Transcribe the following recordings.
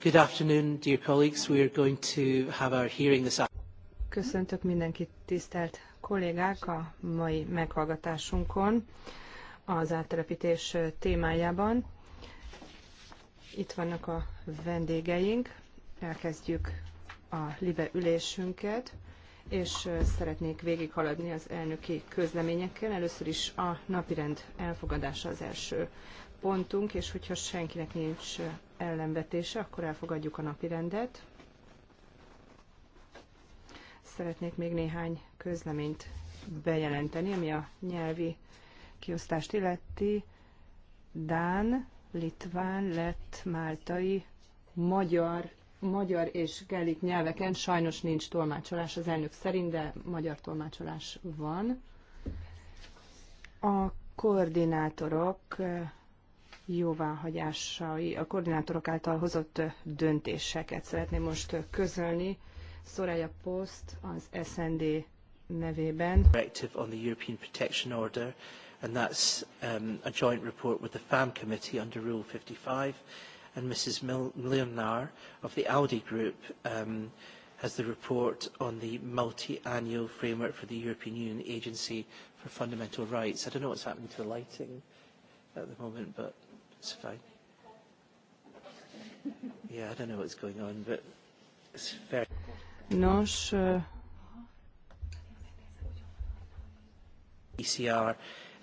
Good afternoon, dear colleagues. We are going to have our hearing this Köszöntök mindenkit, tisztelt kollégák, a mai meghallgatásunkon az áttelepítés témájában. Itt vannak a vendégeink, elkezdjük a libe ülésünket, és szeretnék végighaladni az elnöki közleményekkel. Először is a napirend elfogadása az első pontunk, és hogyha senkinek nincs ellenvetése, akkor elfogadjuk a napirendet. Szeretnék még néhány közleményt bejelenteni, ami a nyelvi kiosztást illeti. Dán, litván, lett, máltai, magyar, magyar és gelik nyelveken sajnos nincs tolmácsolás az elnök szerint, de magyar tolmácsolás van. A koordinátorok jóváhagyásai, a koordinátorok által hozott döntéseket szeretném most közölni. Szorája Post az SND nevében. Directive on the European Protection Order, and that's um, a joint report with the FAM Committee under Rule 55, and Mrs. Milnar of the Audi Group um, has the report on the multi-annual framework for the European Union Agency for Fundamental Rights. I don't know what's happening to the lighting at the moment, but It's fine. Yeah, I don't know what's going on, but it's fair. Nos, ECR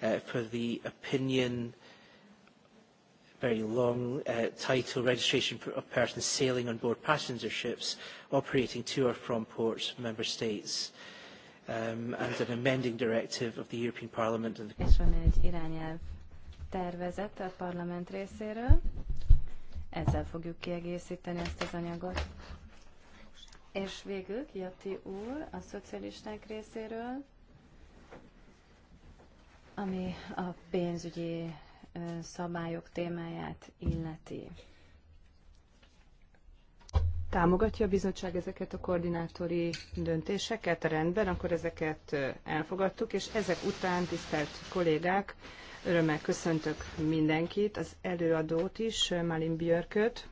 uh, for the opinion, very long uh, title, registration of persons sailing on board passenger ships operating to or from ports, member states. Um, and an amending directive of the European Parliament and the tervezet a parlament részéről. Ezzel fogjuk kiegészíteni ezt az anyagot. És végül Kiati úr a szocialisták részéről, ami a pénzügyi szabályok témáját illeti. Támogatja a bizottság ezeket a koordinátori döntéseket? Rendben, akkor ezeket elfogadtuk, és ezek után, tisztelt kollégák, Örömmel köszöntök mindenkit, az előadót is, Malin Björköt.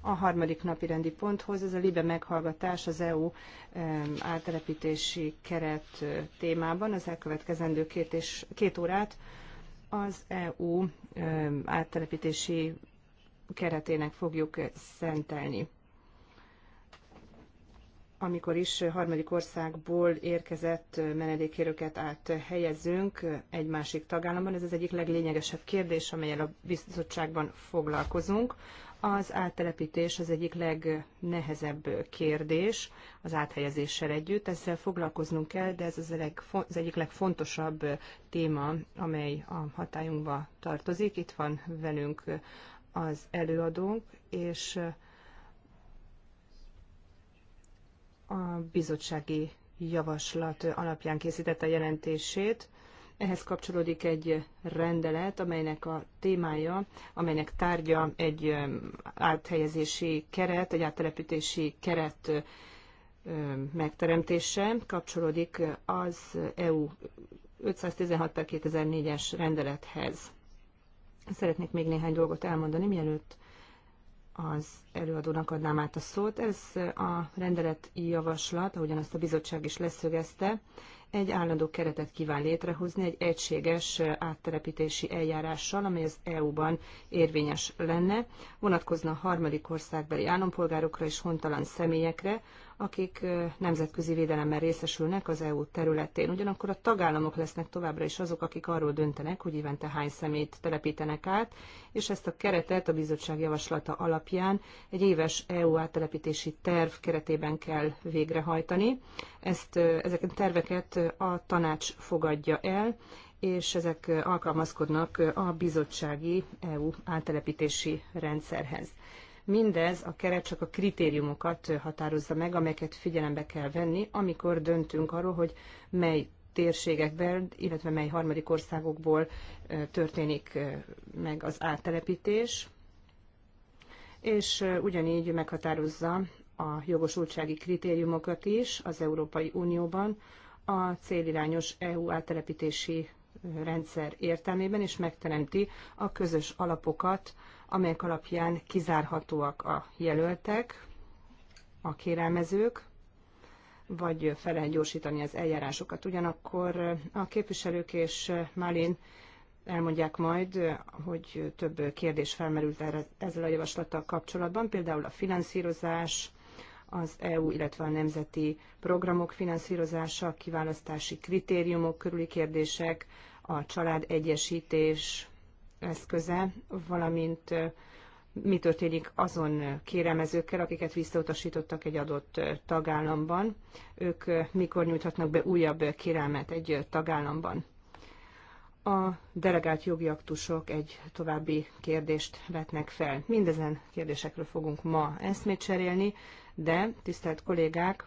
A harmadik napi rendi ponthoz ez a LIBE meghallgatás az EU áttelepítési keret témában. Az elkövetkezendő két, és, két órát az EU áttelepítési keretének fogjuk szentelni amikor is harmadik országból érkezett menedékérőket áthelyezünk egy másik tagállamban. Ez az egyik leglényegesebb kérdés, amelyel a bizottságban foglalkozunk. Az áttelepítés az egyik legnehezebb kérdés az áthelyezéssel együtt. Ezzel foglalkoznunk kell, de ez az, eleg, az egyik legfontosabb téma, amely a hatályunkba tartozik. Itt van velünk az előadónk, és a bizottsági javaslat alapján készítette a jelentését. Ehhez kapcsolódik egy rendelet, amelynek a témája, amelynek tárgya egy um, áthelyezési keret, egy áttelepítési keret um, megteremtése kapcsolódik az EU 516 2004-es rendelethez. Szeretnék még néhány dolgot elmondani, mielőtt az előadónak adnám át a szót. Ez a rendelet javaslat, ahogyan azt a bizottság is leszögezte, egy állandó keretet kíván létrehozni egy egységes áttelepítési eljárással, amely az EU-ban érvényes lenne, vonatkozna a harmadik országbeli állampolgárokra és hontalan személyekre, akik nemzetközi védelemmel részesülnek az EU területén. Ugyanakkor a tagállamok lesznek továbbra is azok, akik arról döntenek, hogy évente hány szemét telepítenek át, és ezt a keretet a bizottság javaslata alapján egy éves EU áttelepítési terv keretében kell végrehajtani. Ezt, ezeket a terveket a tanács fogadja el, és ezek alkalmazkodnak a bizottsági EU áttelepítési rendszerhez. Mindez a keret csak a kritériumokat határozza meg, amelyeket figyelembe kell venni, amikor döntünk arról, hogy mely térségekben, illetve mely harmadik országokból történik meg az áttelepítés, és ugyanígy meghatározza a jogosultsági kritériumokat is az Európai Unióban a célirányos EU áttelepítési rendszer értelmében, és megteremti a közös alapokat amelyek alapján kizárhatóak a jelöltek, a kérelmezők, vagy fel lehet gyorsítani az eljárásokat. Ugyanakkor a képviselők és Málin elmondják majd, hogy több kérdés felmerült erre, ezzel a javaslattal kapcsolatban, például a finanszírozás, az EU, illetve a nemzeti programok finanszírozása, kiválasztási kritériumok körüli kérdések, a család egyesítés, eszköze, valamint mi történik azon kérelmezőkkel, akiket visszautasítottak egy adott tagállamban, ők mikor nyújthatnak be újabb kérelmet egy tagállamban. A delegált jogi aktusok egy további kérdést vetnek fel. Mindezen kérdésekről fogunk ma eszmét cserélni, de tisztelt kollégák,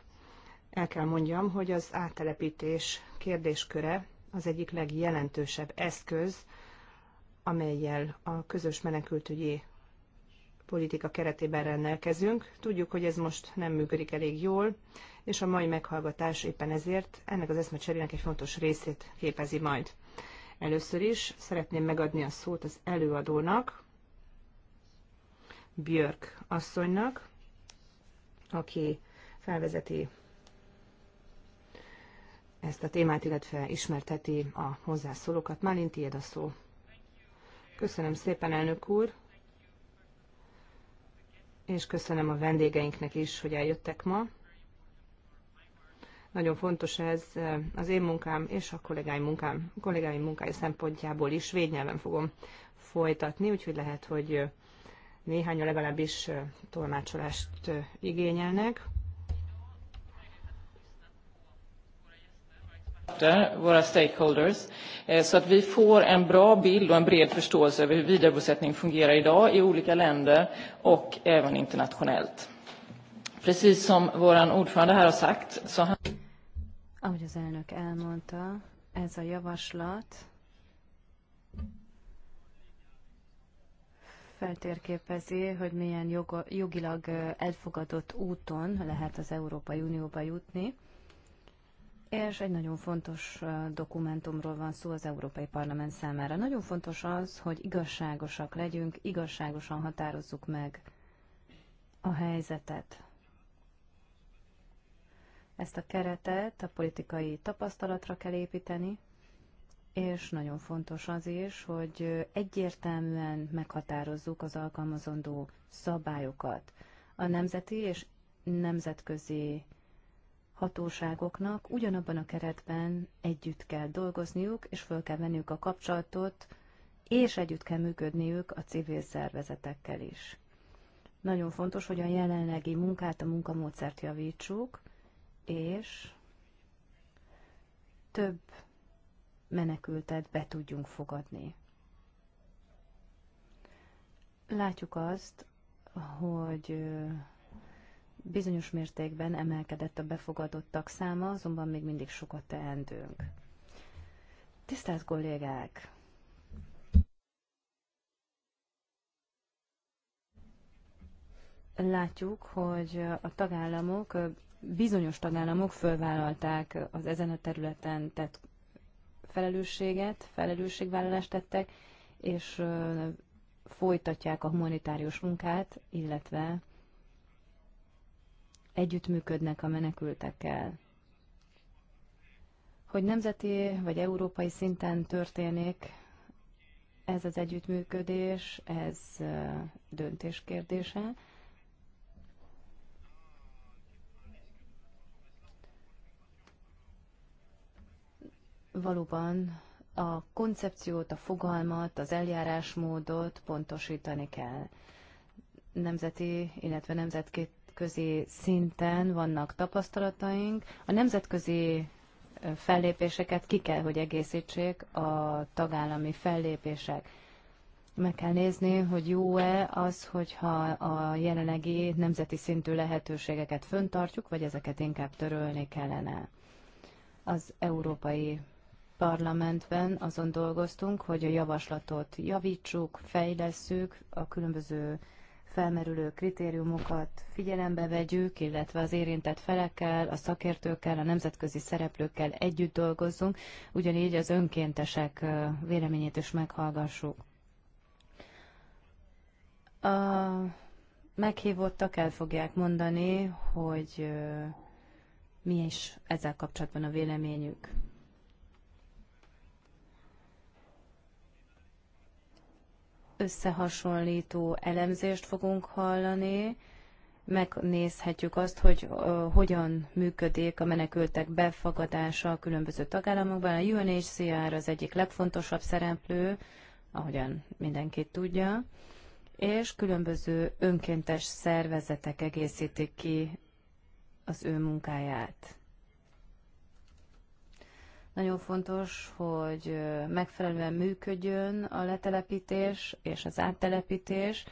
el kell mondjam, hogy az áttelepítés kérdésköre az egyik legjelentősebb eszköz, amelyel a közös menekültügyi politika keretében rendelkezünk. Tudjuk, hogy ez most nem működik elég jól, és a mai meghallgatás éppen ezért ennek az eszmecserének egy fontos részét képezi majd. Először is szeretném megadni a szót az előadónak, Björk asszonynak, aki felvezeti ezt a témát, illetve ismerteti a hozzászólókat. Málin, tiéd a szó. Köszönöm szépen, elnök úr, és köszönöm a vendégeinknek is, hogy eljöttek ma. Nagyon fontos ez eh, az én munkám és a kollégáim, munkám, a kollégáim munkája szempontjából is. Védnyelven fogom folytatni, úgyhogy lehet, hogy eh, néhány legalábbis eh, tolmácsolást igényelnek. våra stakeholders eh, så att vi får en bra bild och en bred förståelse över hur vidarebosättning fungerar idag i olika länder och även internationellt. Precis som vår ordförande här har sagt så Ahogy az elnök elmondta, ez a javaslat feltérképezi, hogy milyen joga, jogilag eh, elfogadott úton lehet az Európai Unióba jutni és egy nagyon fontos dokumentumról van szó az Európai Parlament számára. Nagyon fontos az, hogy igazságosak legyünk, igazságosan határozzuk meg a helyzetet. Ezt a keretet a politikai tapasztalatra kell építeni, és nagyon fontos az is, hogy egyértelműen meghatározzuk az alkalmazandó szabályokat. A nemzeti és nemzetközi hatóságoknak ugyanabban a keretben együtt kell dolgozniuk, és föl kell venniük a kapcsolatot, és együtt kell működniük a civil szervezetekkel is. Nagyon fontos, hogy a jelenlegi munkát, a munkamódszert javítsuk, és több menekültet be tudjunk fogadni. Látjuk azt, hogy Bizonyos mértékben emelkedett a befogadottak száma, azonban még mindig sokat teendőnk. Tisztelt kollégák! Látjuk, hogy a tagállamok, bizonyos tagállamok fölvállalták az ezen a területen tett felelősséget, felelősségvállalást tettek, és folytatják a humanitárius munkát, illetve együttműködnek a menekültekkel. Hogy nemzeti vagy európai szinten történik ez az együttműködés, ez döntés kérdése. Valóban a koncepciót, a fogalmat, az eljárásmódot pontosítani kell. Nemzeti, illetve nemzetkét nemzetközi szinten vannak tapasztalataink. A nemzetközi fellépéseket ki kell, hogy egészítsék a tagállami fellépések. Meg kell nézni, hogy jó-e az, hogyha a jelenlegi nemzeti szintű lehetőségeket föntartjuk, vagy ezeket inkább törölni kellene. Az Európai Parlamentben azon dolgoztunk, hogy a javaslatot javítsuk, fejlesszük, a különböző felmerülő kritériumokat figyelembe vegyük, illetve az érintett felekkel, a szakértőkkel, a nemzetközi szereplőkkel együtt dolgozzunk, ugyanígy az önkéntesek véleményét is meghallgassuk. A meghívottak el fogják mondani, hogy mi is ezzel kapcsolatban a véleményük. összehasonlító elemzést fogunk hallani, megnézhetjük azt, hogy uh, hogyan működik a menekültek befogadása a különböző tagállamokban. A UNHCR az egyik legfontosabb szereplő, ahogyan mindenki tudja, és különböző önkéntes szervezetek egészítik ki az ő munkáját. Nagyon fontos, hogy megfelelően működjön a letelepítés és az áttelepítés.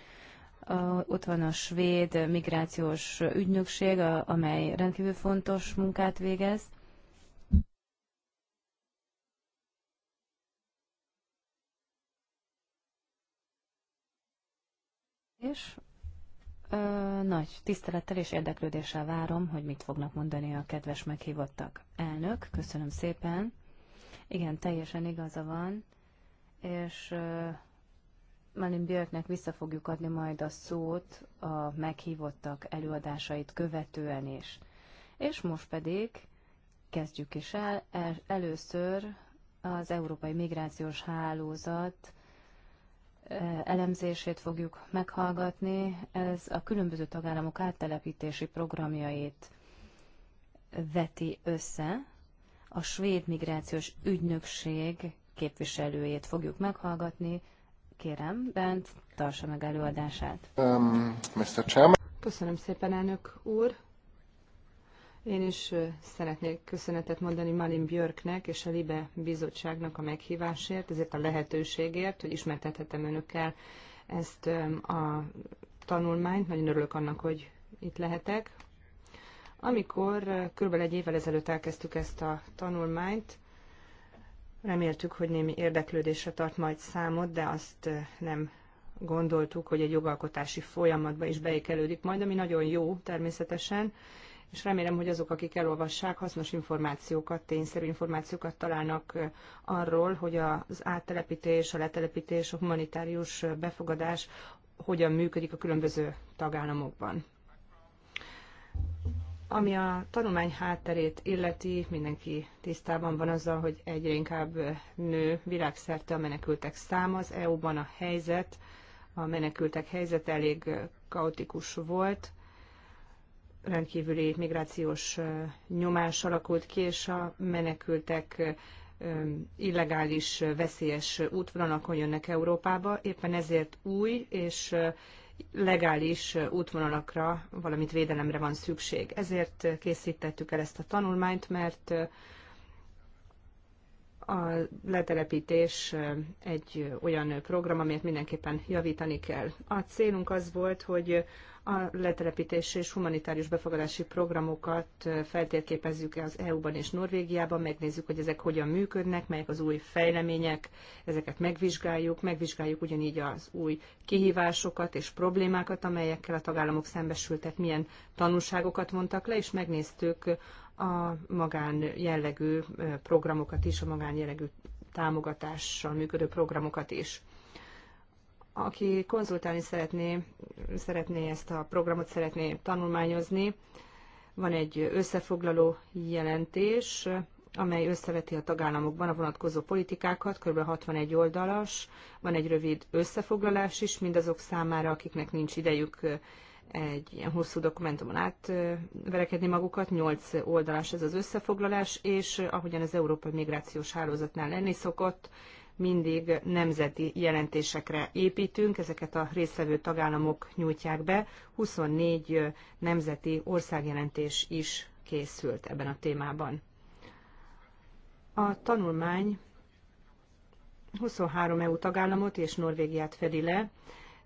Ott van a svéd migrációs ügynökség, amely rendkívül fontos munkát végez. És ö, nagy tisztelettel és érdeklődéssel várom, hogy mit fognak mondani a kedves meghívottak. Elnök, köszönöm szépen. Igen, teljesen igaza van, és ö, Malin Björknek vissza fogjuk adni majd a szót a meghívottak előadásait követően is. És most pedig kezdjük is el. el először az Európai Migrációs Hálózat elemzését fogjuk meghallgatni. Ez a különböző tagállamok áttelepítési programjait veti össze. A svéd migrációs ügynökség képviselőjét fogjuk meghallgatni. Kérem, Bent, tartsa meg előadását. Um, Mr. Köszönöm szépen, elnök úr. Én is szeretnék köszönetet mondani Malin Björknek és a Libe Bizottságnak a meghívásért, ezért a lehetőségért, hogy ismertethetem önökkel ezt a tanulmányt. Nagyon örülök annak, hogy itt lehetek. Amikor kb. egy évvel ezelőtt elkezdtük ezt a tanulmányt, reméltük, hogy némi érdeklődésre tart majd számot, de azt nem gondoltuk, hogy egy jogalkotási folyamatba is beékelődik majd, ami nagyon jó természetesen, és remélem, hogy azok, akik elolvassák, hasznos információkat, tényszerű információkat találnak arról, hogy az áttelepítés, a letelepítés, a humanitárius befogadás hogyan működik a különböző tagállamokban. Ami a tanulmány hátterét illeti, mindenki tisztában van azzal, hogy egyre inkább nő világszerte a menekültek száma. Az EU-ban a helyzet, a menekültek helyzet elég kaotikus volt rendkívüli migrációs nyomás alakult ki, és a menekültek illegális, veszélyes útvonalakon jönnek Európába, éppen ezért új és legális útvonalakra, valamint védelemre van szükség. Ezért készítettük el ezt a tanulmányt, mert a letelepítés egy olyan program, amit mindenképpen javítani kell. A célunk az volt, hogy a letelepítés és humanitárius befogadási programokat feltérképezzük az EU-ban és Norvégiában, megnézzük, hogy ezek hogyan működnek, melyek az új fejlemények, ezeket megvizsgáljuk, megvizsgáljuk ugyanígy az új kihívásokat és problémákat, amelyekkel a tagállamok szembesültek, milyen tanulságokat mondtak le, és megnéztük a magán jellegű programokat is, a magán jellegű támogatással működő programokat is. Aki konzultálni szeretné, szeretné ezt a programot, szeretné tanulmányozni, van egy összefoglaló jelentés, amely összeveti a tagállamokban a vonatkozó politikákat, kb. 61 oldalas, van egy rövid összefoglalás is mindazok számára, akiknek nincs idejük egy ilyen hosszú dokumentumon átverekedni magukat, nyolc oldalas ez az összefoglalás, és ahogyan az Európai Migrációs Hálózatnál lenni szokott, mindig nemzeti jelentésekre építünk, ezeket a résztvevő tagállamok nyújtják be, 24 nemzeti országjelentés is készült ebben a témában. A tanulmány 23 EU tagállamot és Norvégiát fedi le,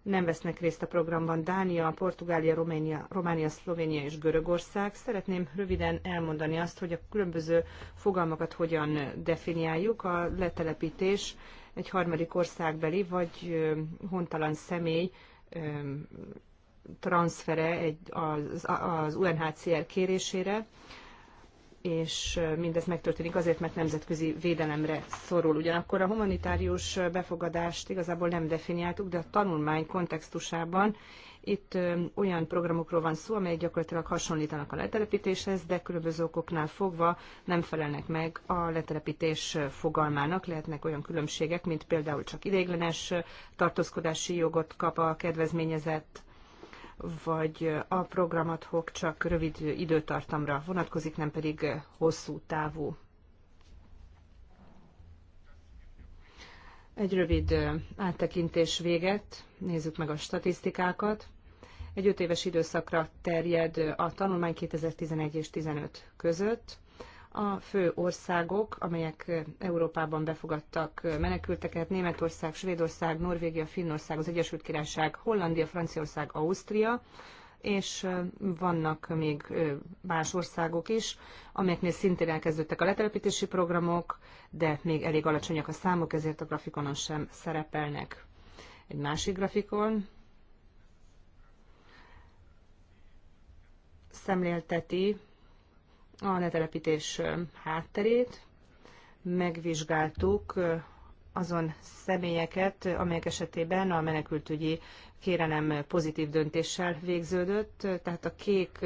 nem vesznek részt a programban Dánia, Portugália, Románia, Románia, Szlovénia és Görögország. Szeretném röviden elmondani azt, hogy a különböző fogalmakat hogyan definiáljuk. A letelepítés egy harmadik országbeli vagy hontalan személy transfere egy, az, az UNHCR kérésére és mindez megtörténik azért, mert nemzetközi védelemre szorul. Ugyanakkor a humanitárius befogadást igazából nem definiáltuk, de a tanulmány kontextusában itt olyan programokról van szó, amelyek gyakorlatilag hasonlítanak a letelepítéshez, de különböző okoknál fogva nem felelnek meg a letelepítés fogalmának. Lehetnek olyan különbségek, mint például csak ideiglenes tartózkodási jogot kap a kedvezményezett vagy a programot adhok csak rövid időtartamra vonatkozik, nem pedig hosszú távú. Egy rövid áttekintés véget, nézzük meg a statisztikákat. Egy öt éves időszakra terjed a tanulmány 2011 és 15 között a fő országok, amelyek Európában befogadtak menekülteket, Németország, Svédország, Norvégia, Finnország, az Egyesült Királyság, Hollandia, Franciaország, Ausztria, és vannak még más országok is, amelyeknél szintén elkezdődtek a letelepítési programok, de még elég alacsonyak a számok, ezért a grafikonon sem szerepelnek. Egy másik grafikon szemlélteti a letelepítés hátterét, megvizsgáltuk azon személyeket, amelyek esetében a menekültügyi kérelem pozitív döntéssel végződött, tehát a kék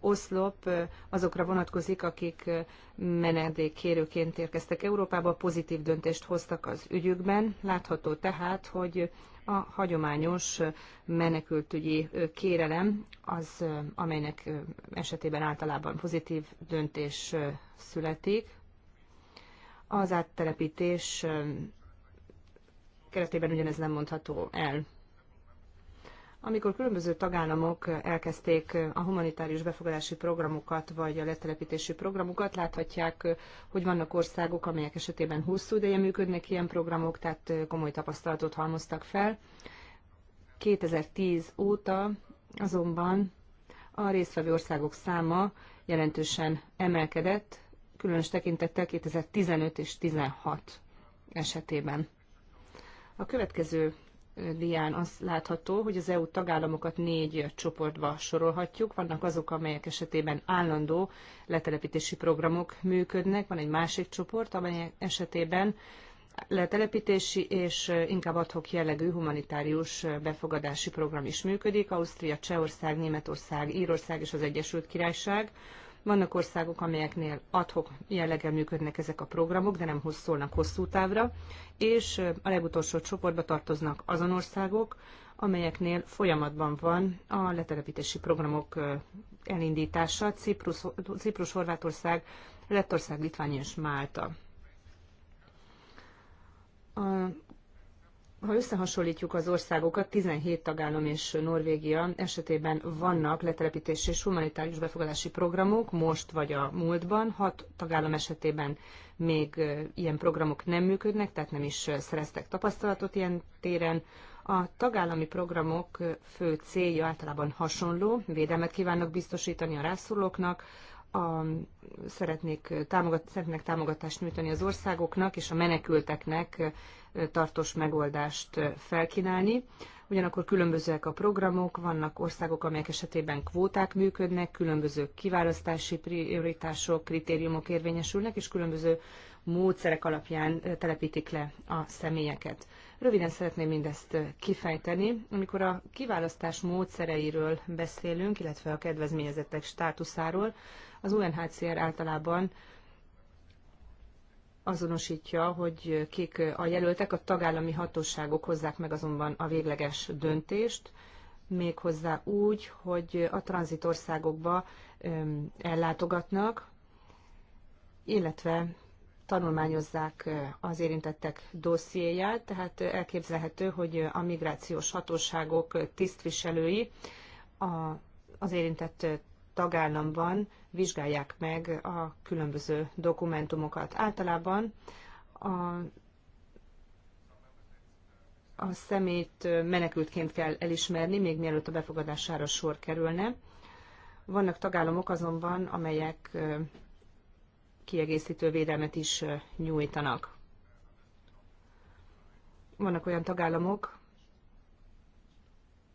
oszlop azokra vonatkozik, akik menedékkérőként érkeztek Európába, pozitív döntést hoztak az ügyükben. Látható tehát, hogy a hagyományos menekültügyi kérelem az, amelynek esetében általában pozitív döntés születik. Az áttelepítés keretében ugyanez nem mondható el. Amikor különböző tagállamok elkezdték a humanitárius befogadási programokat, vagy a letelepítési programokat, láthatják, hogy vannak országok, amelyek esetében hosszú ideje működnek ilyen programok, tehát komoly tapasztalatot halmoztak fel. 2010 óta azonban a résztvevő országok száma jelentősen emelkedett, különös tekintettel 2015 és 2016 esetében. A következő dián az látható, hogy az EU tagállamokat négy csoportba sorolhatjuk. Vannak azok, amelyek esetében állandó letelepítési programok működnek, van egy másik csoport, amelyek esetében letelepítési és inkább adhok jellegű humanitárius befogadási program is működik. Ausztria, Csehország, Németország, Írország és az Egyesült Királyság vannak országok, amelyeknél adhok jelleggel működnek ezek a programok, de nem szólnak hosszú távra, és a legutolsó csoportba tartoznak azon országok, amelyeknél folyamatban van a letelepítési programok elindítása, Ciprus, Ciprus Horvátország, Lettország, Litvánia és Málta. A ha összehasonlítjuk az országokat, 17 tagállam és Norvégia esetében vannak letelepítési és humanitárius befogadási programok, most vagy a múltban, hat tagállam esetében még ilyen programok nem működnek, tehát nem is szereztek tapasztalatot ilyen téren. A tagállami programok fő célja általában hasonló, védelmet kívánnak biztosítani a rászorulóknak, a, szeretnék támogat, szeretnek támogatást nyújtani az országoknak és a menekülteknek tartós megoldást felkínálni. Ugyanakkor különbözőek a programok, vannak országok, amelyek esetében kvóták működnek, különböző kiválasztási prioritások, kritériumok érvényesülnek, és különböző módszerek alapján telepítik le a személyeket. Röviden szeretném mindezt kifejteni. Amikor a kiválasztás módszereiről beszélünk, illetve a kedvezményezettek státuszáról, az UNHCR általában azonosítja, hogy kik a jelöltek, a tagállami hatóságok hozzák meg azonban a végleges döntést, méghozzá úgy, hogy a tranzitországokba ellátogatnak, illetve tanulmányozzák az érintettek dossziéját, tehát elképzelhető, hogy a migrációs hatóságok tisztviselői az érintett tagállamban vizsgálják meg a különböző dokumentumokat. Általában a, a szemét menekültként kell elismerni, még mielőtt a befogadására sor kerülne. Vannak tagállamok azonban, amelyek kiegészítő védelmet is nyújtanak. Vannak olyan tagállamok,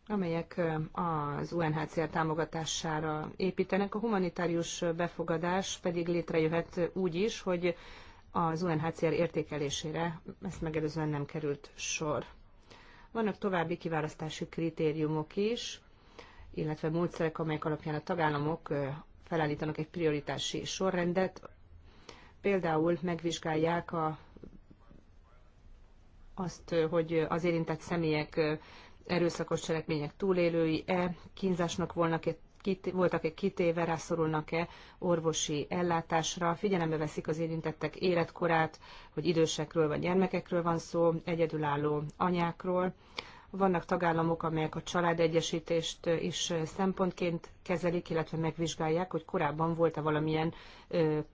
amelyek az UNHCR támogatására építenek. A humanitárius befogadás pedig létrejöhet úgy is, hogy az UNHCR értékelésére ezt megelőzően nem került sor. Vannak további kiválasztási kritériumok is, illetve módszerek, amelyek alapján a tagállamok felállítanak egy prioritási sorrendet. Például megvizsgálják a, azt, hogy az érintett személyek erőszakos cselekmények túlélői-e, kínzásnak volnak-e kit, voltak-e kitéve, rászorulnak-e orvosi ellátásra, figyelembe veszik az érintettek életkorát, hogy idősekről vagy gyermekekről van szó, egyedülálló anyákról. Vannak tagállamok, amelyek a családegyesítést is szempontként kezelik, illetve megvizsgálják, hogy korábban volt-e valamilyen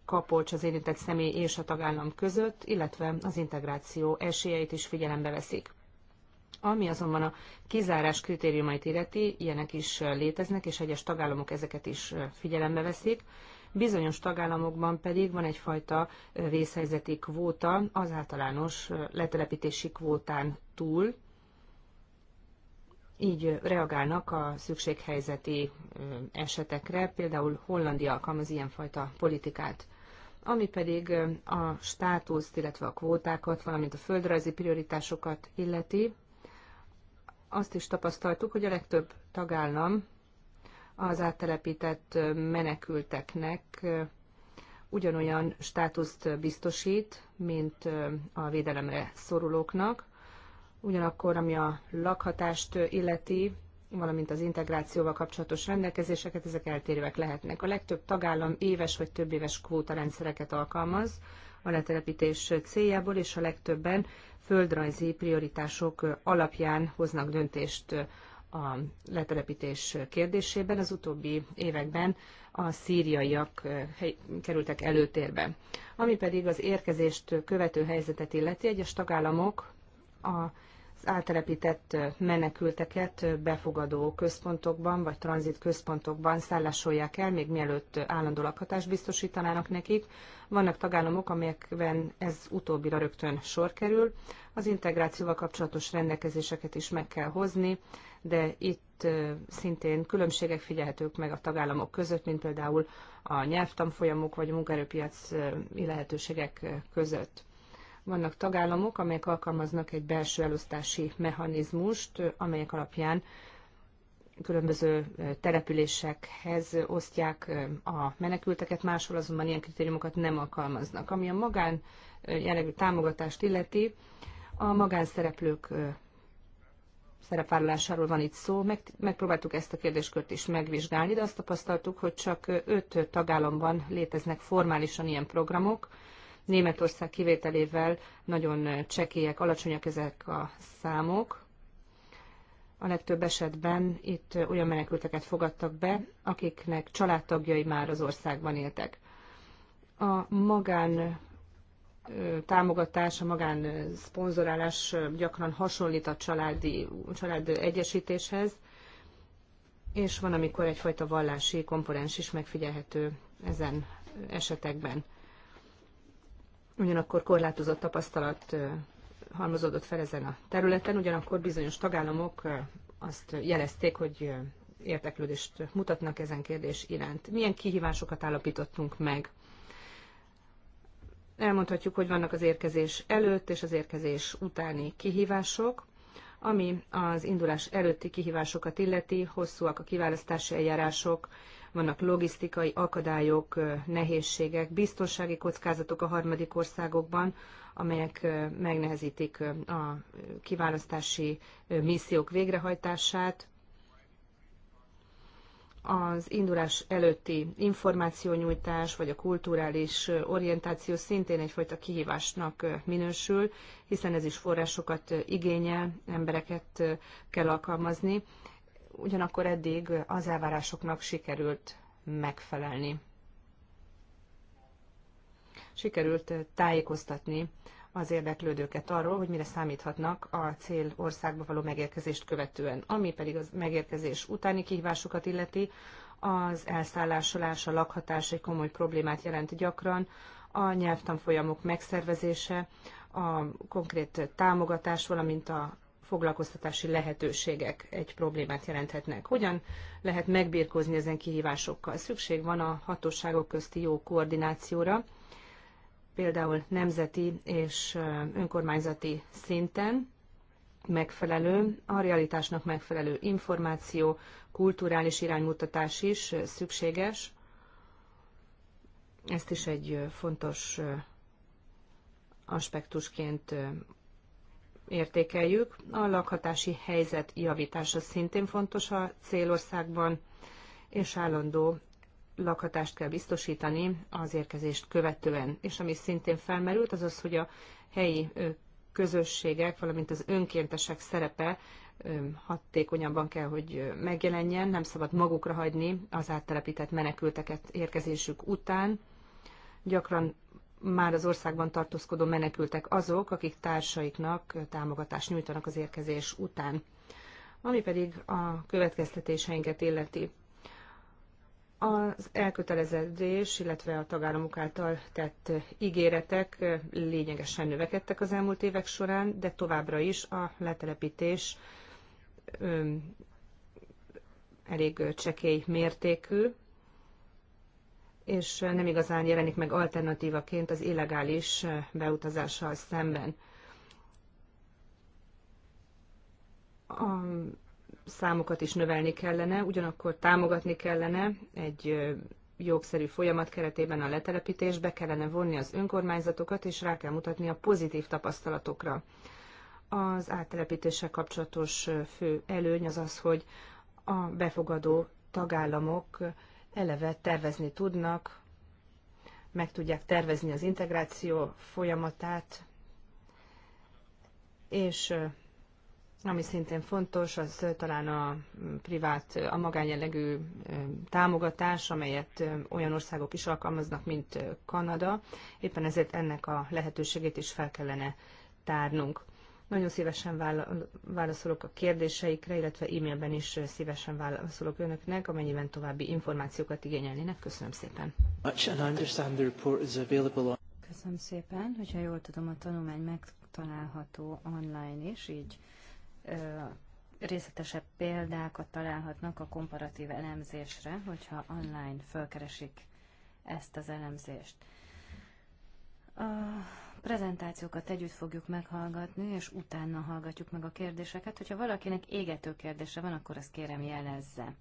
kapolcs az érintett személy és a tagállam között, illetve az integráció esélyeit is figyelembe veszik. Ami azonban a kizárás kritériumait illeti, ilyenek is léteznek, és egyes tagállamok ezeket is figyelembe veszik. Bizonyos tagállamokban pedig van egyfajta vészhelyzeti kvóta az általános letelepítési kvótán túl, így reagálnak a szükséghelyzeti esetekre, például Hollandia alkalmaz ilyenfajta politikát. Ami pedig a státuszt, illetve a kvótákat, valamint a földrajzi prioritásokat illeti, azt is tapasztaltuk, hogy a legtöbb tagállam az áttelepített menekülteknek ugyanolyan státuszt biztosít, mint a védelemre szorulóknak. Ugyanakkor, ami a lakhatást illeti, valamint az integrációval kapcsolatos rendelkezéseket, ezek eltérőek lehetnek. A legtöbb tagállam éves vagy több éves rendszereket alkalmaz, a letelepítés céljából, és a legtöbben földrajzi prioritások alapján hoznak döntést a letelepítés kérdésében. Az utóbbi években a szíriaiak eh, kerültek előtérbe. Ami pedig az érkezést követő helyzetet illeti, egyes tagállamok a áttelepített menekülteket befogadó központokban vagy tranzit központokban szállásolják el, még mielőtt állandó lakhatást biztosítanának nekik. Vannak tagállamok, amelyekben ez utóbbira rögtön sor kerül. Az integrációval kapcsolatos rendelkezéseket is meg kell hozni, de itt szintén különbségek figyelhetők meg a tagállamok között, mint például a nyelvtanfolyamok vagy a munkaerőpiaci lehetőségek között vannak tagállamok, amelyek alkalmaznak egy belső elosztási mechanizmust, amelyek alapján különböző településekhez osztják a menekülteket, máshol azonban ilyen kritériumokat nem alkalmaznak. Ami a magán jellegű támogatást illeti, a magánszereplők szerepvállalásáról van itt szó. Meg, megpróbáltuk ezt a kérdéskört is megvizsgálni, de azt tapasztaltuk, hogy csak öt tagállamban léteznek formálisan ilyen programok, Németország kivételével nagyon csekélyek, alacsonyak ezek a számok. A legtöbb esetben itt olyan menekülteket fogadtak be, akiknek családtagjai már az országban éltek. A magán támogatás, a magán szponzorálás gyakran hasonlít a családi, család egyesítéshez, és van, amikor egyfajta vallási komponens is megfigyelhető ezen esetekben ugyanakkor korlátozott tapasztalat halmozódott fel ezen a területen, ugyanakkor bizonyos tagállamok azt jelezték, hogy érteklődést mutatnak ezen kérdés iránt. Milyen kihívásokat állapítottunk meg? Elmondhatjuk, hogy vannak az érkezés előtt és az érkezés utáni kihívások. Ami az indulás előtti kihívásokat illeti, hosszúak a kiválasztási eljárások, vannak logisztikai akadályok, nehézségek, biztonsági kockázatok a harmadik országokban, amelyek megnehezítik a kiválasztási missziók végrehajtását, az indulás előtti információnyújtás vagy a kulturális orientáció szintén egyfajta kihívásnak minősül, hiszen ez is forrásokat igényel, embereket kell alkalmazni, ugyanakkor eddig az elvárásoknak sikerült megfelelni. Sikerült eh, tájékoztatni az érdeklődőket arról, hogy mire számíthatnak a cél országba való megérkezést követően. Ami pedig az megérkezés utáni kihívásokat illeti, az elszállásolás, a lakhatás egy komoly problémát jelent gyakran, a nyelvtanfolyamok megszervezése, a konkrét támogatás, valamint a foglalkoztatási lehetőségek egy problémát jelenthetnek. Hogyan lehet megbírkozni ezen kihívásokkal? Szükség van a hatóságok közti jó koordinációra, például nemzeti és önkormányzati szinten megfelelő, a realitásnak megfelelő információ, kulturális iránymutatás is szükséges. Ezt is egy fontos aspektusként értékeljük. A lakhatási helyzet javítása szintén fontos a célországban, és állandó lakhatást kell biztosítani az érkezést követően. És ami szintén felmerült, az az, hogy a helyi közösségek, valamint az önkéntesek szerepe hatékonyabban kell, hogy megjelenjen, nem szabad magukra hagyni az áttelepített menekülteket érkezésük után. Gyakran már az országban tartózkodó menekültek azok, akik társaiknak támogatást nyújtanak az érkezés után. Ami pedig a következtetéseinket illeti. Az elkötelezedés, illetve a tagállamok által tett ígéretek lényegesen növekedtek az elmúlt évek során, de továbbra is a letelepítés elég csekély mértékű, és nem igazán jelenik meg alternatívaként az illegális beutazással szemben. A számokat is növelni kellene, ugyanakkor támogatni kellene egy jogszerű folyamat keretében a letelepítésbe kellene vonni az önkormányzatokat, és rá kell mutatni a pozitív tapasztalatokra. Az áttelepítéssel kapcsolatos fő előny az az, hogy a befogadó tagállamok eleve tervezni tudnak, meg tudják tervezni az integráció folyamatát, és ami szintén fontos, az talán a privát, a magánjellegű támogatás, amelyet olyan országok is alkalmaznak, mint Kanada. Éppen ezért ennek a lehetőségét is fel kellene tárnunk. Nagyon szívesen válaszolok a kérdéseikre, illetve e-mailben is szívesen válaszolok önöknek, amennyiben további információkat igényelnének. Köszönöm szépen. Köszönöm szépen, hogyha jól tudom, a tanulmány megtalálható online is, így ö, részletesebb példákat találhatnak a komparatív elemzésre, hogyha online fölkeresik ezt az elemzést. A prezentációkat együtt fogjuk meghallgatni, és utána hallgatjuk meg a kérdéseket. Hogyha valakinek égető kérdése van, akkor azt kérem jelezze.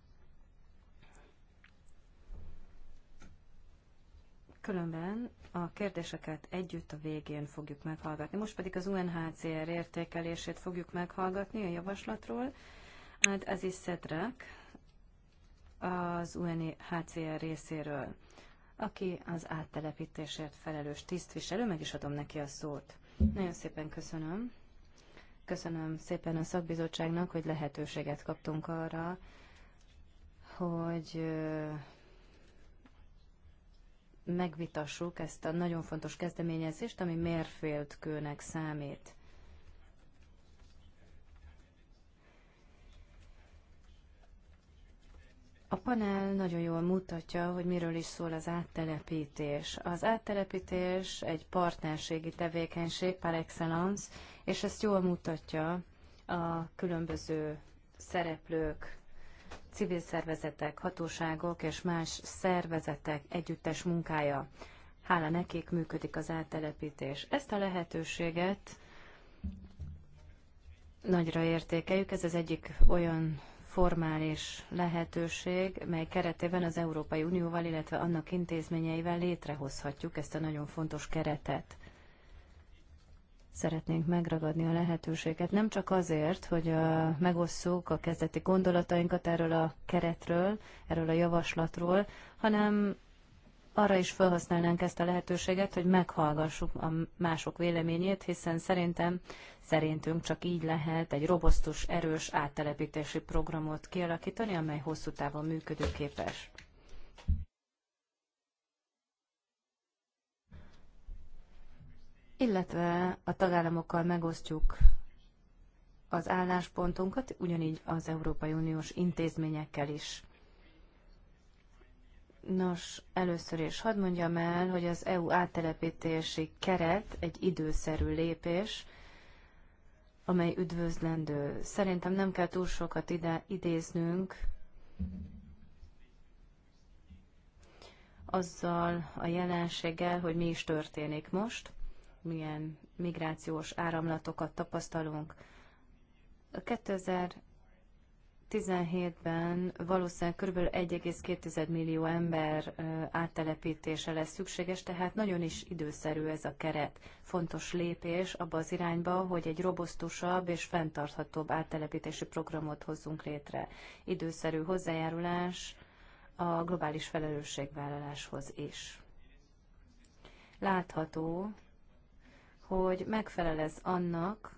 Különben a kérdéseket együtt a végén fogjuk meghallgatni. Most pedig az UNHCR értékelését fogjuk meghallgatni a javaslatról. Hát ez is szedrek az UNHCR részéről aki az áttelepítésért felelős tisztviselő, meg is adom neki a szót. Nagyon szépen köszönöm. Köszönöm szépen a szakbizottságnak, hogy lehetőséget kaptunk arra, hogy megvitassuk ezt a nagyon fontos kezdeményezést, ami mérföldkőnek számít. A panel nagyon jól mutatja, hogy miről is szól az áttelepítés. Az áttelepítés egy partnerségi tevékenység par excellence, és ezt jól mutatja a különböző szereplők, civil szervezetek, hatóságok és más szervezetek együttes munkája. Hála nekik működik az áttelepítés. Ezt a lehetőséget nagyra értékeljük. Ez az egyik olyan formális lehetőség, mely keretében az Európai Unióval, illetve annak intézményeivel létrehozhatjuk ezt a nagyon fontos keretet. Szeretnénk megragadni a lehetőséget, nem csak azért, hogy megosszuk a kezdeti gondolatainkat erről a keretről, erről a javaslatról, hanem arra is felhasználnánk ezt a lehetőséget, hogy meghallgassuk a mások véleményét, hiszen szerintem szerintünk csak így lehet egy robosztus, erős áttelepítési programot kialakítani, amely hosszú távon működőképes. Illetve a tagállamokkal megosztjuk az álláspontunkat, ugyanígy az Európai Uniós intézményekkel is. Nos, először is hadd mondjam el, hogy az EU áttelepítési keret egy időszerű lépés, amely üdvözlendő. Szerintem nem kell túl sokat ide, idéznünk azzal a jelenséggel, hogy mi is történik most, milyen migrációs áramlatokat tapasztalunk. 2000 2017-ben valószínűleg kb. 1,2 millió ember áttelepítése lesz szükséges, tehát nagyon is időszerű ez a keret. Fontos lépés abba az irányba, hogy egy robosztusabb és fenntarthatóbb áttelepítési programot hozzunk létre. Időszerű hozzájárulás a globális felelősségvállaláshoz is. Látható, hogy megfelel ez annak,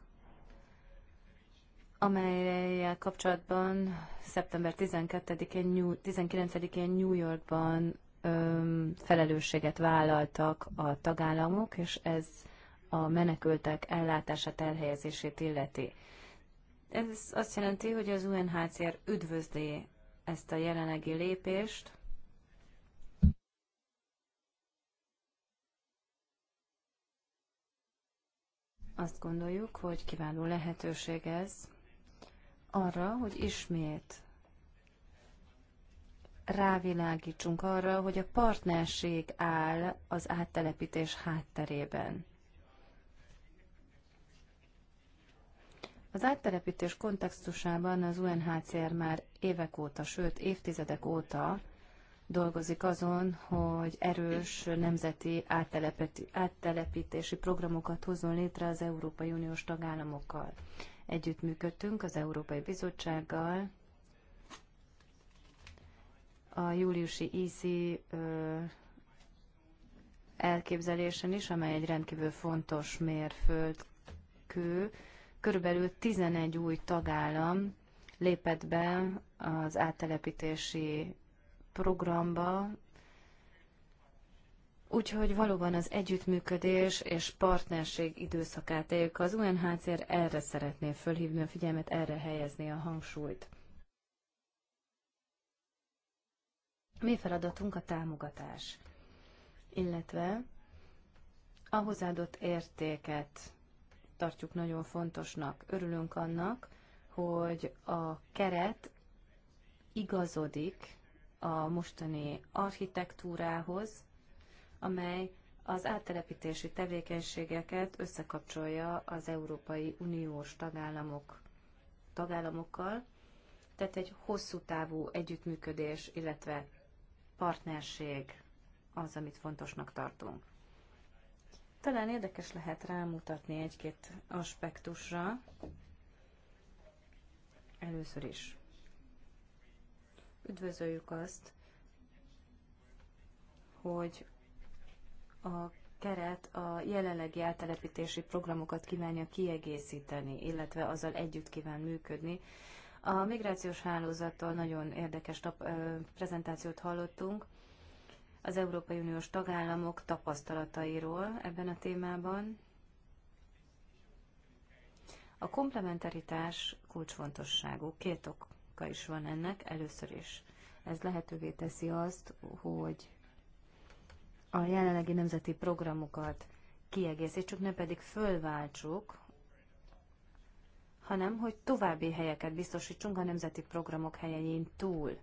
amelyel kapcsolatban szeptember 12-én, 19-én New Yorkban öm, felelősséget vállaltak a tagállamok, és ez a menekültek ellátását, elhelyezését illeti. Ez azt jelenti, hogy az UNHCR üdvözli ezt a jelenlegi lépést, Azt gondoljuk, hogy kiváló lehetőség ez arra, hogy ismét rávilágítsunk arra, hogy a partnerség áll az áttelepítés hátterében. Az áttelepítés kontextusában az UNHCR már évek óta, sőt évtizedek óta dolgozik azon, hogy erős nemzeti áttelepítési programokat hozzon létre az Európai Uniós tagállamokkal. Együttműködtünk az Európai Bizottsággal, a júliusi EC elképzelésen is, amely egy rendkívül fontos mérföldkő. Körülbelül 11 új tagállam lépett be az áttelepítési programba, Úgyhogy valóban az együttműködés és partnerség időszakát éljük. Az UNHCR erre szeretné fölhívni a figyelmet, erre helyezni a hangsúlyt. Mi feladatunk a támogatás, illetve a hozzáadott értéket tartjuk nagyon fontosnak. Örülünk annak, hogy a keret igazodik a mostani architektúrához, amely az áttelepítési tevékenységeket összekapcsolja az Európai Uniós tagállamok, tagállamokkal, tehát egy hosszú távú együttműködés, illetve partnerség az, amit fontosnak tartunk. Talán érdekes lehet rámutatni egy-két aspektusra. Először is. Üdvözöljük azt, hogy a keret a jelenlegi áttelepítési programokat kívánja kiegészíteni, illetve azzal együtt kíván működni. A migrációs hálózattól nagyon érdekes tap- prezentációt hallottunk az Európai Uniós tagállamok tapasztalatairól ebben a témában. A komplementaritás kulcsfontosságú. Két oka is van ennek. Először is ez lehetővé teszi azt, hogy a jelenlegi nemzeti programokat kiegészítsük, ne pedig fölváltsuk, hanem hogy további helyeket biztosítsunk a nemzeti programok helyein túl.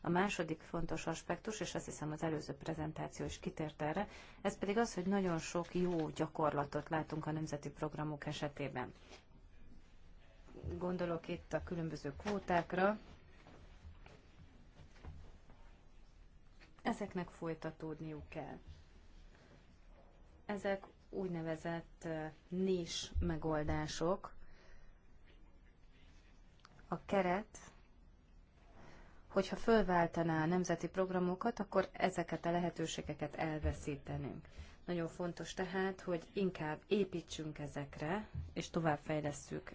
A második fontos aspektus, és azt hiszem az előző prezentáció is kitért erre, ez pedig az, hogy nagyon sok jó gyakorlatot látunk a nemzeti programok esetében. Gondolok itt a különböző kvótákra, Ezeknek folytatódniuk kell. Ezek úgynevezett nés megoldások. A keret, hogyha fölváltaná a nemzeti programokat, akkor ezeket a lehetőségeket elveszítenünk. Nagyon fontos tehát, hogy inkább építsünk ezekre, és továbbfejlesszük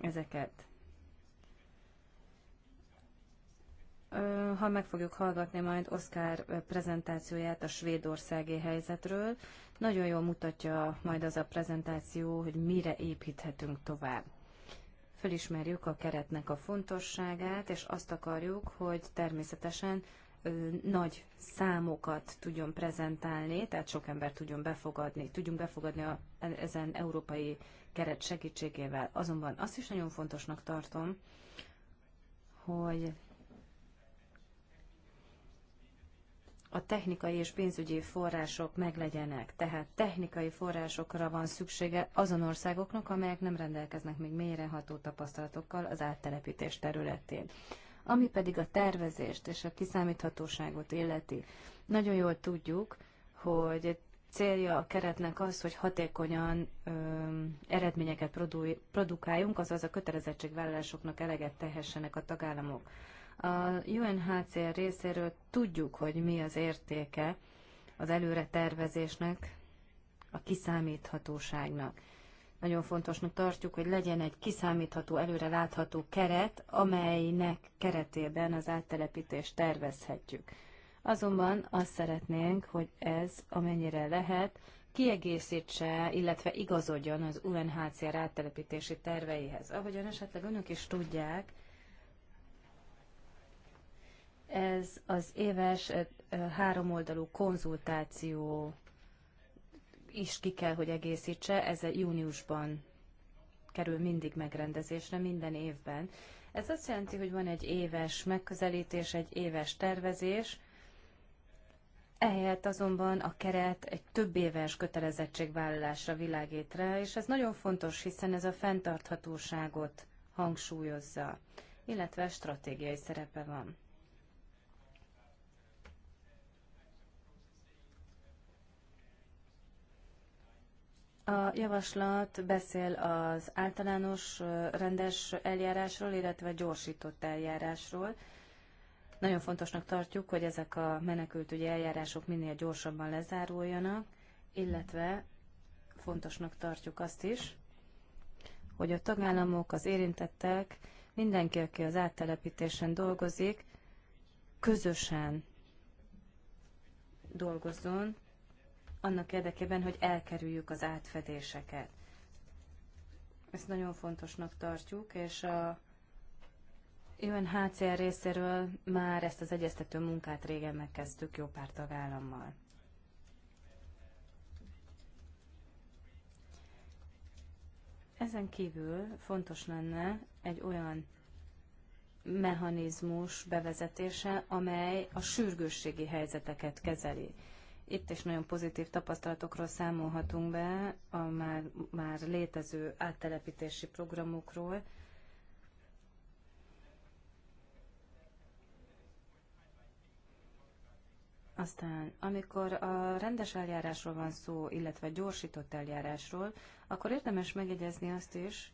ezeket. ha meg fogjuk hallgatni majd Oszkár prezentációját a svédországi helyzetről, nagyon jól mutatja majd az a prezentáció, hogy mire építhetünk tovább. Fölismerjük a keretnek a fontosságát, és azt akarjuk, hogy természetesen nagy számokat tudjon prezentálni, tehát sok ember tudjon befogadni, tudjunk befogadni a, e, ezen európai keret segítségével. Azonban azt is nagyon fontosnak tartom, hogy a technikai és pénzügyi források meglegyenek. Tehát technikai forrásokra van szüksége azon országoknak, amelyek nem rendelkeznek még mélyreható tapasztalatokkal az áttelepítés területén. Ami pedig a tervezést és a kiszámíthatóságot illeti. Nagyon jól tudjuk, hogy célja a keretnek az, hogy hatékonyan ö, eredményeket produ- produkáljunk, azaz a kötelezettségvállalásoknak eleget tehessenek a tagállamok. A UNHCR részéről tudjuk, hogy mi az értéke az előre tervezésnek, a kiszámíthatóságnak. Nagyon fontosnak tartjuk, hogy legyen egy kiszámítható, előre látható keret, amelynek keretében az áttelepítést tervezhetjük. Azonban azt szeretnénk, hogy ez, amennyire lehet, kiegészítse, illetve igazodjon az UNHCR áttelepítési terveihez. Ahogyan esetleg önök is tudják, ez az éves háromoldalú konzultáció is ki kell, hogy egészítse, ez a júniusban kerül mindig megrendezésre, minden évben. Ez azt jelenti, hogy van egy éves megközelítés, egy éves tervezés, ehelyett azonban a keret egy több éves kötelezettségvállalásra világít rá, és ez nagyon fontos, hiszen ez a fenntarthatóságot hangsúlyozza, illetve stratégiai szerepe van. A javaslat beszél az általános rendes eljárásról, illetve gyorsított eljárásról. Nagyon fontosnak tartjuk, hogy ezek a menekültügyi eljárások minél gyorsabban lezáruljanak, illetve fontosnak tartjuk azt is, hogy a tagállamok, az érintettek, mindenki, aki az áttelepítésen dolgozik, közösen dolgozzon, annak érdekében, hogy elkerüljük az átfedéseket. Ezt nagyon fontosnak tartjuk, és a UNHCR részéről már ezt az egyeztető munkát régen megkezdtük jó pár tagállammal. Ezen kívül fontos lenne egy olyan mechanizmus bevezetése, amely a sürgősségi helyzeteket kezeli. Itt is nagyon pozitív tapasztalatokról számolhatunk be a már, már létező áttelepítési programokról. Aztán, amikor a rendes eljárásról van szó, illetve gyorsított eljárásról, akkor érdemes megjegyezni azt is,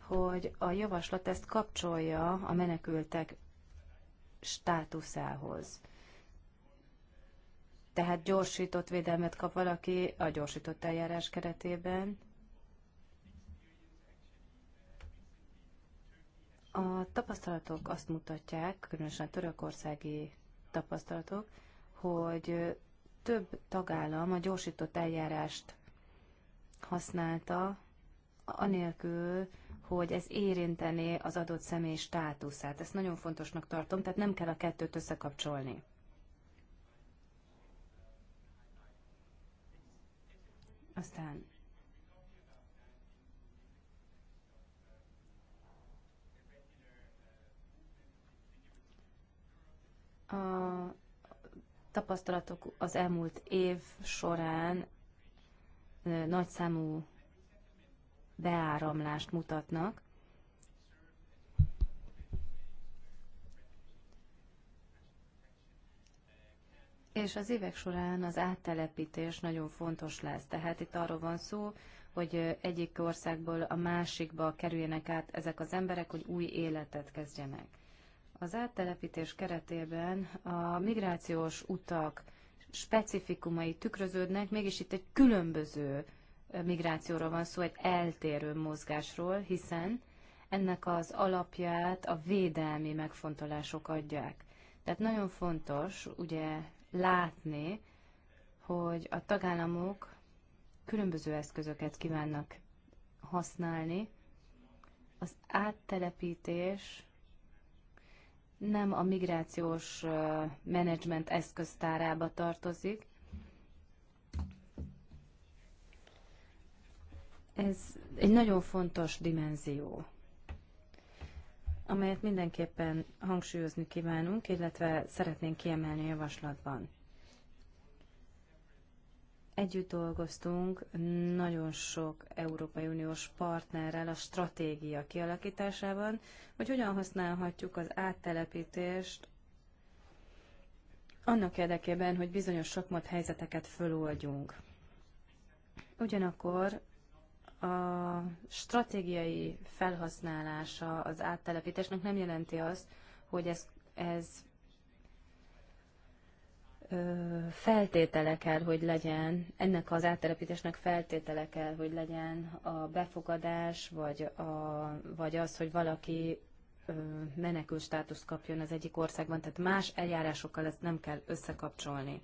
hogy a javaslat ezt kapcsolja a menekültek státuszához. Tehát gyorsított védelmet kap valaki a gyorsított eljárás keretében. A tapasztalatok azt mutatják, különösen a törökországi tapasztalatok, hogy több tagállam a gyorsított eljárást használta, anélkül, hogy ez érintené az adott személy státuszát. Ezt nagyon fontosnak tartom, tehát nem kell a kettőt összekapcsolni. Aztán a tapasztalatok az elmúlt év során nagyszámú beáramlást mutatnak, és az évek során az áttelepítés nagyon fontos lesz. Tehát itt arról van szó, hogy egyik országból a másikba kerüljenek át ezek az emberek, hogy új életet kezdjenek. Az áttelepítés keretében a migrációs utak specifikumai tükröződnek, mégis itt egy különböző migrációról van szó, egy eltérő mozgásról, hiszen ennek az alapját a védelmi megfontolások adják. Tehát nagyon fontos, ugye látni, hogy a tagállamok különböző eszközöket kívánnak használni. Az áttelepítés nem a migrációs menedzsment eszköztárába tartozik. Ez egy nagyon fontos dimenzió amelyet mindenképpen hangsúlyozni kívánunk, illetve szeretnénk kiemelni a javaslatban. Együtt dolgoztunk nagyon sok Európai Uniós partnerrel a stratégia kialakításában, hogy hogyan használhatjuk az áttelepítést annak érdekében, hogy bizonyos sokmat helyzeteket föloldjunk. Ugyanakkor a stratégiai felhasználása az áttelepítésnek nem jelenti azt, hogy ez, ez feltétele kell, hogy legyen, ennek az áttelepítésnek feltétele kell, hogy legyen a befogadás, vagy, a, vagy az, hogy valaki menekül státuszt kapjon az egyik országban, tehát más eljárásokkal ezt nem kell összekapcsolni.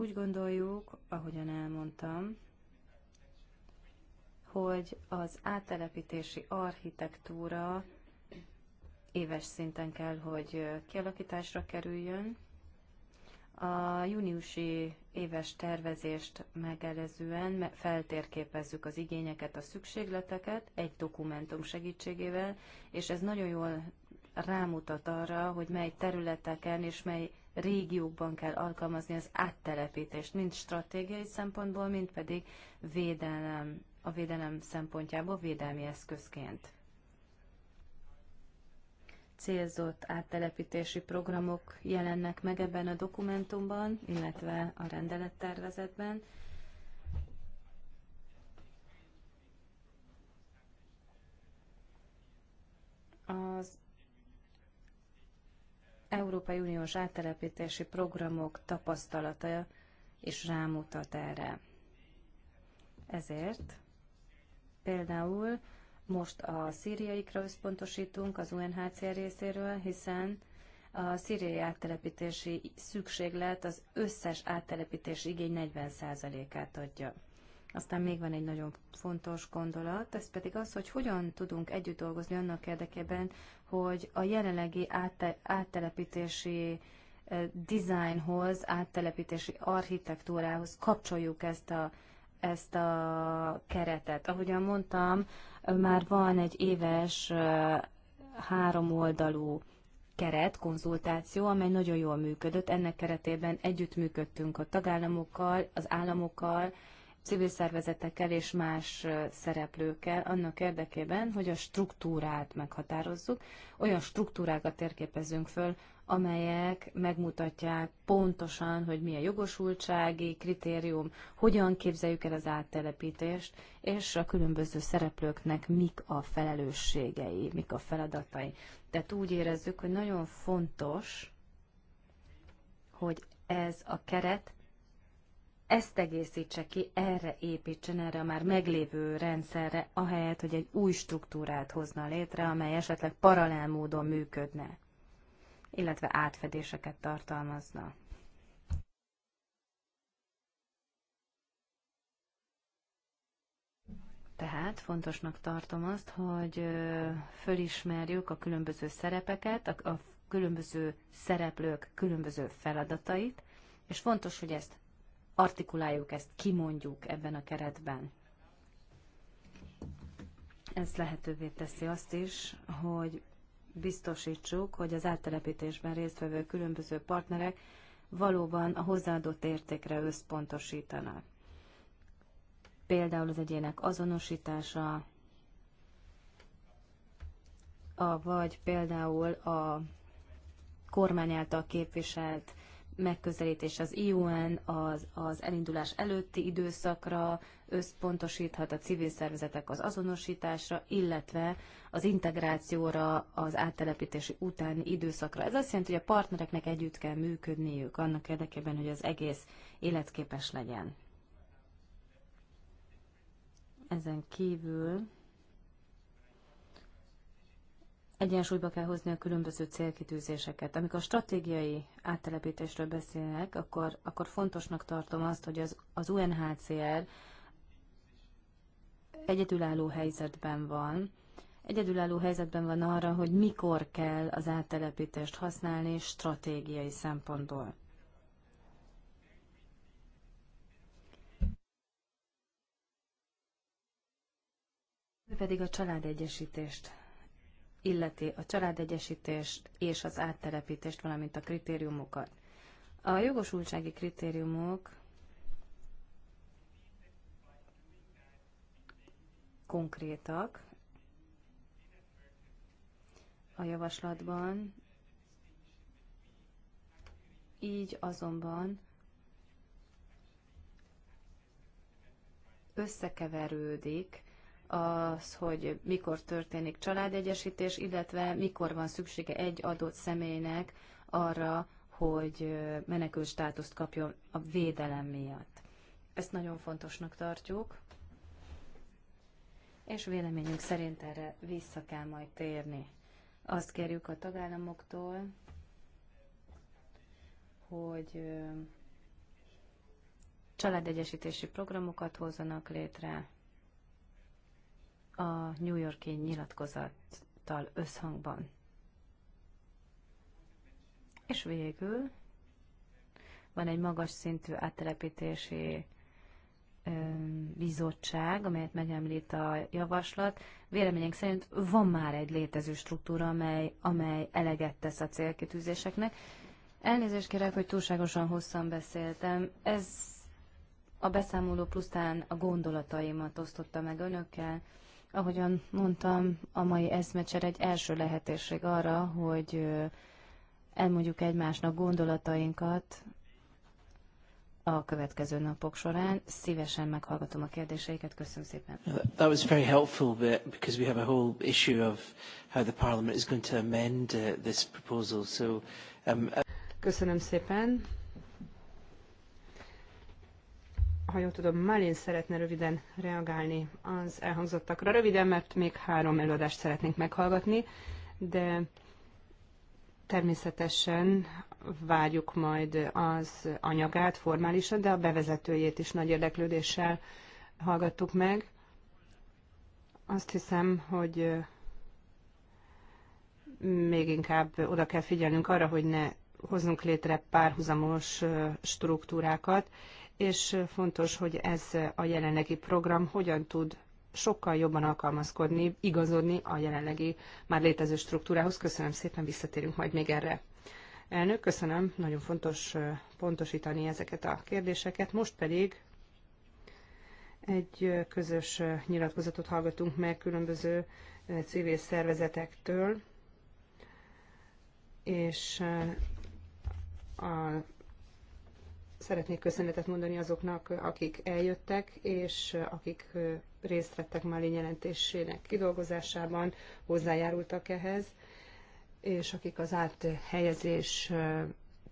Úgy gondoljuk, ahogyan elmondtam, hogy az áttelepítési architektúra éves szinten kell, hogy kialakításra kerüljön. A júniusi éves tervezést megelezően feltérképezzük az igényeket, a szükségleteket egy dokumentum segítségével, és ez nagyon jól rámutat arra, hogy mely területeken és mely régiókban kell alkalmazni az áttelepítést, mind stratégiai szempontból, mind pedig védelem, a védelem szempontjából védelmi eszközként. Célzott áttelepítési programok jelennek meg ebben a dokumentumban, illetve a rendelettervezetben. Az Európai Uniós áttelepítési programok tapasztalata is rámutat erre. Ezért például most a szíriaikra összpontosítunk az UNHCR részéről, hiszen a szíriai áttelepítési szükséglet az összes áttelepítési igény 40%-át adja. Aztán még van egy nagyon fontos gondolat, ez pedig az, hogy hogyan tudunk együtt dolgozni annak érdekében, hogy a jelenlegi átte, áttelepítési designhoz, áttelepítési architektúrához kapcsoljuk ezt a, ezt a keretet. Ahogyan mondtam, már van egy éves három oldalú keret, konzultáció, amely nagyon jól működött. Ennek keretében együttműködtünk a tagállamokkal, az államokkal, civil szervezetekkel és más szereplőkkel annak érdekében, hogy a struktúrát meghatározzuk, olyan struktúrákat térképezünk föl, amelyek megmutatják pontosan, hogy mi a jogosultsági kritérium, hogyan képzeljük el az áttelepítést, és a különböző szereplőknek mik a felelősségei, mik a feladatai. Tehát úgy érezzük, hogy nagyon fontos, hogy ez a keret ezt egészítse ki, erre építsen, erre a már meglévő rendszerre, ahelyett, hogy egy új struktúrát hozna létre, amely esetleg paralel módon működne, illetve átfedéseket tartalmazna. Tehát fontosnak tartom azt, hogy fölismerjük a különböző szerepeket, a, a különböző szereplők különböző feladatait, és fontos, hogy ezt artikuláljuk ezt, kimondjuk ebben a keretben. Ez lehetővé teszi azt is, hogy biztosítsuk, hogy az áttelepítésben résztvevő különböző partnerek valóban a hozzáadott értékre összpontosítanak. Például az egyének azonosítása, a, vagy például a kormány által képviselt megközelítés az IUN az, az elindulás előtti időszakra összpontosíthat a civil szervezetek az azonosításra, illetve az integrációra, az áttelepítési utáni időszakra. Ez azt jelenti, hogy a partnereknek együtt kell működniük annak érdekében, hogy az egész életképes legyen. Ezen kívül Egyensúlyba kell hozni a különböző célkitűzéseket. Amikor stratégiai áttelepítésről beszélnek, akkor, akkor fontosnak tartom azt, hogy az, az UNHCR egyedülálló helyzetben van, egyedülálló helyzetben van arra, hogy mikor kell az áttelepítést használni stratégiai szempontból. Pedig a családegyesítést illeti a családegyesítést és az áttelepítést, valamint a kritériumokat. A jogosultsági kritériumok konkrétak a javaslatban, így azonban összekeverődik az, hogy mikor történik családegyesítés, illetve mikor van szüksége egy adott személynek arra, hogy menekül státuszt kapjon a védelem miatt. Ezt nagyon fontosnak tartjuk, és véleményünk szerint erre vissza kell majd térni. Azt kérjük a tagállamoktól, hogy családegyesítési programokat hozzanak létre, a New Yorki nyilatkozattal összhangban. És végül van egy magas szintű áttelepítési bizottság, amelyet megemlít a javaslat. Véleményünk szerint van már egy létező struktúra, amely, amely eleget tesz a célkitűzéseknek. Elnézést kérek, hogy túlságosan hosszan beszéltem. Ez a beszámoló plusztán a gondolataimat osztotta meg önökkel. Ahogyan mondtam, a mai eszmecser egy első lehetőség arra, hogy elmondjuk egymásnak gondolatainkat a következő napok során. Szívesen meghallgatom a kérdéseiket. Köszönöm szépen. That was very helpful because we have a whole issue of how the parliament is going to amend uh, this proposal. So, um, uh Köszönöm szépen. ha jól tudom, Malin szeretne röviden reagálni az elhangzottakra. Röviden, mert még három előadást szeretnénk meghallgatni, de természetesen várjuk majd az anyagát formálisan, de a bevezetőjét is nagy érdeklődéssel hallgattuk meg. Azt hiszem, hogy még inkább oda kell figyelnünk arra, hogy ne hozzunk létre párhuzamos struktúrákat, és fontos, hogy ez a jelenlegi program hogyan tud sokkal jobban alkalmazkodni, igazodni a jelenlegi már létező struktúrához. Köszönöm szépen, visszatérünk majd még erre. Elnök, köszönöm, nagyon fontos pontosítani ezeket a kérdéseket. Most pedig egy közös nyilatkozatot hallgatunk meg különböző civil szervezetektől, és a Szeretnék köszönetet mondani azoknak, akik eljöttek, és akik részt vettek Mali jelentésének kidolgozásában, hozzájárultak ehhez, és akik az áthelyezés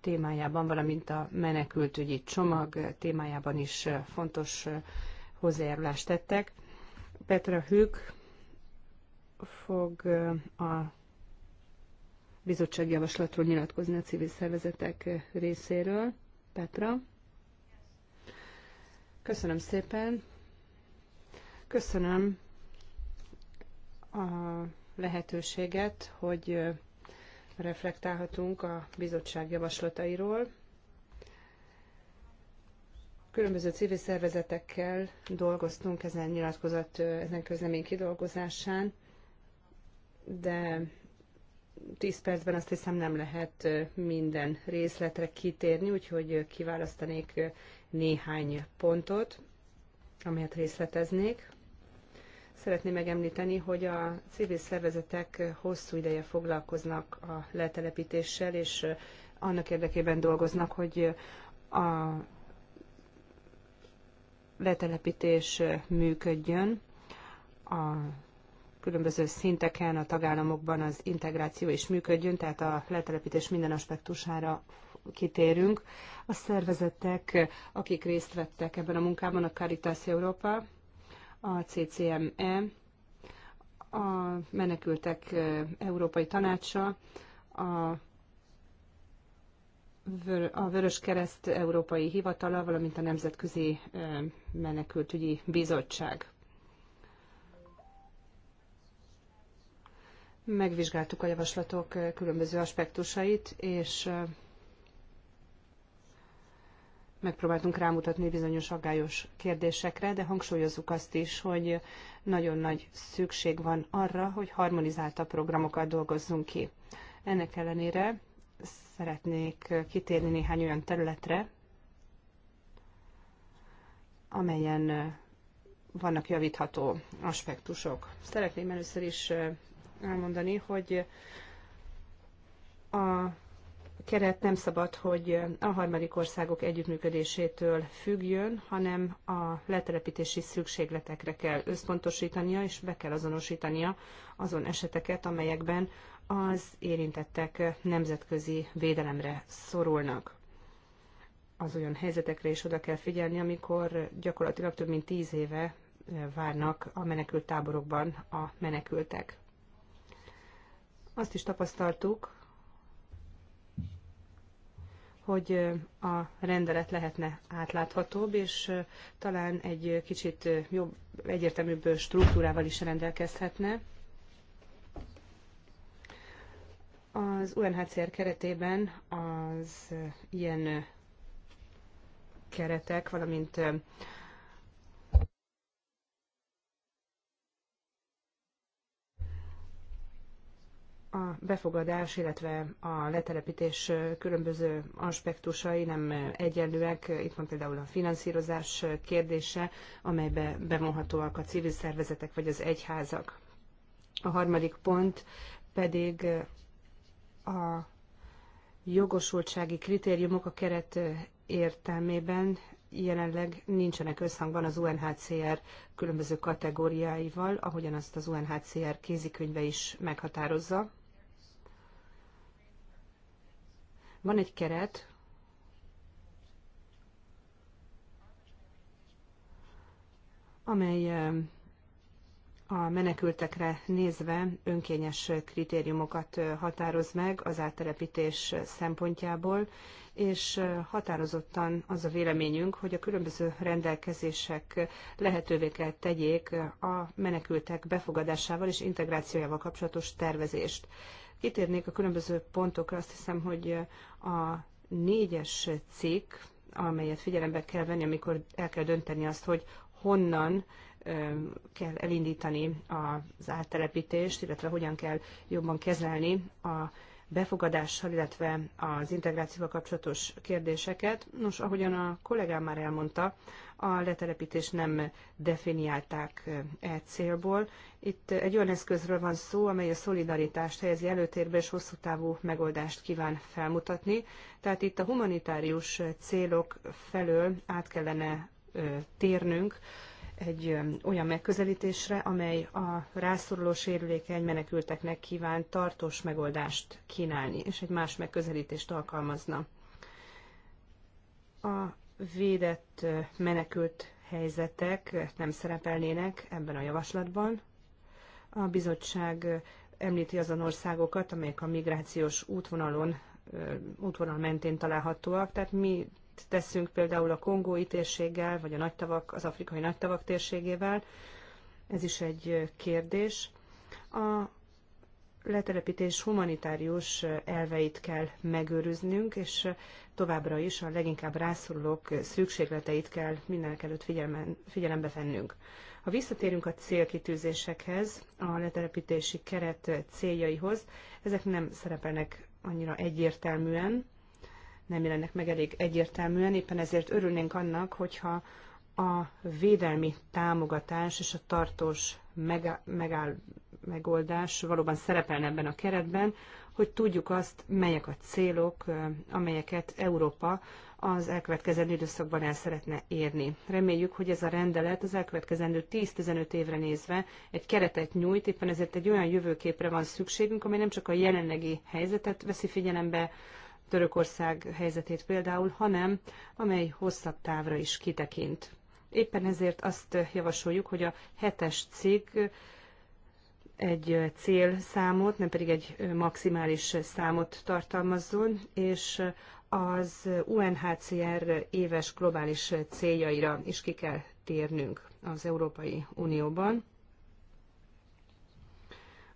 témájában, valamint a menekültügyi csomag témájában is fontos hozzájárulást tettek. Petra Hük fog a bizottsági javaslatról nyilatkozni a civil szervezetek részéről. Petra. Köszönöm szépen. Köszönöm a lehetőséget, hogy reflektálhatunk a bizottság javaslatairól. Különböző civil szervezetekkel dolgoztunk ezen nyilatkozat, ezen közlemény kidolgozásán, de 10 percben azt hiszem nem lehet minden részletre kitérni, úgyhogy kiválasztanék néhány pontot, amelyet részleteznék. Szeretném megemlíteni, hogy a civil szervezetek hosszú ideje foglalkoznak a letelepítéssel, és annak érdekében dolgoznak, hogy a letelepítés működjön a különböző szinteken a tagállamokban az integráció is működjön, tehát a letelepítés minden aspektusára kitérünk. A szervezetek, akik részt vettek ebben a munkában, a Caritas Európa, a CCME, a Menekültek e, Európai Tanácsa, a a Vörös Kereszt Európai Hivatala, valamint a Nemzetközi e, Menekültügyi Bizottság. Megvizsgáltuk a javaslatok eh, különböző aspektusait, és eh, megpróbáltunk rámutatni bizonyos aggályos kérdésekre, de hangsúlyozzuk azt is, hogy nagyon nagy szükség van arra, hogy harmonizálta programokat dolgozzunk ki. Ennek ellenére szeretnék eh, kitérni néhány olyan területre, amelyen vannak javítható aspektusok. Szeretném először is elmondani, hogy a keret nem szabad, hogy a harmadik országok együttműködésétől függjön, hanem a letelepítési szükségletekre kell összpontosítania, és be kell azonosítania azon eseteket, amelyekben az érintettek nemzetközi védelemre szorulnak. Az olyan helyzetekre is oda kell figyelni, amikor gyakorlatilag több mint tíz éve várnak a menekült táborokban a menekültek. Azt is tapasztaltuk, hogy a rendelet lehetne átláthatóbb, és talán egy kicsit jobb, egyértelműbb struktúrával is rendelkezhetne. Az UNHCR keretében az ilyen keretek, valamint a befogadás, illetve a letelepítés különböző aspektusai nem egyenlőek. Itt van például a finanszírozás kérdése, amelybe bevonhatóak a civil szervezetek vagy az egyházak. A harmadik pont pedig a jogosultsági kritériumok a keret értelmében jelenleg nincsenek összhangban az UNHCR különböző kategóriáival, ahogyan azt az UNHCR kézikönyve is meghatározza. Van egy keret, amely eh, a menekültekre nézve önkényes kritériumokat határoz meg az áttelepítés szempontjából, és határozottan az a véleményünk, hogy a különböző rendelkezések lehetővé kell tegyék a menekültek befogadásával és integrációjával kapcsolatos tervezést. Kitérnék a különböző pontokra, azt hiszem, hogy a négyes cikk, amelyet figyelembe kell venni, amikor el kell dönteni azt, hogy honnan kell elindítani az áttelepítést, illetve hogyan kell jobban kezelni a befogadással, illetve az integrációval kapcsolatos kérdéseket. Nos, ahogyan a kollégám már elmondta, a letelepítést nem definiálták e célból. Itt egy olyan eszközről van szó, amely a szolidaritást helyezi előtérbe és hosszú távú megoldást kíván felmutatni. Tehát itt a humanitárius célok felől át kellene térnünk egy olyan megközelítésre, amely a rászoruló sérülékeny menekülteknek kíván tartós megoldást kínálni, és egy más megközelítést alkalmazna. A védett menekült helyzetek nem szerepelnének ebben a javaslatban. A bizottság említi azon országokat, amelyek a migrációs útvonalon, útvonal mentén találhatóak, tehát mi teszünk például a kongói térséggel, vagy a nagytavak, az afrikai nagytavak térségével. Ez is egy kérdés. A letelepítés humanitárius elveit kell megőriznünk, és továbbra is a leginkább rászorulók szükségleteit kell mindenek előtt figyelmen, figyelembe vennünk. Ha visszatérünk a célkitűzésekhez, a letelepítési keret céljaihoz, ezek nem szerepelnek annyira egyértelműen, nem jelennek meg elég egyértelműen, éppen ezért örülnénk annak, hogyha a védelmi támogatás és a tartós mega, megáll- megoldás valóban szerepelne ebben a keretben, hogy tudjuk azt, melyek a célok, amelyeket Európa az elkövetkezendő időszakban el szeretne érni. Reméljük, hogy ez a rendelet az elkövetkezendő 10-15 évre nézve egy keretet nyújt, éppen ezért egy olyan jövőképre van szükségünk, amely nem csak a jelenlegi helyzetet veszi figyelembe, Törökország helyzetét például, hanem amely hosszabb távra is kitekint. Éppen ezért azt javasoljuk, hogy a hetes cikk egy célszámot, nem pedig egy maximális számot tartalmazzon, és az UNHCR éves globális céljaira is ki kell térnünk az Európai Unióban.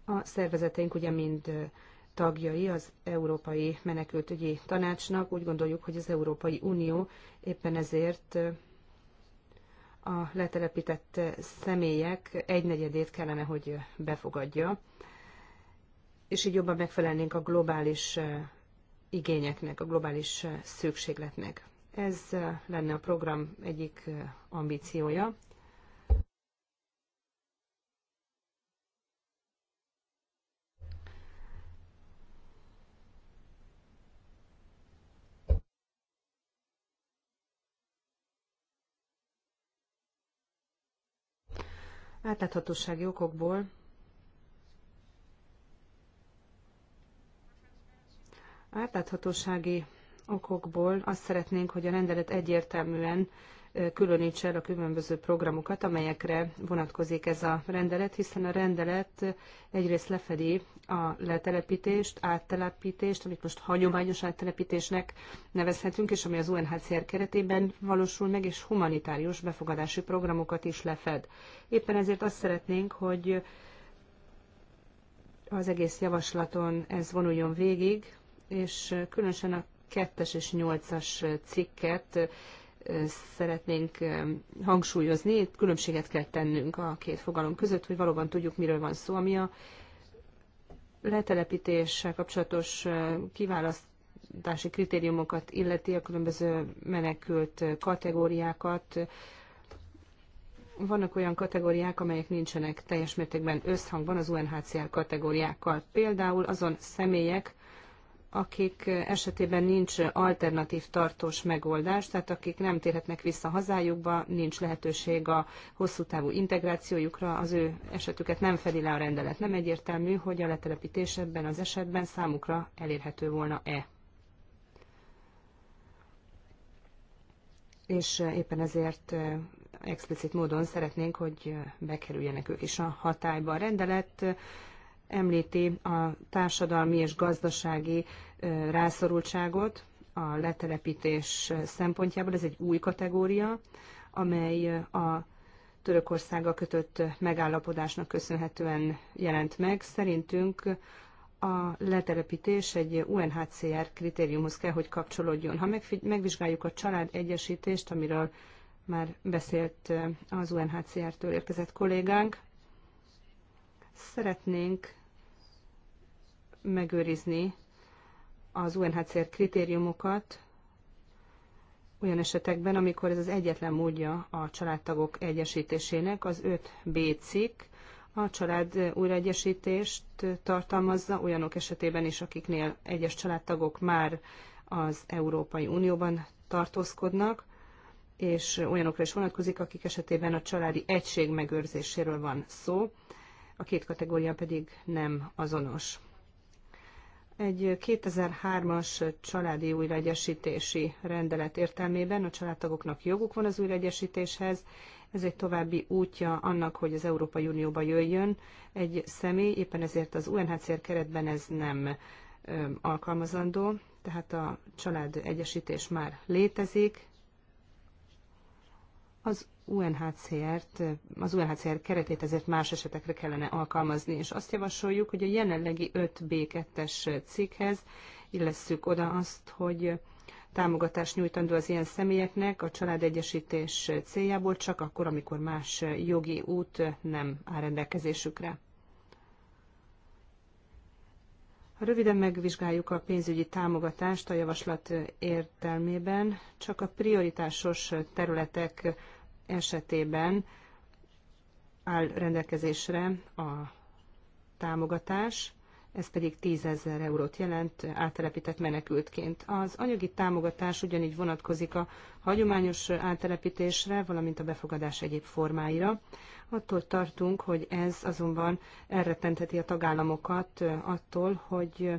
A szervezeteink ugye mind tagjai az Európai Menekültügyi Tanácsnak. Úgy gondoljuk, hogy az Európai Unió éppen ezért eh, a letelepített személyek egynegyedét kellene, hogy befogadja, és így jobban megfelelnénk a globális eh, igényeknek, a globális eh, szükségletnek. Ez lenne a program egyik ambíciója. Átláthatósági okokból átláthatósági okokból azt szeretnénk, hogy a rendelet egyértelműen különítse el a különböző programokat, amelyekre vonatkozik ez a rendelet, hiszen a rendelet egyrészt lefedi a letelepítést, áttelepítést, amit most hagyományos áttelepítésnek nevezhetünk, és ami az UNHCR keretében valósul meg, és humanitárius befogadási programokat is lefed. Éppen ezért azt szeretnénk, hogy az egész javaslaton ez vonuljon végig, és különösen a kettes és nyolcas cikket szeretnénk hangsúlyozni. Itt különbséget kell tennünk a két fogalom között, hogy valóban tudjuk, miről van szó, ami a letelepítéssel kapcsolatos kiválasztási kritériumokat illeti a különböző menekült kategóriákat. Vannak olyan kategóriák, amelyek nincsenek teljes mértékben összhangban az UNHCR kategóriákkal. Például azon személyek, akik esetében nincs alternatív tartós megoldás, tehát akik nem térhetnek vissza hazájukba, nincs lehetőség a hosszú távú integrációjukra, az ő esetüket nem fedi le a rendelet. Nem egyértelmű, hogy a letelepítés ebben az esetben számukra elérhető volna-e. És éppen ezért eh, explicit módon szeretnénk, hogy bekerüljenek ők is a hatályba. A rendelet említi a társadalmi és gazdasági rászorultságot a letelepítés szempontjából. Ez egy új kategória, amely a Törökországgal kötött megállapodásnak köszönhetően jelent meg. Szerintünk a letelepítés egy UNHCR kritériumhoz kell, hogy kapcsolódjon. Ha megvizsgáljuk a család egyesítést, amiről már beszélt az UNHCR-től érkezett kollégánk, szeretnénk megőrizni az UNHCR kritériumokat olyan esetekben, amikor ez az egyetlen módja a családtagok egyesítésének, az 5B cikk, a család újraegyesítést tartalmazza olyanok esetében is, akiknél egyes családtagok már az Európai Unióban tartózkodnak, és olyanokra is vonatkozik, akik esetében a családi egység megőrzéséről van szó, a két kategória pedig nem azonos. Egy 2003-as családi újraegyesítési rendelet értelmében a családtagoknak joguk van az újraegyesítéshez. Ez egy további útja annak, hogy az Európai Unióba jöjjön egy személy, éppen ezért az UNHCR keretben ez nem alkalmazandó, tehát a család egyesítés már létezik, az UNHCR-t, az UNHCR keretét ezért más esetekre kellene alkalmazni, és azt javasoljuk, hogy a jelenlegi 5B2-es cikkhez illesszük oda azt, hogy támogatást nyújtandó az ilyen személyeknek a családegyesítés céljából csak akkor, amikor más jogi út nem áll rendelkezésükre. Röviden megvizsgáljuk a pénzügyi támogatást a javaslat értelmében. Csak a prioritásos területek esetében áll rendelkezésre a támogatás ez pedig 10 ezer eurót jelent áttelepített menekültként. Az anyagi támogatás ugyanígy vonatkozik a hagyományos áttelepítésre, valamint a befogadás egyéb formáira. Attól tartunk, hogy ez azonban elrettentheti a tagállamokat attól, hogy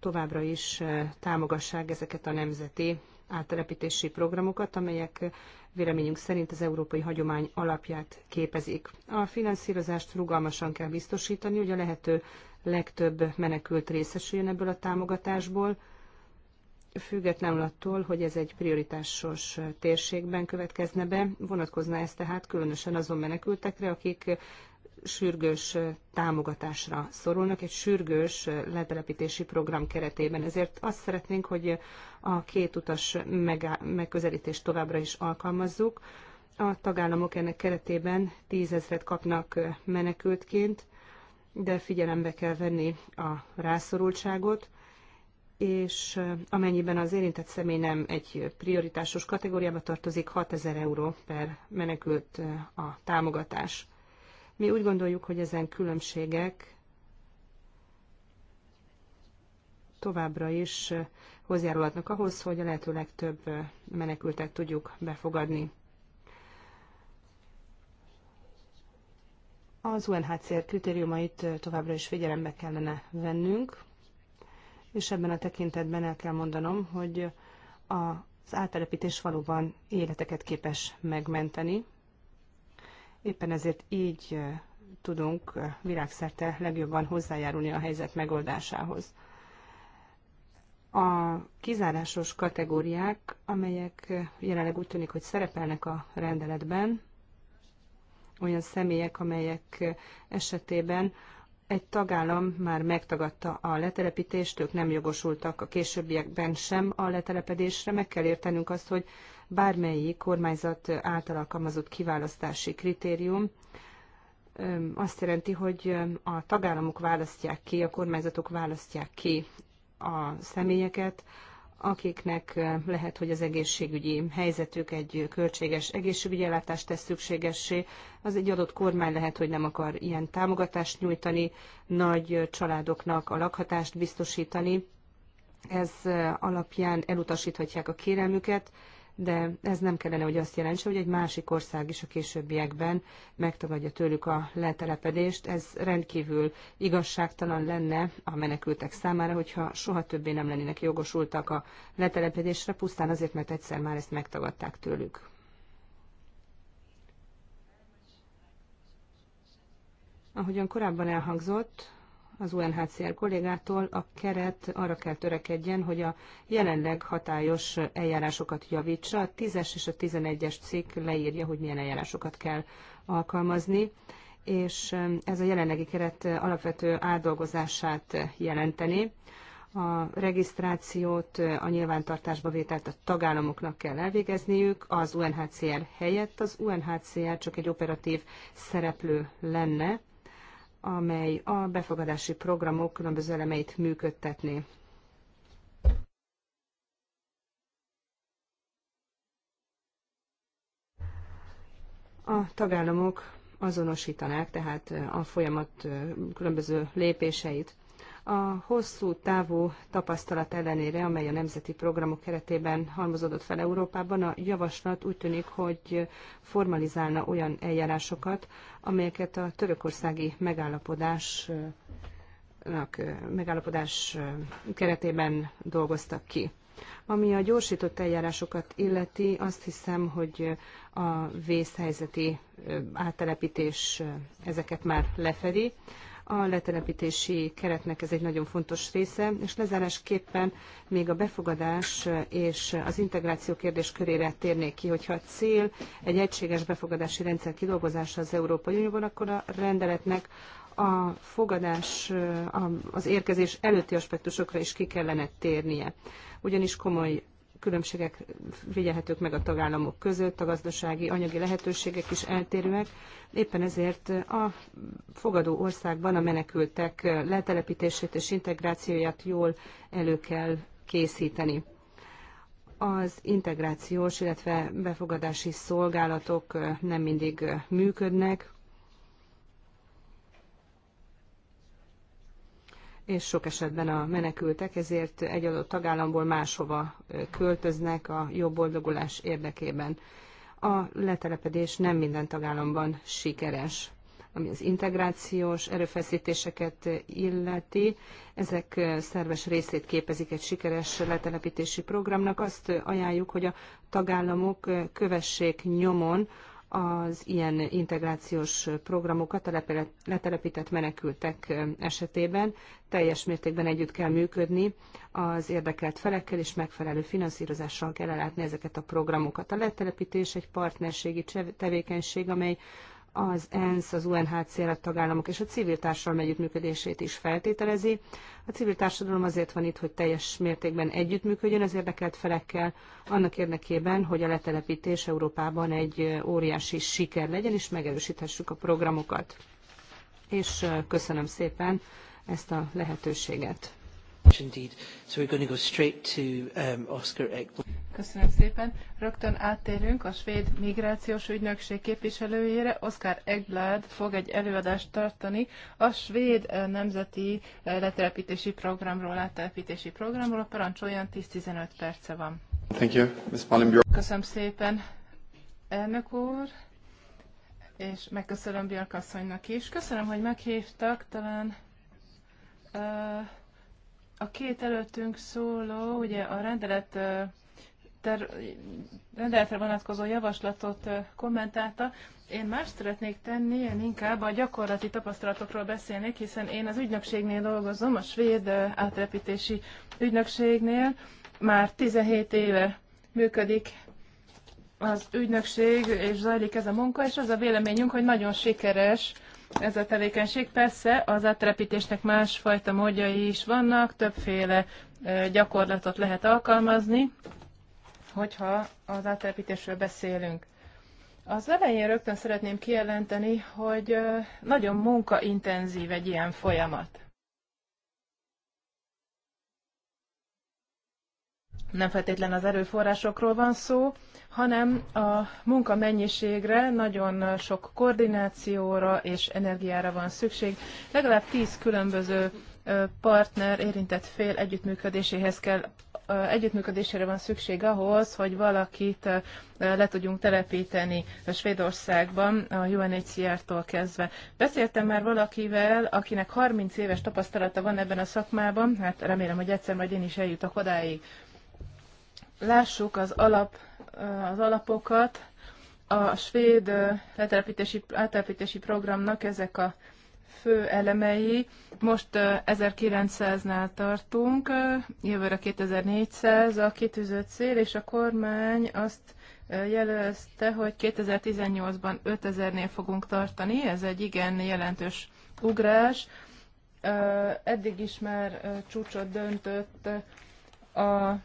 továbbra is támogassák ezeket a nemzeti áttelepítési programokat, amelyek véleményünk szerint az európai hagyomány alapját képezik. A finanszírozást rugalmasan kell biztosítani, hogy a lehető legtöbb menekült részesüljön ebből a támogatásból, függetlenül attól, hogy ez egy prioritásos térségben következne be, vonatkozna ez tehát különösen azon menekültekre, akik sürgős támogatásra szorulnak, egy sürgős letelepítési program keretében. Ezért azt szeretnénk, hogy a két utas megközelítést továbbra is alkalmazzuk. A tagállamok ennek keretében tízezret kapnak menekültként, de figyelembe kell venni a rászorultságot, és amennyiben az érintett személy nem egy prioritásos kategóriába tartozik, 6000 euró per menekült a támogatás. Mi úgy gondoljuk, hogy ezen különbségek továbbra is hozzájárulhatnak ahhoz, hogy a lehető legtöbb menekültet tudjuk befogadni. Az UNHCR kritériumait továbbra is figyelembe kellene vennünk, és ebben a tekintetben el kell mondanom, hogy az áttelepítés valóban életeket képes megmenteni, Éppen ezért így tudunk világszerte legjobban hozzájárulni a helyzet megoldásához. A kizárásos kategóriák, amelyek jelenleg úgy tűnik, hogy szerepelnek a rendeletben, olyan személyek, amelyek esetében egy tagállam már megtagadta a letelepítést, ők nem jogosultak a későbbiekben sem a letelepedésre. Meg kell értenünk azt, hogy bármelyik kormányzat által alkalmazott kiválasztási kritérium azt jelenti, hogy a tagállamok választják ki, a kormányzatok választják ki a személyeket, akiknek lehet, hogy az egészségügyi helyzetük egy költséges egészségügyi ellátást tesz szükségessé, az egy adott kormány lehet, hogy nem akar ilyen támogatást nyújtani, nagy családoknak a lakhatást biztosítani, ez alapján elutasíthatják a kérelmüket, de ez nem kellene, hogy azt jelentse, hogy egy másik ország is a későbbiekben megtagadja tőlük a letelepedést. Ez rendkívül igazságtalan lenne a menekültek számára, hogyha soha többé nem lennének jogosultak a letelepedésre, pusztán azért, mert egyszer már ezt megtagadták tőlük. Ahogyan korábban elhangzott, az UNHCR kollégától, a keret arra kell törekedjen, hogy a jelenleg hatályos eljárásokat javítsa. A 10-es és a 11-es cikk leírja, hogy milyen eljárásokat kell alkalmazni, és ez a jelenlegi keret alapvető átdolgozását jelenteni. A regisztrációt, a nyilvántartásba vételt a tagállamoknak kell elvégezniük, az UNHCR helyett az UNHCR csak egy operatív szereplő lenne, amely a befogadási programok különböző elemeit működtetné. A tagállamok azonosítanák tehát a folyamat különböző lépéseit a hosszú távú tapasztalat ellenére, amely a nemzeti programok keretében halmozódott fel Európában, a javaslat úgy tűnik, hogy formalizálna olyan eljárásokat, amelyeket a törökországi megállapodás megállapodás keretében dolgoztak ki. Ami a gyorsított eljárásokat illeti, azt hiszem, hogy a vészhelyzeti áttelepítés ezeket már lefedi. A letelepítési keretnek ez egy nagyon fontos része, és lezárásképpen még a befogadás és az integráció kérdés körére térnék ki, hogyha a cél egy egységes befogadási rendszer kidolgozása az Európai Unióban, akkor a rendeletnek a fogadás, az érkezés előtti aspektusokra is ki kellene térnie. Ugyanis komoly különbségek figyelhetők meg a tagállamok között, a gazdasági, anyagi lehetőségek is eltérőek. Éppen ezért a fogadó országban a menekültek letelepítését és integrációját jól elő kell készíteni. Az integrációs, illetve befogadási szolgálatok nem mindig működnek, és sok esetben a menekültek ezért egy adott tagállamból máshova költöznek a jobb boldogulás érdekében. A letelepedés nem minden tagállamban sikeres ami az integrációs erőfeszítéseket illeti. Ezek szerves részét képezik egy sikeres letelepítési programnak. Azt ajánljuk, hogy a tagállamok kövessék nyomon az ilyen integrációs programokat a letelepített menekültek esetében teljes mértékben együtt kell működni az érdekelt felekkel, és megfelelő finanszírozással kell ellátni ezeket a programokat. A letelepítés egy partnerségi tevékenység, amely az ENSZ, az UNHCR, a tagállamok és a civil társadalom együttműködését is feltételezi, a civil társadalom azért van itt, hogy teljes mértékben együttműködjön az érdekelt felekkel, annak érdekében, hogy a letelepítés Európában egy óriási siker legyen, és megerősíthessük a programokat. És köszönöm szépen ezt a lehetőséget. Indeed. So we're going to go straight to um, Oscar Ekblom. Köszönöm szépen. Rögtön áttérünk a svéd migrációs ügynökség képviselőjére. Oskar Egblad fog egy előadást tartani a svéd nemzeti letelepítési programról, áttelepítési programról. Parancsoljon, 10-15 perce van. Thank you, Ms. Köszönöm szépen, elnök úr, és megköszönöm Björk asszonynak is. Köszönöm, hogy meghívtak, talán uh, a két előttünk szóló, ugye a rendelet ter, rendeletre vonatkozó javaslatot kommentálta. Én más szeretnék tenni, én inkább a gyakorlati tapasztalatokról beszélnék, hiszen én az ügynökségnél dolgozom, a svéd átrepítési ügynökségnél. Már 17 éve működik az ügynökség, és zajlik ez a munka, és az a véleményünk, hogy nagyon sikeres ez a tevékenység. Persze az átrepítésnek másfajta módjai is vannak, többféle gyakorlatot lehet alkalmazni, hogyha az áttelepítésről beszélünk. Az elején rögtön szeretném kijelenteni, hogy nagyon munkaintenzív egy ilyen folyamat. Nem feltétlen az erőforrásokról van szó, hanem a munka mennyiségre, nagyon sok koordinációra és energiára van szükség. Legalább tíz különböző partner érintett fél együttműködéséhez kell együttműködésére van szükség ahhoz, hogy valakit le tudjunk telepíteni Svédországban a UNHCR-tól kezdve. Beszéltem már valakivel, akinek 30 éves tapasztalata van ebben a szakmában, hát remélem, hogy egyszer majd én is eljutok odáig. Lássuk az alap az alapokat. A svéd letelepítési, letelepítési programnak ezek a fő elemei. Most 1900-nál tartunk, jövőre 2400 a kitűzött cél, és a kormány azt jelölte, hogy 2018-ban 5000-nél fogunk tartani, ez egy igen jelentős ugrás. Eddig is már csúcsot döntött a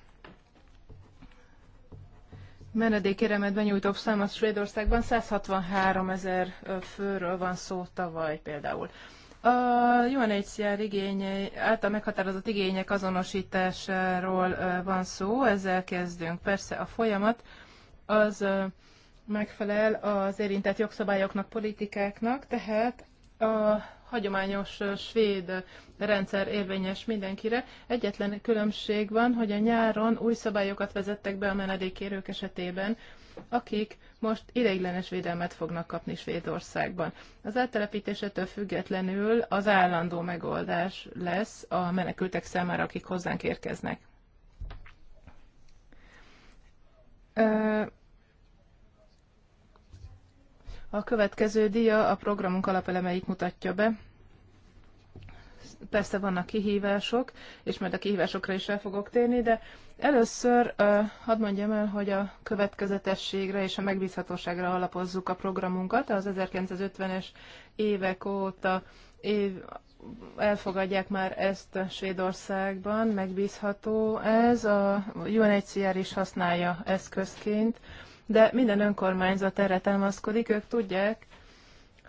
menedékéremet benyújtók száma Svédországban 163 ezer főről van szó tavaly például. A UNHCR igény, által meghatározott igények azonosításáról van szó, ezzel kezdünk. Persze a folyamat az megfelel az érintett jogszabályoknak, politikáknak, tehát a hagyományos svéd rendszer érvényes mindenkire. Egyetlen különbség van, hogy a nyáron új szabályokat vezettek be a menedékérők esetében, akik most ideiglenes védelmet fognak kapni Svédországban. Az áttelepítésétől függetlenül az állandó megoldás lesz a menekültek számára, akik hozzánk érkeznek. A következő dia a programunk alapelemeit mutatja be. Persze vannak kihívások, és majd a kihívásokra is el fogok térni, de először uh, hadd mondjam el, hogy a következetességre és a megbízhatóságra alapozzuk a programunkat. Az 1950-es évek óta év, elfogadják már ezt Svédországban, megbízható ez, a UNHCR is használja eszközként. Uh, de minden önkormányzat erre támaszkodik, ők tudják,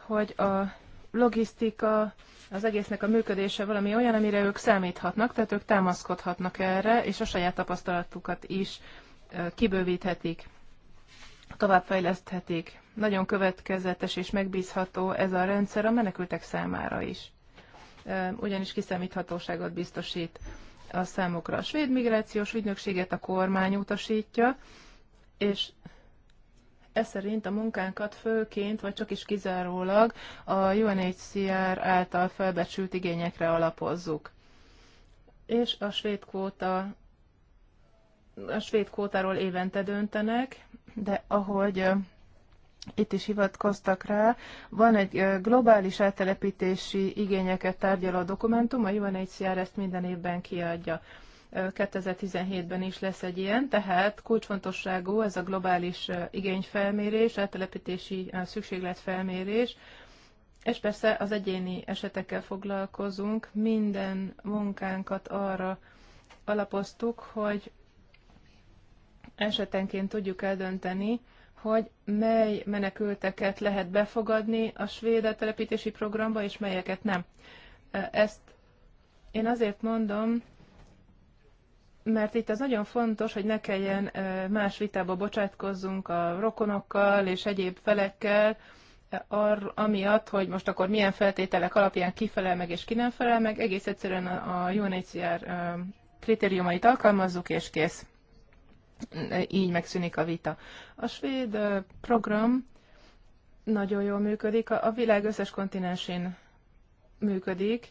hogy a logisztika, az egésznek a működése valami olyan, amire ők számíthatnak, tehát ők támaszkodhatnak erre, és a saját tapasztalatukat is kibővíthetik, továbbfejleszthetik. Nagyon következetes és megbízható ez a rendszer a menekültek számára is. Ugyanis kiszámíthatóságot biztosít a számokra. A svéd migrációs ügynökséget a kormány utasítja, és ez szerint a munkánkat főként, vagy csak is kizárólag a UNHCR által felbecsült igényekre alapozzuk. És a svéd kvóta a svéd kvótáról évente döntenek, de ahogy itt is hivatkoztak rá, van egy globális áttelepítési igényeket tárgyaló dokumentum, a UNHCR ezt minden évben kiadja. 2017-ben is lesz egy ilyen, tehát kulcsfontosságú ez a globális igényfelmérés, eltelepítési szükségletfelmérés, és persze az egyéni esetekkel foglalkozunk, minden munkánkat arra alapoztuk, hogy esetenként tudjuk eldönteni, hogy mely menekülteket lehet befogadni a svéd telepítési programba, és melyeket nem. Ezt én azért mondom, mert itt az nagyon fontos, hogy ne kelljen más vitába bocsátkozzunk a rokonokkal és egyéb felekkel, ar, amiatt, hogy most akkor milyen feltételek alapján kifelel meg és ki nem felel meg, egész egyszerűen a UNHCR kritériumait alkalmazzuk és kész. Így megszűnik a vita. A svéd program nagyon jól működik, a világ összes kontinensén működik,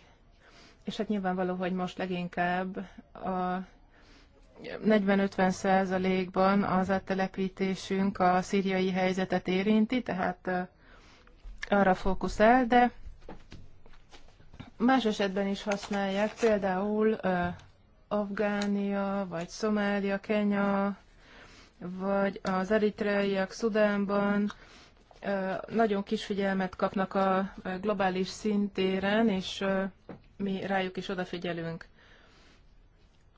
és hát nyilvánvaló, hogy most leginkább a 40-50 százalékban az áttelepítésünk a szíriai helyzetet érinti, tehát arra fókuszál, de más esetben is használják, például Afgánia, vagy Szomália, Kenya, vagy az eritreaiak Szudánban nagyon kis figyelmet kapnak a globális szintéren, és mi rájuk is odafigyelünk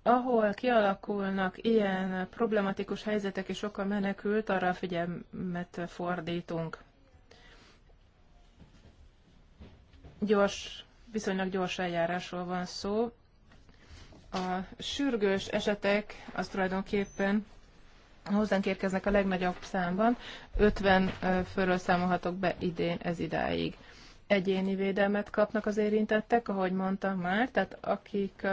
ahol kialakulnak ilyen problematikus helyzetek és sokkal menekült, arra a figyelmet fordítunk. Gyors, viszonylag gyors eljárásról van szó. A sürgős esetek az tulajdonképpen hozzánk érkeznek a legnagyobb számban, 50 fölről számolhatok be idén ez idáig. Egyéni védelmet kapnak az érintettek, ahogy mondtam már, tehát akik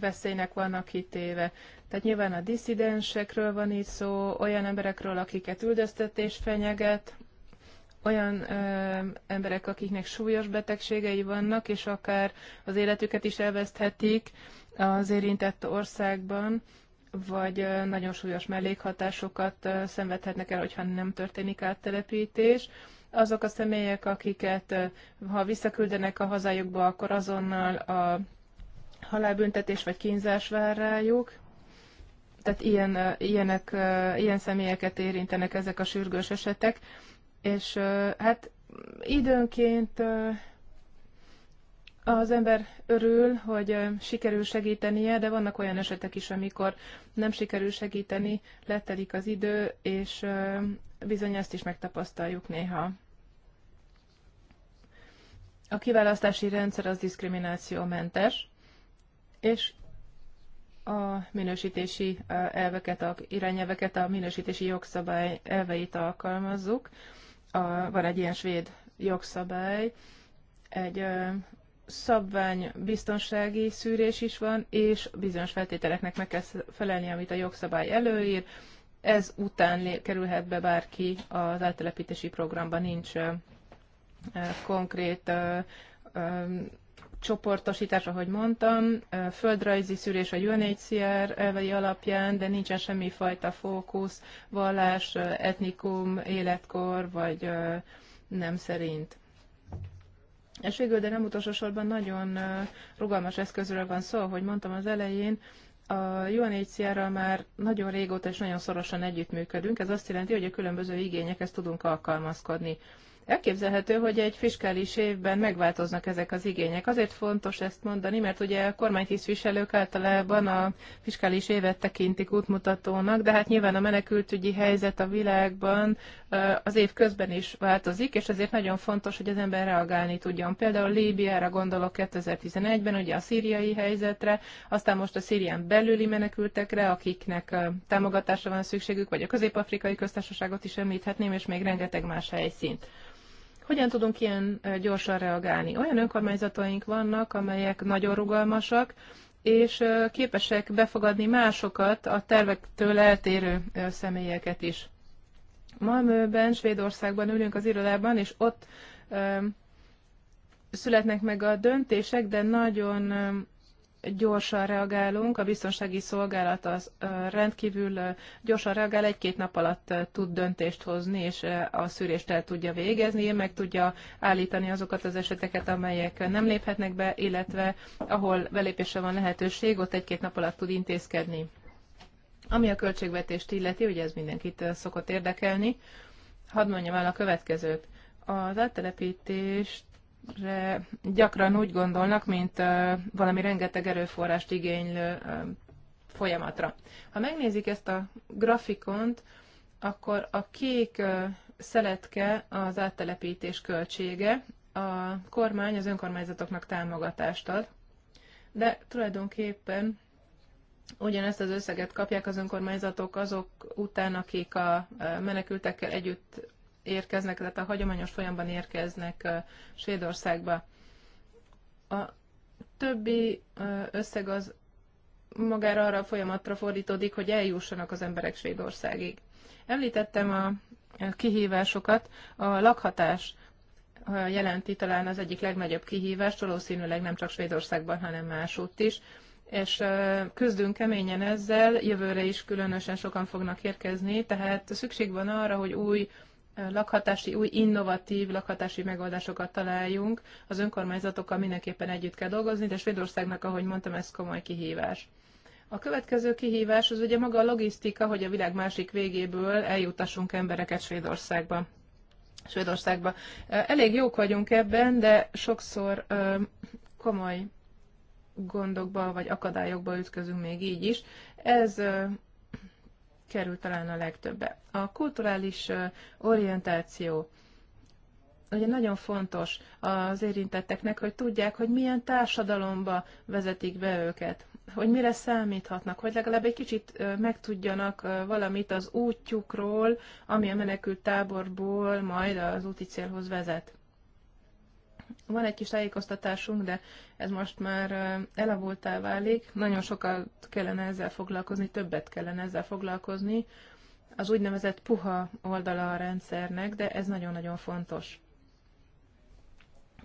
veszélynek vannak kitéve. Tehát nyilván a disszidensekről van itt szó, olyan emberekről, akiket üldöztetés fenyeget, olyan ö, emberek, akiknek súlyos betegségei vannak, és akár az életüket is elveszthetik az érintett országban, vagy ö, nagyon súlyos mellékhatásokat ö, szenvedhetnek el, hogyha nem történik áttelepítés. Azok a személyek, akiket ö, ha visszaküldenek a hazájukba, akkor azonnal a halálbüntetés vagy kínzás vár rájuk. Tehát ilyen, ilyenek, ilyen személyeket érintenek ezek a sürgős esetek. És hát időnként az ember örül, hogy sikerül segítenie, de vannak olyan esetek is, amikor nem sikerül segíteni, letelik az idő, és bizony ezt is megtapasztaljuk néha. A kiválasztási rendszer az diszkriminációmentes, és a minősítési elveket, a irányelveket, a minősítési jogszabály elveit alkalmazzuk. A, van egy ilyen svéd jogszabály, egy ö, szabvány biztonsági szűrés is van, és bizonyos feltételeknek meg kell felelni, amit a jogszabály előír. Ez után kerülhet be bárki az áttelepítési programban nincs ö, konkrét ö, csoportosítás, ahogy mondtam, földrajzi szűrés a UNHCR elvei alapján, de nincsen fajta fókusz, vallás, etnikum, életkor vagy nem szerint. És végül, de nem utolsó sorban nagyon rugalmas eszközről van szó, hogy, mondtam az elején, a UNHCR-ral már nagyon régóta és nagyon szorosan együttműködünk. Ez azt jelenti, hogy a különböző igényekhez tudunk alkalmazkodni. Elképzelhető, hogy egy fiskális évben megváltoznak ezek az igények. Azért fontos ezt mondani, mert ugye a kormánytisztviselők általában a fiskális évet tekintik útmutatónak, de hát nyilván a menekültügyi helyzet a világban az év közben is változik, és ezért nagyon fontos, hogy az ember reagálni tudjon. Például Líbiára gondolok 2011-ben, ugye a szíriai helyzetre, aztán most a szírián belüli menekültekre, akiknek támogatásra van szükségük, vagy a közép-afrikai köztársaságot is említhetném, és még rengeteg más helyszínt. Hogyan tudunk ilyen gyorsan reagálni? Olyan önkormányzataink vannak, amelyek nagyon rugalmasak, és képesek befogadni másokat, a tervektől eltérő személyeket is. Malmöben, Svédországban ülünk az irodában, és ott születnek meg a döntések, de nagyon gyorsan reagálunk, a biztonsági szolgálat az rendkívül gyorsan reagál, egy-két nap alatt tud döntést hozni, és a szűrést el tudja végezni, meg tudja állítani azokat az eseteket, amelyek nem léphetnek be, illetve ahol belépésre van lehetőség, ott egy-két nap alatt tud intézkedni. Ami a költségvetést illeti, ugye ez mindenkit szokott érdekelni, hadd mondjam el a következőt. Az áttelepítést gyakran úgy gondolnak, mint valami rengeteg erőforrást igénylő folyamatra. Ha megnézik ezt a grafikont, akkor a kék szeletke az áttelepítés költsége, a kormány az önkormányzatoknak támogatást ad, de tulajdonképpen ugyanezt az összeget kapják az önkormányzatok azok után, akik a menekültekkel együtt érkeznek, tehát a hagyományos folyamban érkeznek Svédországba. A többi összeg az magára arra a folyamatra fordítódik, hogy eljussanak az emberek Svédországig. Említettem a kihívásokat, a lakhatás jelenti talán az egyik legnagyobb kihívást, valószínűleg nem csak Svédországban, hanem másútt is és küzdünk keményen ezzel, jövőre is különösen sokan fognak érkezni, tehát szükség van arra, hogy új lakhatási, új innovatív lakhatási megoldásokat találjunk. Az önkormányzatokkal mindenképpen együtt kell dolgozni, de Svédországnak, ahogy mondtam, ez komoly kihívás. A következő kihívás az ugye maga a logisztika, hogy a világ másik végéből eljutassunk embereket Svédországba. Svédországba. Elég jók vagyunk ebben, de sokszor komoly gondokba vagy akadályokba ütközünk még így is. Ez kerül talán a legtöbbe. A kulturális orientáció ugye nagyon fontos az érintetteknek, hogy tudják, hogy milyen társadalomba vezetik be őket, hogy mire számíthatnak, hogy legalább egy kicsit megtudjanak valamit az útjukról, ami a menekült táborból majd az úti célhoz vezet. Van egy kis tájékoztatásunk, de ez most már eh, elavultá válik. Nagyon sokat kellene ezzel foglalkozni, többet kellene ezzel foglalkozni. Az úgynevezett puha oldala a rendszernek, de ez nagyon-nagyon fontos.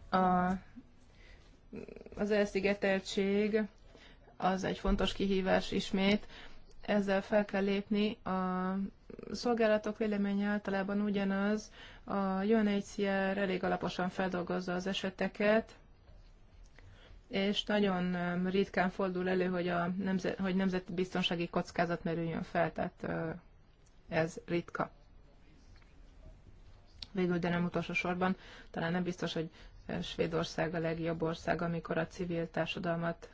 A, az elszigeteltség az egy fontos kihívás ismét. Ezzel fel kell lépni a szolgálatok véleménye általában ugyanaz, a UNHCR elég alaposan feldolgozza az eseteket, és nagyon um, ritkán fordul elő, hogy, a nemzet, hogy nemzeti biztonsági kockázat merüljön fel, tehát uh, ez ritka. Végül, de nem utolsó sorban, talán nem biztos, hogy uh, Svédország a legjobb ország, amikor a civil társadalmat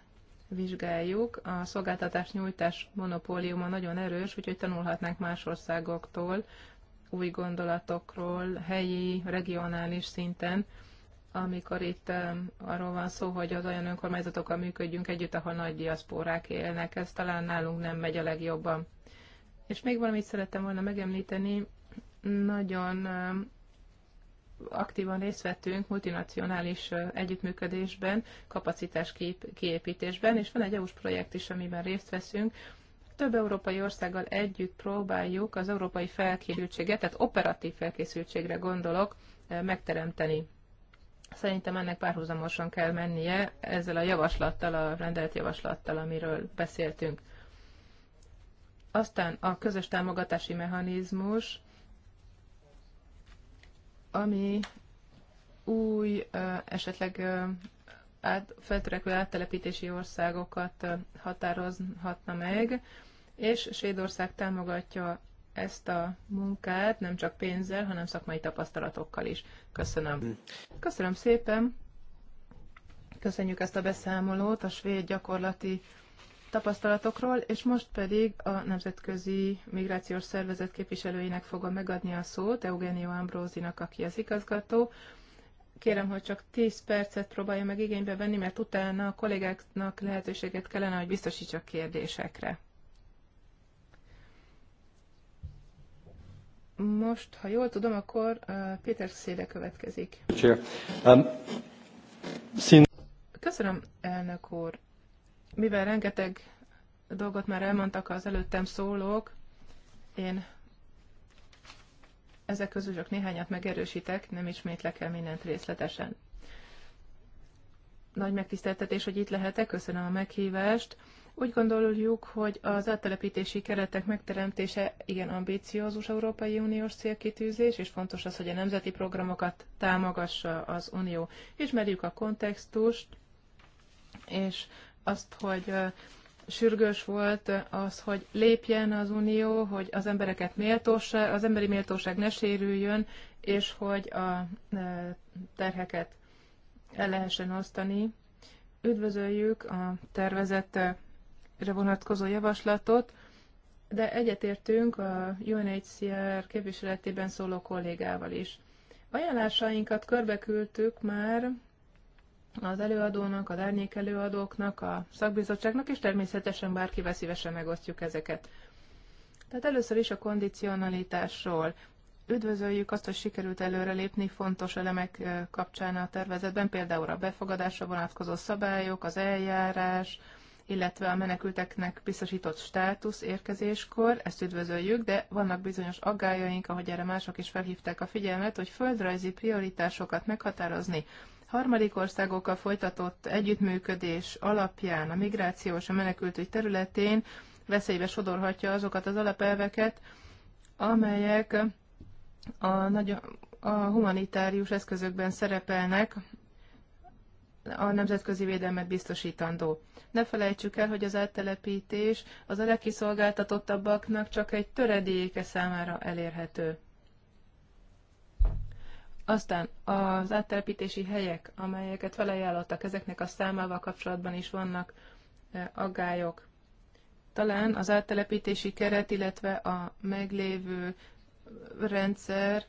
vizsgáljuk, a szolgáltatás nyújtás monopóliuma nagyon erős, úgyhogy tanulhatnánk más országoktól, új gondolatokról, helyi, regionális szinten, amikor itt arról van szó, hogy az olyan önkormányzatokkal működjünk együtt, ahol nagy diaszpórák élnek. Ez talán nálunk nem megy a legjobban. És még valamit szerettem volna megemlíteni, nagyon aktívan részt vettünk multinacionális együttműködésben, kapacitás kiépítésben, és van egy EU-s projekt is, amiben részt veszünk. Több európai országgal együtt próbáljuk az európai felkészültséget, tehát operatív felkészültségre gondolok, megteremteni. Szerintem ennek párhuzamosan kell mennie ezzel a javaslattal, a rendelt javaslattal, amiről beszéltünk. Aztán a közös támogatási mechanizmus, ami új, esetleg át, feltörekvő áttelepítési országokat határozhatna meg, és Svédország támogatja ezt a munkát nem csak pénzzel, hanem szakmai tapasztalatokkal is. Köszönöm. Köszönöm szépen. Köszönjük ezt a beszámolót a svéd gyakorlati tapasztalatokról, és most pedig a Nemzetközi Migrációs Szervezet képviselőinek fogom megadni a szót, Eugenio Ambrózinak, aki az igazgató. Kérem, hogy csak 10 percet próbálja meg igénybe venni, mert utána a kollégáknak lehetőséget kellene, hogy biztosítsak kérdésekre. Most, ha jól tudom, akkor uh, Péter Széde következik. Um, Köszönöm, elnök úr. Mivel rengeteg dolgot már elmondtak az előttem szólók, én ezek közül csak néhányat megerősítek, nem ismétlek el mindent részletesen. Nagy megtiszteltetés, hogy itt lehetek, köszönöm a meghívást. Úgy gondoljuk, hogy az áttelepítési keretek megteremtése igen ambíciózus Európai Uniós célkitűzés, és fontos az, hogy a nemzeti programokat támogassa az Unió. Ismerjük a kontextust, és azt, hogy sürgős volt az, hogy lépjen az Unió, hogy az embereket méltóság, az emberi méltóság ne sérüljön, és hogy a terheket el lehessen osztani. Üdvözöljük a tervezetre vonatkozó javaslatot, de egyetértünk a UNHCR képviseletében szóló kollégával is. Ajánlásainkat körbeküldtük már az előadónak, az árnyék előadóknak, a szakbizottságnak, és természetesen bárkivel szívesen megosztjuk ezeket. Tehát először is a kondicionalitásról. Üdvözöljük azt, hogy sikerült előrelépni fontos elemek kapcsán a tervezetben, például a befogadásra vonatkozó szabályok, az eljárás, illetve a menekülteknek biztosított státusz érkezéskor, ezt üdvözöljük, de vannak bizonyos aggájaink, ahogy erre mások is felhívták a figyelmet, hogy földrajzi prioritásokat meghatározni harmadik országokkal folytatott együttműködés alapján a migrációs a menekültügy területén veszélybe sodorhatja azokat az alapelveket, amelyek a, nagy, a humanitárius eszközökben szerepelnek, a nemzetközi védelmet biztosítandó. Ne felejtsük el, hogy az áttelepítés az a legkiszolgáltatottabbaknak csak egy töredéke számára elérhető. Aztán az áttelepítési helyek, amelyeket felajánlottak, ezeknek a számával kapcsolatban is vannak e, aggályok. Talán az áttelepítési keret, illetve a meglévő rendszer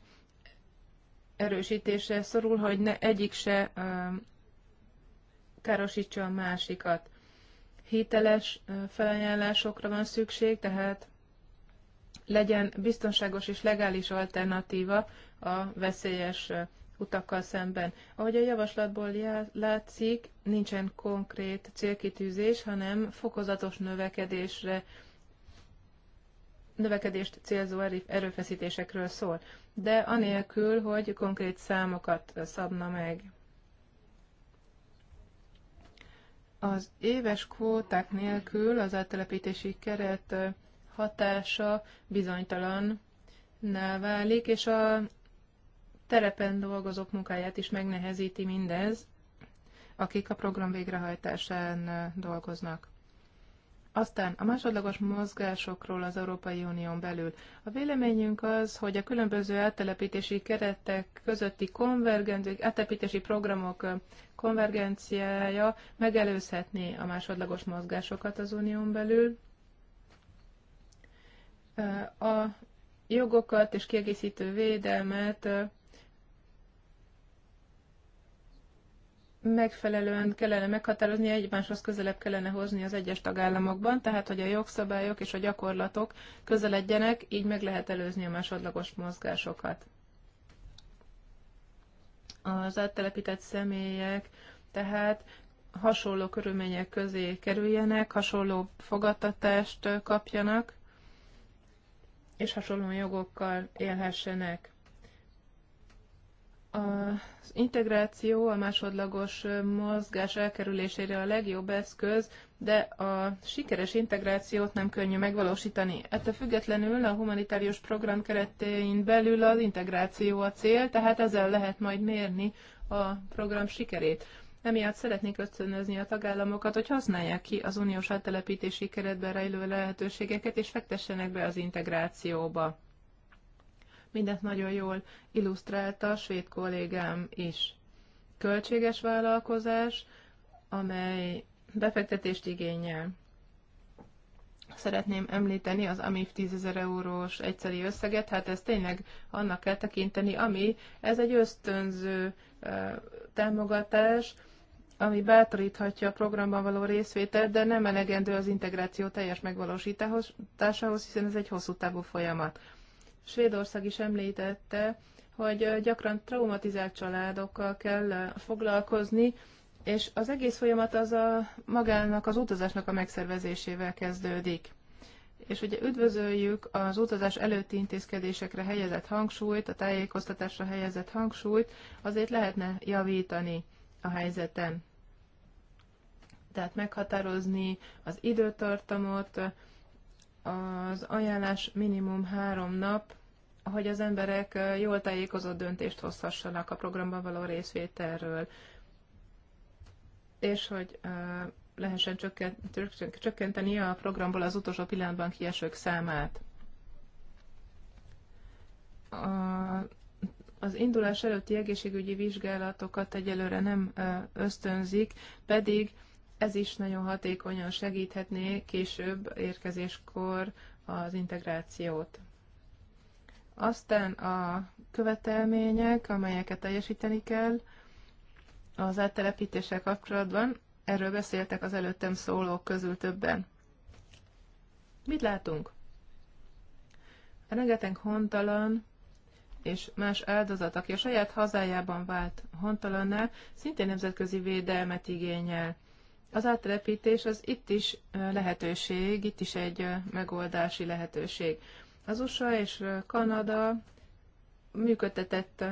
erősítése szorul, hogy ne egyik se e, károsítsa a másikat. Hiteles e, felajánlásokra van szükség, tehát legyen biztonságos és legális alternatíva a veszélyes utakkal szemben. Ahogy a javaslatból látszik, nincsen konkrét célkitűzés, hanem fokozatos növekedésre növekedést célzó erőfeszítésekről szól, de anélkül, hogy konkrét számokat szabna meg. Az éves kvóták nélkül az áttelepítési keret hatása bizonytalan válik, és a terepen dolgozók munkáját is megnehezíti mindez, akik a program végrehajtásán dolgoznak. Aztán a másodlagos mozgásokról az Európai Unión belül. A véleményünk az, hogy a különböző áttelepítési keretek közötti áttelepítési programok konvergenciája megelőzhetné a másodlagos mozgásokat az Unión belül, a jogokat és kiegészítő védelmet megfelelően kellene meghatározni, egymáshoz közelebb kellene hozni az egyes tagállamokban, tehát hogy a jogszabályok és a gyakorlatok közeledjenek, így meg lehet előzni a másodlagos mozgásokat. Az áttelepített személyek tehát hasonló körülmények közé kerüljenek, hasonló fogadtatást kapjanak, és hasonló jogokkal élhessenek. Az integráció a másodlagos mozgás elkerülésére a legjobb eszköz, de a sikeres integrációt nem könnyű megvalósítani. Ettől függetlenül a humanitárius program keretein belül az integráció a cél, tehát ezzel lehet majd mérni a program sikerét. Emiatt szeretnék ösztönözni a tagállamokat, hogy használják ki az uniós áttelepítési keretben rejlő lehetőségeket, és fektessenek be az integrációba. Mindent nagyon jól illusztrálta a svéd kollégám is. Költséges vállalkozás, amely befektetést igényel. Szeretném említeni az AMIF 10.000 eurós egyszeri összeget, hát ezt tényleg annak kell tekinteni, ami ez egy ösztönző támogatás, ami bátoríthatja a programban való részvételt, de nem elegendő az integráció teljes megvalósításához, hiszen ez egy hosszú távú folyamat. Svédország is említette, hogy gyakran traumatizált családokkal kell foglalkozni, és az egész folyamat az a magának az utazásnak a megszervezésével kezdődik. És ugye üdvözöljük az utazás előtti intézkedésekre helyezett hangsúlyt, a tájékoztatásra helyezett hangsúlyt, azért lehetne javítani a helyzeten. Tehát meghatározni az időtartamot, az ajánlás minimum három nap, hogy az emberek jól tájékozott döntést hozhassanak a programban való részvételről, és hogy lehessen csökkenteni a programból az utolsó pillanatban kiesők számát. A, az indulás előtti egészségügyi vizsgálatokat egyelőre nem ösztönzik, pedig ez is nagyon hatékonyan segíthetné később érkezéskor az integrációt. Aztán a követelmények, amelyeket teljesíteni kell az áttelepítéssel kapcsolatban, Erről beszéltek az előttem szólók közül többen. Mit látunk? Rengeteg hontalan és más áldozat, aki a saját hazájában vált hontalannál, szintén nemzetközi védelmet igényel. Az áttelepítés az itt is lehetőség, itt is egy megoldási lehetőség. Az USA és Kanada működtetett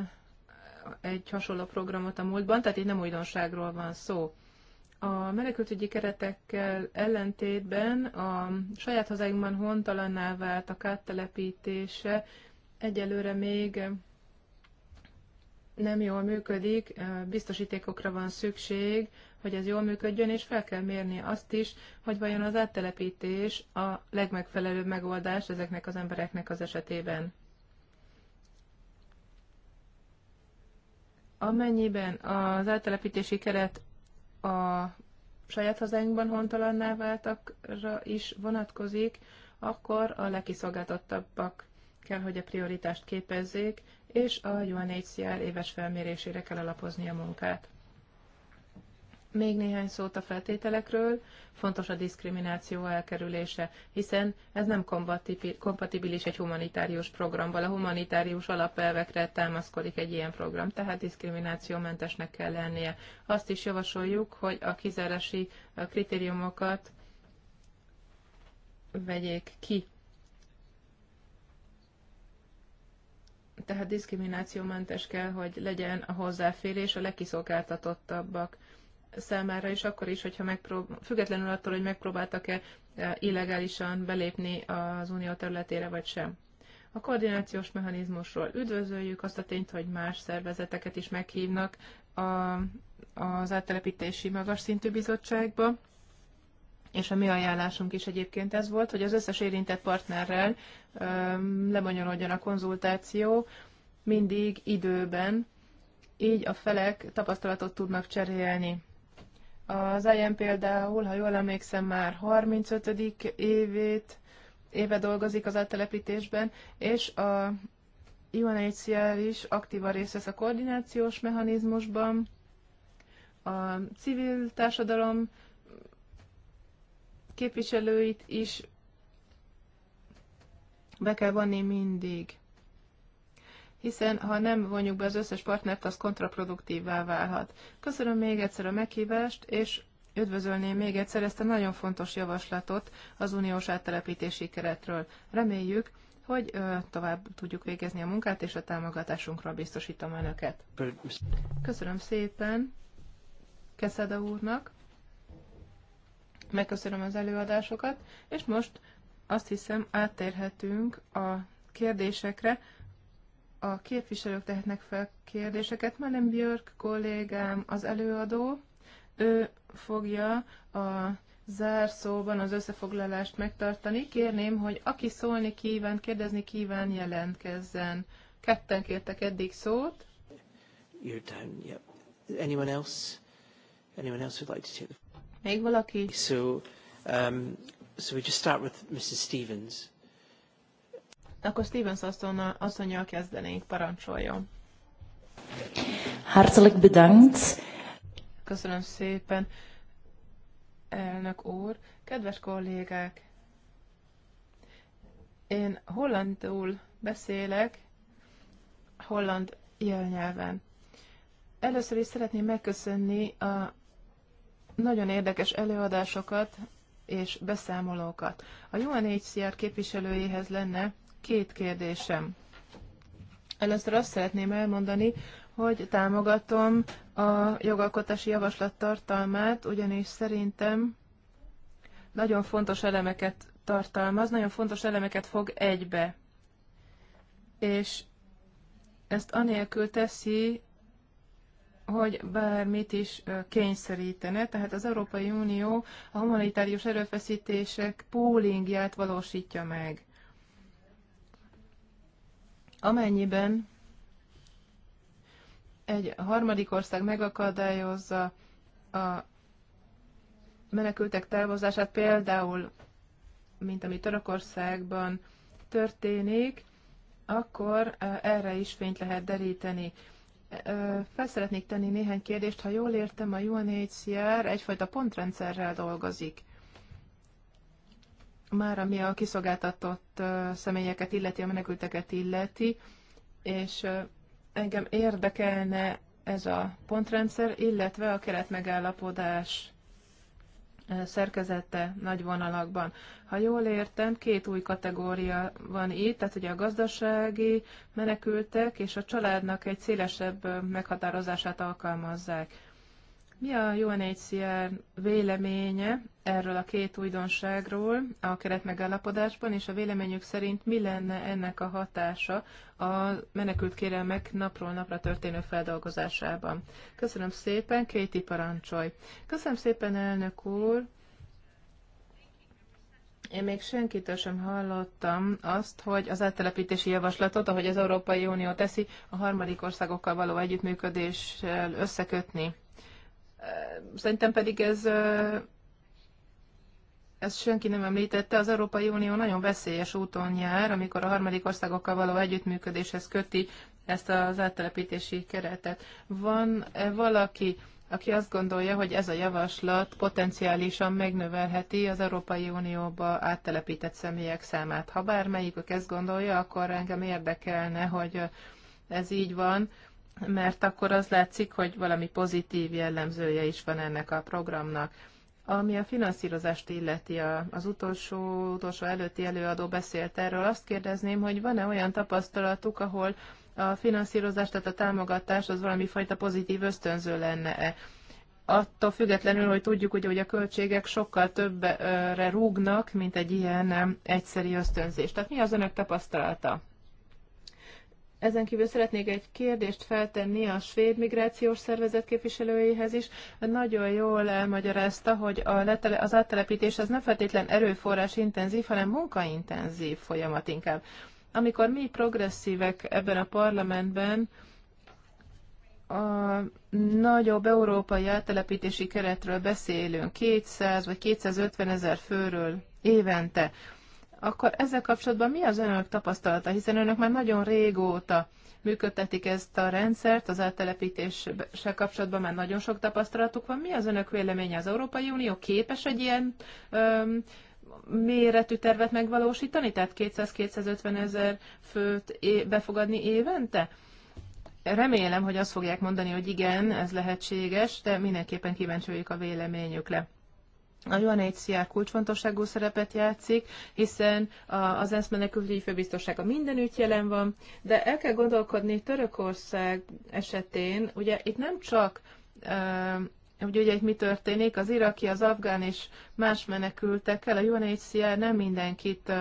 egy hasonló programot a múltban, tehát itt nem újdonságról van szó. A menekültügyi keretekkel ellentétben a saját hazáinkban hontalanná vált a kártelepítése egyelőre még nem jól működik, biztosítékokra van szükség, hogy ez jól működjön, és fel kell mérni azt is, hogy vajon az áttelepítés a legmegfelelőbb megoldás ezeknek az embereknek az esetében. Amennyiben az áttelepítési keret a saját hazánkban hontalanná váltakra is vonatkozik, akkor a legkiszolgáltatabbak kell, hogy a prioritást képezzék, és a UNHCR éves felmérésére kell alapozni a munkát. Még néhány szót a feltételekről. Fontos a diszkrimináció elkerülése, hiszen ez nem kompatibilis egy humanitárius programban. A humanitárius alapelvekre támaszkodik egy ilyen program, tehát diszkriminációmentesnek kell lennie. Azt is javasoljuk, hogy a kizárási kritériumokat vegyék ki. Tehát diszkriminációmentes kell, hogy legyen a hozzáférés a legkiszolgáltatottabbak számára is, akkor is, hogyha megprób- függetlenül attól, hogy megpróbáltak-e e, illegálisan belépni az unió területére vagy sem. A koordinációs mechanizmusról üdvözöljük azt a tényt, hogy más szervezeteket is meghívnak a, az áttelepítési magas szintű bizottságba, és a mi ajánlásunk is egyébként ez volt, hogy az összes érintett partnerrel lebonyolódjon a konzultáció mindig időben, így a felek tapasztalatot tudnak cserélni az IM például, ha jól emlékszem, már 35. évét, éve dolgozik az áttelepítésben, és a UNHCR is aktívan részt vesz a koordinációs mechanizmusban, a civil társadalom képviselőit is be kell vonni mindig hiszen ha nem vonjuk be az összes partnert, az kontraproduktívvá válhat. Köszönöm még egyszer a meghívást, és üdvözölném még egyszer ezt a nagyon fontos javaslatot az uniós áttelepítési keretről. Reméljük, hogy ö, tovább tudjuk végezni a munkát, és a támogatásunkra biztosítom Önöket. Köszönöm szépen Keszeda úrnak, megköszönöm az előadásokat, és most azt hiszem áttérhetünk a kérdésekre, a képviselők tehetnek fel kérdéseket. Manem Björk kollégám az előadó, ő fogja a zárszóban az összefoglalást megtartani. Kérném, hogy aki szólni kíván, kérdezni kíván, jelentkezzen. Ketten kértek eddig szót. Your time, yeah. Anyone else? Anyone else would like to take the... Még valaki? So, um, so we just start with Mrs. Stevens. Akkor Stevens asszonyjal kezdenénk, parancsoljon. Hartelijk bedankt. Köszönöm szépen, elnök úr. Kedves kollégák, én hollandul beszélek, holland jelnyelven. Először is szeretném megköszönni a nagyon érdekes előadásokat és beszámolókat. A UNHCR képviselőjéhez lenne két kérdésem. Először azt szeretném elmondani, hogy támogatom a jogalkotási javaslat tartalmát, ugyanis szerintem nagyon fontos elemeket tartalmaz, nagyon fontos elemeket fog egybe. És ezt anélkül teszi, hogy bármit is kényszerítene. Tehát az Európai Unió a humanitárius erőfeszítések poolingját valósítja meg. Amennyiben egy harmadik ország megakadályozza a menekültek távozását, például, mint ami Törökországban történik, akkor erre is fényt lehet deríteni. szeretnék tenni néhány kérdést. Ha jól értem, a UNHCR egyfajta pontrendszerrel dolgozik már ami a kiszolgáltatott személyeket illeti, a menekülteket illeti, és engem érdekelne ez a pontrendszer, illetve a keretmegállapodás szerkezete nagy vonalakban. Ha jól értem, két új kategória van itt, tehát ugye a gazdasági menekültek és a családnak egy szélesebb meghatározását alkalmazzák. Mi a UNHCR véleménye erről a két újdonságról a keretmegállapodásban, és a véleményük szerint mi lenne ennek a hatása a menekült kérelmek napról napra történő feldolgozásában? Köszönöm szépen, Kéti parancsolj. Köszönöm szépen, elnök úr. Én még senkitől sem hallottam azt, hogy az áttelepítési javaslatot, ahogy az Európai Unió teszi, a harmadik országokkal való együttműködéssel összekötni. Szerintem pedig ez ezt senki nem említette, az Európai Unió nagyon veszélyes úton jár, amikor a harmadik országokkal való együttműködéshez köti ezt az áttelepítési keretet. Van -e valaki, aki azt gondolja, hogy ez a javaslat potenciálisan megnövelheti az Európai Unióba áttelepített személyek számát. Ha bármelyikük ezt gondolja, akkor engem érdekelne, hogy ez így van, mert akkor az látszik, hogy valami pozitív jellemzője is van ennek a programnak. Ami a finanszírozást illeti, az utolsó, utolsó előtti előadó beszélt erről, azt kérdezném, hogy van-e olyan tapasztalatuk, ahol a finanszírozás, tehát a támogatás az valami fajta pozitív ösztönző lenne-e? Attól függetlenül, hogy tudjuk, hogy a költségek sokkal többre rúgnak, mint egy ilyen um, egyszeri ösztönzés. Tehát mi az önök tapasztalata? Ezen kívül szeretnék egy kérdést feltenni a svéd migrációs szervezet képviselőjéhez is. Nagyon jól elmagyarázta, hogy a letele, az áttelepítés az nem feltétlen erőforrás intenzív, hanem munkaintenzív folyamat inkább. Amikor mi progresszívek ebben a parlamentben, a nagyobb európai áttelepítési keretről beszélünk, 200 vagy 250 ezer főről évente akkor ezzel kapcsolatban mi az önök tapasztalata? Hiszen önök már nagyon régóta működtetik ezt a rendszert, az áttelepítéssel kapcsolatban már nagyon sok tapasztalatuk van. Mi az önök véleménye? Az Európai Unió képes egy ilyen öm, méretű tervet megvalósítani, tehát 200-250 ezer főt befogadni évente? Remélem, hogy azt fogják mondani, hogy igen, ez lehetséges, de mindenképpen kíváncsi vagyok a véleményükre a UNHCR kulcsfontosságú szerepet játszik, hiszen az ENSZ menekültügyi főbiztossága mindenütt jelen van, de el kell gondolkodni Törökország esetén, ugye itt nem csak Ugye, ugye itt mi történik, az iraki, az afgán és más menekültekkel, a UNHCR nem mindenkit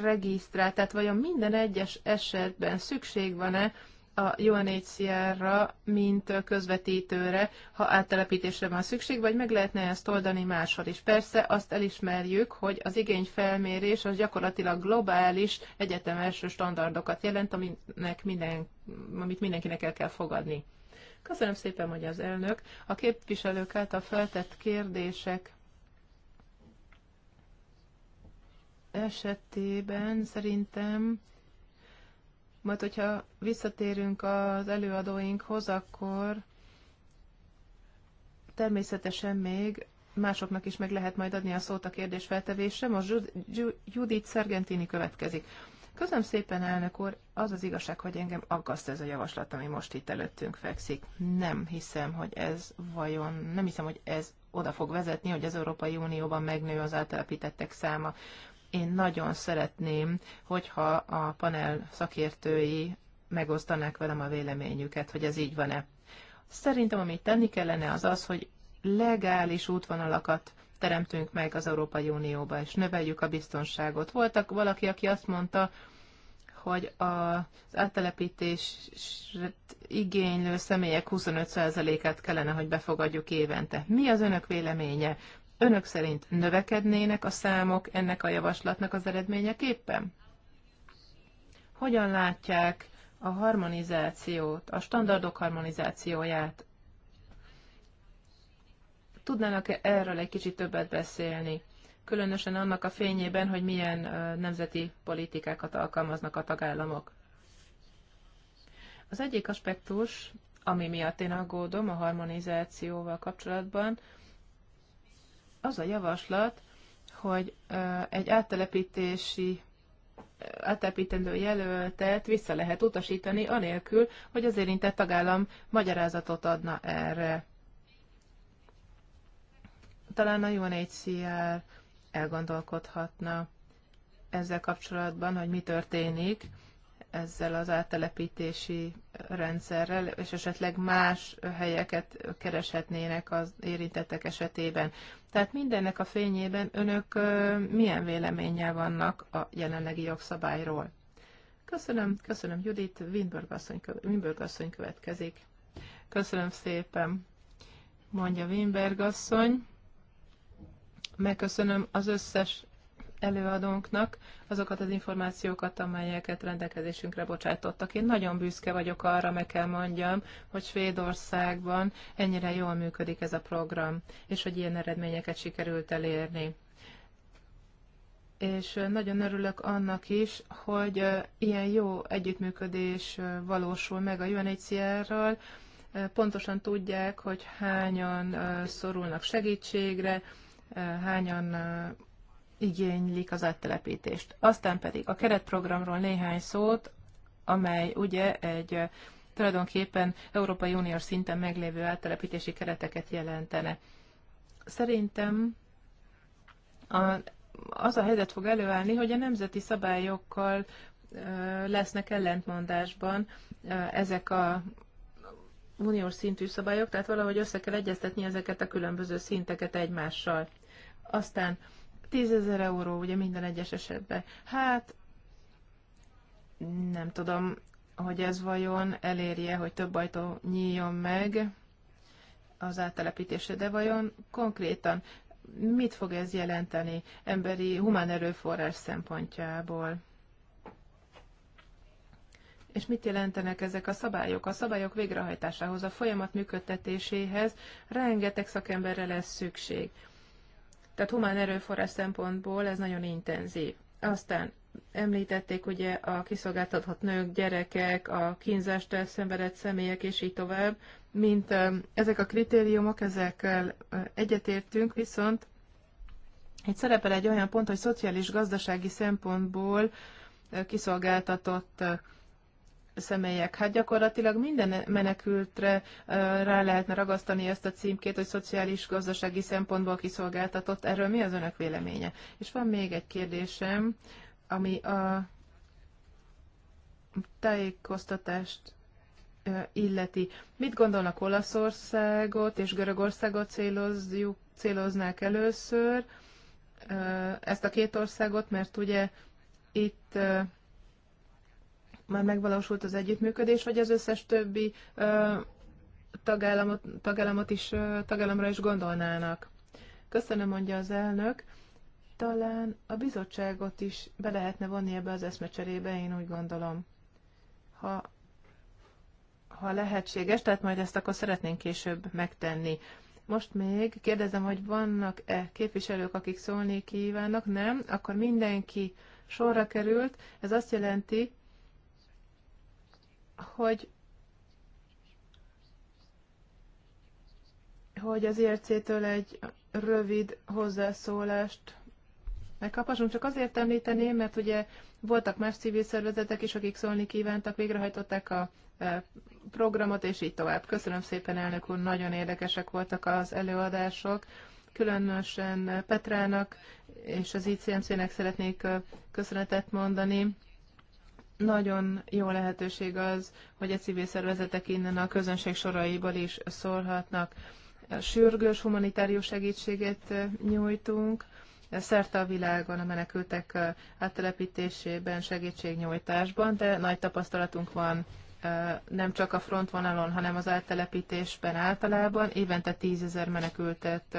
regisztrál, tehát vajon minden egyes esetben szükség van-e a UNHCR-ra, mint közvetítőre, ha áttelepítésre van szükség, vagy meg lehetne ezt oldani máshol is. Persze azt elismerjük, hogy az igényfelmérés az gyakorlatilag globális, egyetemes standardokat jelent, aminek minden, amit mindenkinek el kell fogadni. Köszönöm szépen, hogy az elnök. A képviselők által feltett kérdések esetében szerintem majd, hogyha visszatérünk az előadóinkhoz, akkor természetesen még másoknak is meg lehet majd adni a szót a kérdés feltevésre. Most Judit Szergentini következik. Köszönöm szépen, elnök úr. Az az igazság, hogy engem aggaszt ez a javaslat, ami most itt előttünk fekszik. Nem hiszem, hogy ez vajon, nem hiszem, hogy ez oda fog vezetni, hogy az Európai Unióban megnő az átelepítettek száma. Én nagyon szeretném, hogyha a panel szakértői megosztanák velem a véleményüket, hogy ez így van-e. Szerintem, amit tenni kellene, az az, hogy legális útvonalakat teremtünk meg az Európai Unióba, és növeljük a biztonságot. Voltak valaki, aki azt mondta, hogy az áttelepítés igénylő személyek 25%-át kellene, hogy befogadjuk évente. Mi az önök véleménye? Önök szerint növekednének a számok ennek a javaslatnak az eredményeképpen? Hogyan látják a harmonizációt, a standardok harmonizációját? Tudnának -e erről egy kicsit többet beszélni? Különösen annak a fényében, hogy milyen nemzeti politikákat alkalmaznak a tagállamok. Az egyik aspektus, ami miatt én aggódom a harmonizációval kapcsolatban, az a javaslat, hogy egy áttelepítési áttelepítendő jelöltet vissza lehet utasítani, anélkül, hogy az érintett tagállam magyarázatot adna erre. Talán a UNHCR elgondolkodhatna ezzel kapcsolatban, hogy mi történik, ezzel az áttelepítési rendszerrel, és esetleg más helyeket kereshetnének az érintettek esetében. Tehát mindennek a fényében önök milyen véleménye vannak a jelenlegi jogszabályról? Köszönöm, köszönöm Judit, Winberg asszony, Winberg asszony következik. Köszönöm szépen, mondja Winberg asszony. Megköszönöm az összes előadónknak azokat az információkat, amelyeket rendelkezésünkre bocsátottak. Én nagyon büszke vagyok arra, meg kell mondjam, hogy Svédországban ennyire jól működik ez a program, és hogy ilyen eredményeket sikerült elérni és nagyon örülök annak is, hogy ilyen jó együttműködés valósul meg a UNHCR-ral. Pontosan tudják, hogy hányan szorulnak segítségre, hányan igénylik az áttelepítést. Aztán pedig a keretprogramról néhány szót, amely ugye egy tulajdonképpen Európai Unió szinten meglévő áttelepítési kereteket jelentene. Szerintem a, az a helyzet fog előállni, hogy a nemzeti szabályokkal lesznek ellentmondásban ezek a uniós szintű szabályok, tehát valahogy össze kell egyeztetni ezeket a különböző szinteket egymással. Aztán Tízezer euró ugye minden egyes esetben. Hát nem tudom, hogy ez vajon elérje, hogy több ajtó nyíljon meg az áttelepítésre, de vajon konkrétan mit fog ez jelenteni emberi, humán erőforrás szempontjából? És mit jelentenek ezek a szabályok? A szabályok végrehajtásához, a folyamat működtetéséhez rengeteg szakemberre lesz szükség. Tehát humán erőforrás szempontból ez nagyon intenzív. Aztán említették ugye a kiszolgáltathat nők, gyerekek, a kínzást elszenvedett személyek, és így tovább. Mint ezek a kritériumok, ezekkel egyetértünk, viszont itt szerepel egy olyan pont, hogy szociális-gazdasági szempontból kiszolgáltatott személyek. Hát gyakorlatilag minden menekültre rá lehetne ragasztani ezt a címkét, hogy szociális, gazdasági szempontból kiszolgáltatott. Erről mi az önök véleménye? És van még egy kérdésem, ami a tájékoztatást illeti. Mit gondolnak Olaszországot és Görögországot célozjuk, céloznák először ezt a két országot, mert ugye itt már megvalósult az együttműködés, vagy az összes többi ö, tagállamot, tagállamot is, ö, tagállamra is gondolnának? Köszönöm, mondja az elnök. Talán a bizottságot is be lehetne vonni ebbe az eszmecserébe, én úgy gondolom. Ha, ha lehetséges, tehát majd ezt akkor szeretnénk később megtenni. Most még kérdezem, hogy vannak-e képviselők, akik szólni kívánnak? Nem? Akkor mindenki sorra került. Ez azt jelenti, hogy hogy az IRC-től e egy rövid hozzászólást megkaphassunk. Csak azért említeném, mert ugye voltak más civil szervezetek is, akik szólni kívántak, végrehajtották a e, programot, és így tovább. Köszönöm szépen, elnök úr, nagyon érdekesek voltak az előadások. Különösen Petrának és az ICMC-nek szeretnék köszönetet mondani nagyon jó lehetőség az, hogy a civil szervezetek innen a közönség soraiból is szólhatnak. Sürgős humanitárius segítséget eh, nyújtunk, szerte a világon a menekültek eh, áttelepítésében, segítségnyújtásban, de nagy tapasztalatunk van nem csak a frontvonalon, hanem az áttelepítésben általában. Évente tízezer menekültet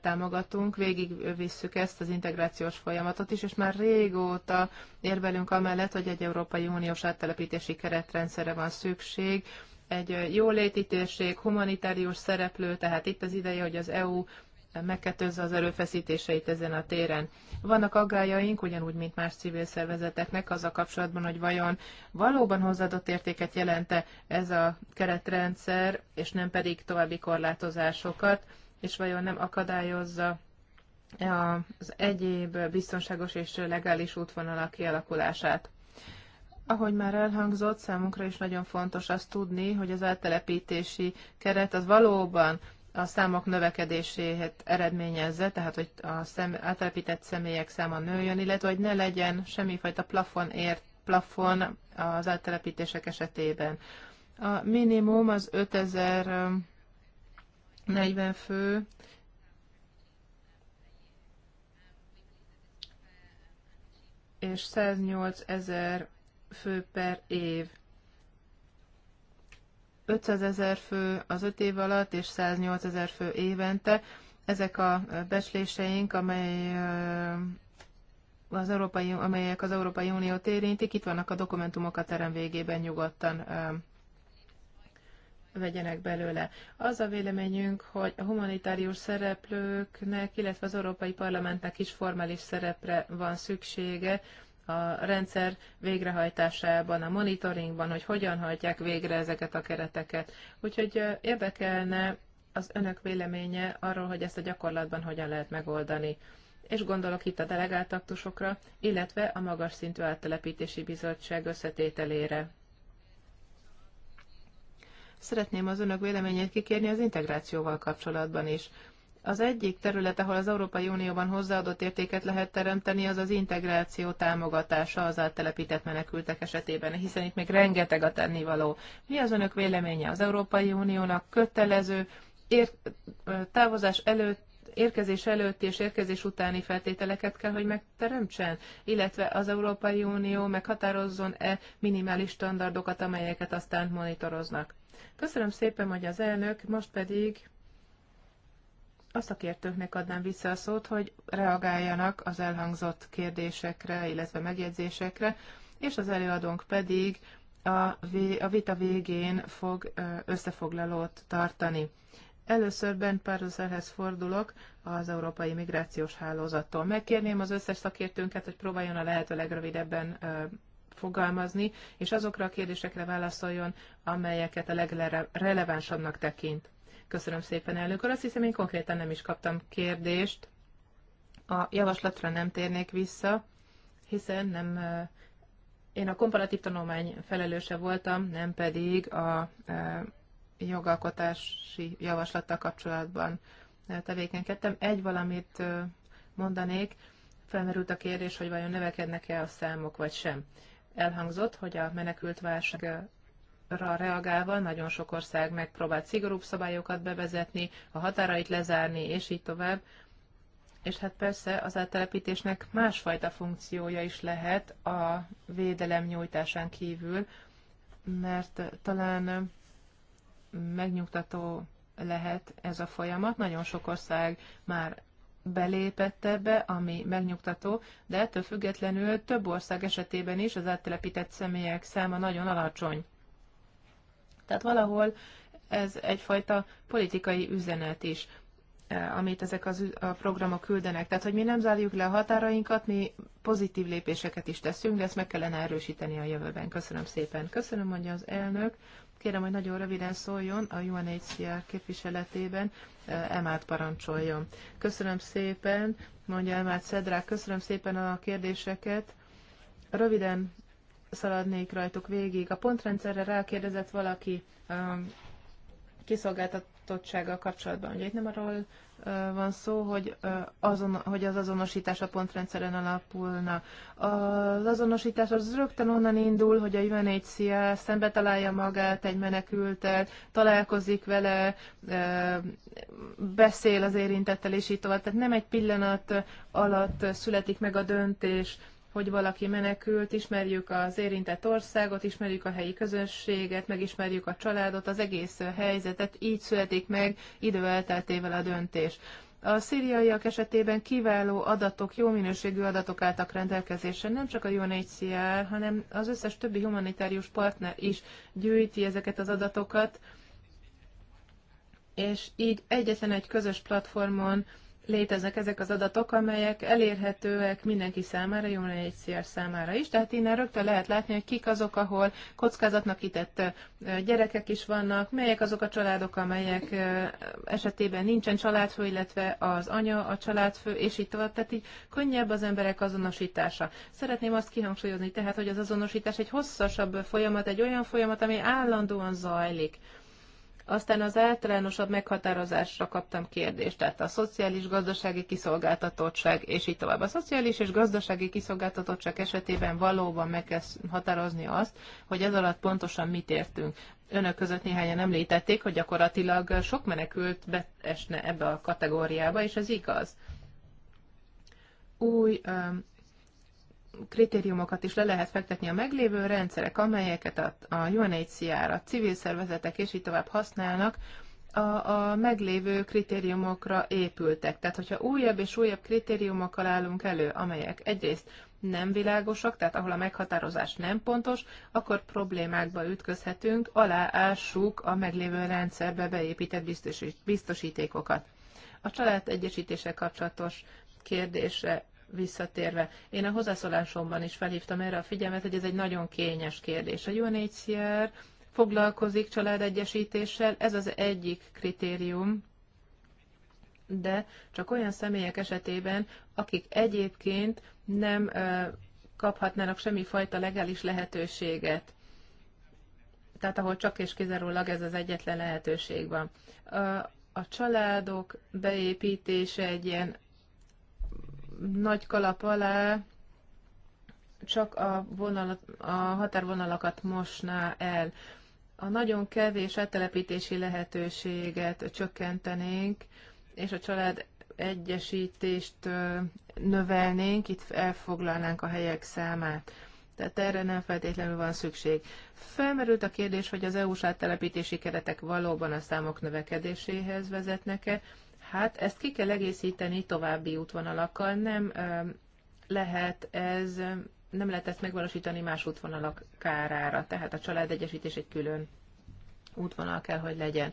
támogatunk, Végig visszük ezt az integrációs folyamatot is, és már régóta érvelünk amellett, hogy egy Európai Uniós áttelepítési keretrendszerre van szükség, egy jó térség, humanitárius szereplő, tehát itt az ideje, hogy az EU megkettőzze az erőfeszítéseit ezen a téren. Vannak aggájaink, ugyanúgy, mint más civil szervezeteknek, az a kapcsolatban, hogy vajon valóban hozzáadott értéket jelente ez a keretrendszer, és nem pedig további korlátozásokat, és vajon nem akadályozza az egyéb biztonságos és legális útvonalak kialakulását. Ahogy már elhangzott, számunkra is nagyon fontos azt tudni, hogy az áttelepítési keret az valóban a számok növekedését eredményezze, tehát hogy a szem, átelepített személyek száma nőjön, illetve hogy ne legyen semmifajta plafon ért, plafon az áttelepítések esetében. A minimum az 5040 fő, és 108 ezer fő per év. 500 ezer fő az 5 év alatt és 108 ezer fő évente. Ezek a becsléseink, amely az Európai, amelyek az Európai Uniót érintik, itt vannak a dokumentumok a terem végében nyugodtan vegyenek belőle. Az a véleményünk, hogy a humanitárius szereplőknek, illetve az Európai Parlamentnek is formális szerepre van szüksége a rendszer végrehajtásában, a monitoringban, hogy hogyan hajtják végre ezeket a kereteket. Úgyhogy érdekelne az önök véleménye arról, hogy ezt a gyakorlatban hogyan lehet megoldani. És gondolok itt a delegáltaktusokra, illetve a magas szintű áttelepítési bizottság összetételére. Szeretném az önök véleményét kikérni az integrációval kapcsolatban is. Az egyik terület, ahol az Európai Unióban hozzáadott értéket lehet teremteni, az az integráció támogatása az áttelepített menekültek esetében, hiszen itt még rengeteg a tennivaló. Mi az önök véleménye? Az Európai Uniónak kötelező ér- távozás előtt érkezés előtti és érkezés utáni feltételeket kell, hogy megteremtsen, illetve az Európai Unió meghatározzon-e minimális standardokat, amelyeket aztán monitoroznak. Köszönöm szépen, hogy az elnök, most pedig a szakértőknek adnám vissza a szót, hogy reagáljanak az elhangzott kérdésekre, illetve megjegyzésekre, és az előadónk pedig a, vita végén fog összefoglalót tartani. Először Bent Párdoszerhez fordulok az Európai Migrációs Hálózattól. Megkérném az összes szakértőnket, hogy próbáljon a lehető legrövidebben fogalmazni, és azokra a kérdésekre válaszoljon, amelyeket a legrelevánsabbnak tekint. Köszönöm szépen, elnök úr. Azt hiszem, én konkrétan nem is kaptam kérdést. A javaslatra nem térnék vissza, hiszen nem, én a komparatív tanulmány felelőse voltam, nem pedig a jogalkotási javaslattal kapcsolatban tevékenykedtem. Egy valamit mondanék, felmerült a kérdés, hogy vajon növekednek-e a számok, vagy sem. Elhangzott, hogy a menekült válság reagálva nagyon sok ország megpróbált szigorúbb szabályokat bevezetni, a határait lezárni, és így tovább. És hát persze az áttelepítésnek másfajta funkciója is lehet a védelem nyújtásán kívül, mert talán megnyugtató lehet ez a folyamat. Nagyon sok ország már belépett ebbe, ami megnyugtató, de ettől függetlenül több ország esetében is az áttelepített személyek száma nagyon alacsony. Tehát valahol ez egyfajta politikai üzenet is eh, amit ezek az, a programok küldenek. Tehát, hogy mi nem zárjuk le a határainkat, mi pozitív lépéseket is teszünk, de ezt meg kellene erősíteni a jövőben. Köszönöm szépen. Köszönöm, mondja az elnök. Kérem, hogy nagyon röviden szóljon a UNHCR képviseletében, eh, Emát parancsoljon. Köszönöm szépen, mondja Emát Szedrák, köszönöm szépen a kérdéseket. Röviden szaladnék rajtuk végig. A pontrendszerre rákérdezett valaki um, kiszolgáltatottsággal kapcsolatban. Ugye itt nem arról uh, van szó, hogy, uh, azon, hogy az azonosítás a pontrendszeren alapulna. Az azonosítás az rögtön onnan indul, hogy a UNHCR szembe találja magát egy menekültet, találkozik vele, uh, beszél az érintettel, és így tovább. Tehát nem egy pillanat alatt születik meg a döntés, hogy valaki menekült, ismerjük az érintett országot, ismerjük a helyi közösséget, megismerjük a családot, az egész helyzetet, így születik meg idő elteltével a döntés. A szíriaiak esetében kiváló adatok, jó minőségű adatok álltak rendelkezésre, nem csak a UNHCR, hanem az összes többi humanitárius partner is gyűjti ezeket az adatokat, és így egyetlen egy közös platformon léteznek ezek az adatok, amelyek elérhetőek mindenki számára, jó egy CR számára is, tehát innen rögtön lehet látni, hogy kik azok, ahol kockázatnak itett gyerekek is vannak, melyek azok a családok, amelyek esetében nincsen családfő, illetve az anya a családfő, és így tovább, tehát így könnyebb az emberek azonosítása. Szeretném azt kihangsúlyozni tehát, hogy az azonosítás egy hosszasabb folyamat, egy olyan folyamat, ami állandóan zajlik aztán az általánosabb meghatározásra kaptam kérdést, tehát a szociális, gazdasági kiszolgáltatottság, és így tovább. A szociális és gazdasági kiszolgáltatottság esetében valóban meg kell határozni azt, hogy ez alatt pontosan mit értünk. Önök között néhányan említették, hogy gyakorlatilag sok menekült beesne ebbe a kategóriába, és ez igaz. Új um, kritériumokat is le lehet fektetni a meglévő rendszerek, amelyeket a, a UNHCR, a civil szervezetek és így tovább használnak, a, a meglévő kritériumokra épültek. Tehát, hogyha újabb és újabb kritériumokkal állunk elő, amelyek egyrészt nem világosak, tehát ahol a meghatározás nem pontos, akkor problémákba ütközhetünk, aláássuk a meglévő rendszerbe beépített biztosítékokat. A család egyesítése kapcsolatos kérdésre visszatérve, én a hozzászólásomban is felhívtam erre a figyelmet, hogy ez egy nagyon kényes kérdés. A UNHCR foglalkozik családegyesítéssel, ez az egyik kritérium, de csak olyan személyek esetében, akik egyébként nem kaphatnának fajta legális lehetőséget. Tehát ahol csak és kizárólag ez az egyetlen lehetőség van. A, a családok beépítése egy ilyen nagy kalap alá csak a, vonalat, a határvonalakat mosná el. A nagyon kevés áttelepítési lehetőséget csökkentenénk, és a család egyesítést növelnénk, itt elfoglalnánk a helyek számát. Tehát erre nem feltétlenül van szükség. Felmerült a kérdés, hogy az EU-s áttelepítési keretek valóban a számok növekedéséhez vezetnek-e hát ezt ki kell egészíteni további útvonalakkal, nem lehet ez, nem lehet ezt megvalósítani más útvonalak kárára, tehát a családegyesítés egy külön útvonal kell, hogy legyen.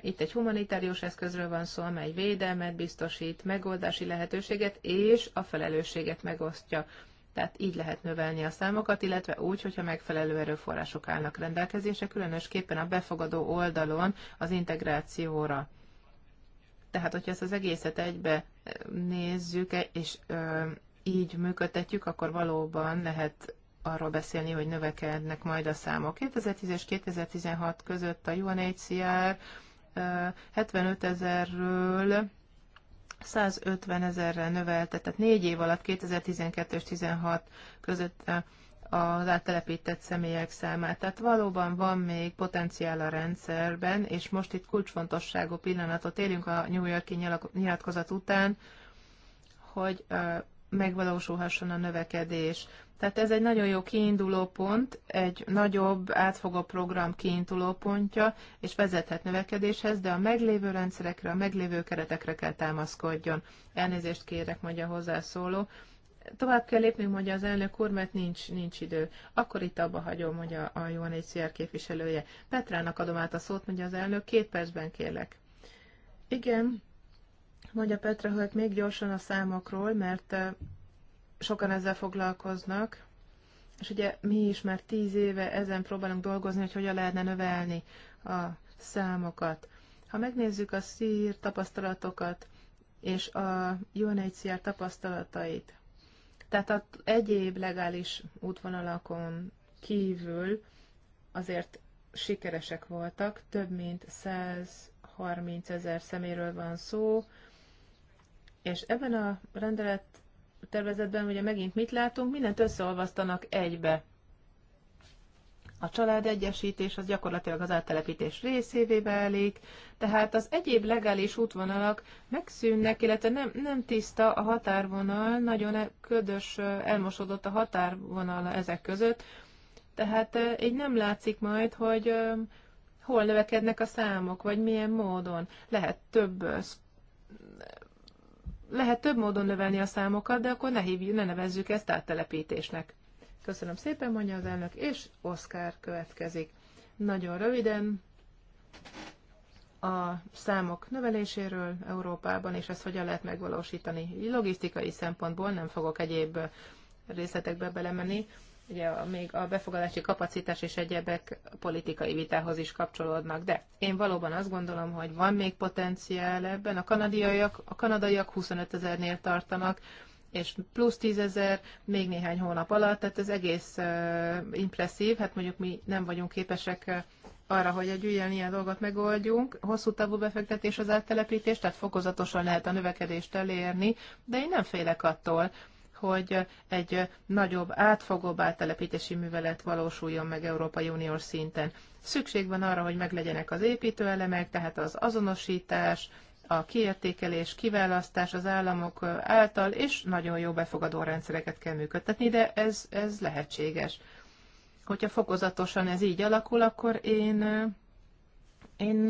Itt egy humanitárius eszközről van szó, amely védelmet biztosít, megoldási lehetőséget és a felelősséget megosztja. Tehát így lehet növelni a számokat, illetve úgy, hogyha megfelelő erőforrások állnak rendelkezésre, különösképpen a befogadó oldalon az integrációra tehát, hogyha ezt az egészet egybe nézzük, és így működtetjük, akkor valóban lehet arról beszélni, hogy növekednek majd a számok. 2010 és 2016 között a UNHCR 75 ezerről 150 ezerre növelte, tehát négy év alatt 2012 és 2016 között az áttelepített személyek számát. Tehát valóban van még potenciál a rendszerben, és most itt kulcsfontosságú pillanatot élünk a New Yorki nyilatkozat után, hogy megvalósulhasson a növekedés. Tehát ez egy nagyon jó kiinduló pont, egy nagyobb, átfogó program kiinduló pontja, és vezethet növekedéshez, de a meglévő rendszerekre, a meglévő keretekre kell támaszkodjon. Elnézést kérek, mondja hozzászóló. Tovább kell lépni, mondja az elnök úr, mert nincs, nincs idő. Akkor itt abba hagyom, mondja a UNHCR képviselője. Petrának adom át a szót, mondja az elnök, két percben kérlek. Igen, mondja Petra, hogy még gyorsan a számokról, mert eh, sokan ezzel foglalkoznak, és ugye mi is már tíz éve ezen próbálunk dolgozni, hogy hogyan lehetne növelni a számokat. Ha megnézzük a szír tapasztalatokat és a UNHCR tapasztalatait, tehát az egyéb legális útvonalakon kívül azért sikeresek voltak, több mint 130 ezer szeméről van szó, és ebben a rendelet tervezetben ugye megint mit látunk? Mindent összeolvasztanak egybe a családegyesítés az gyakorlatilag az áttelepítés részévé válik, tehát az egyéb legális útvonalak megszűnnek, illetve nem, nem tiszta a határvonal, nagyon e- ködös, elmosodott a határvonal ezek között, tehát így nem látszik majd, hogy hol növekednek a számok, vagy milyen módon. Lehet több lehet több módon növelni a számokat, de akkor ne, hívjuk, ne nevezzük ezt áttelepítésnek. Köszönöm szépen, mondja az elnök, és Oszkár következik. Nagyon röviden a számok növeléséről Európában, és ezt hogyan lehet megvalósítani. Logisztikai szempontból nem fogok egyéb részletekbe belemenni. Ugye a, még a befogadási kapacitás és egyebek politikai vitához is kapcsolódnak, de én valóban azt gondolom, hogy van még potenciál ebben. A kanadiaiak, a kanadaiak 25 ezernél tartanak, és plusz tízezer még néhány hónap alatt, tehát ez egész uh, impresszív, hát mondjuk mi nem vagyunk képesek arra, hogy egy ilyen, ilyen dolgot megoldjunk. Hosszú távú befektetés az áttelepítés, tehát fokozatosan lehet a növekedést elérni, de én nem félek attól, hogy egy nagyobb, átfogóbb áttelepítési művelet valósuljon meg Európai Uniós szinten. Szükség van arra, hogy meglegyenek az építőelemek, tehát az azonosítás, a kiértékelés, kiválasztás az államok által, és nagyon jó befogadó rendszereket kell működtetni, de ez, ez lehetséges. Hogyha fokozatosan ez így alakul, akkor én, én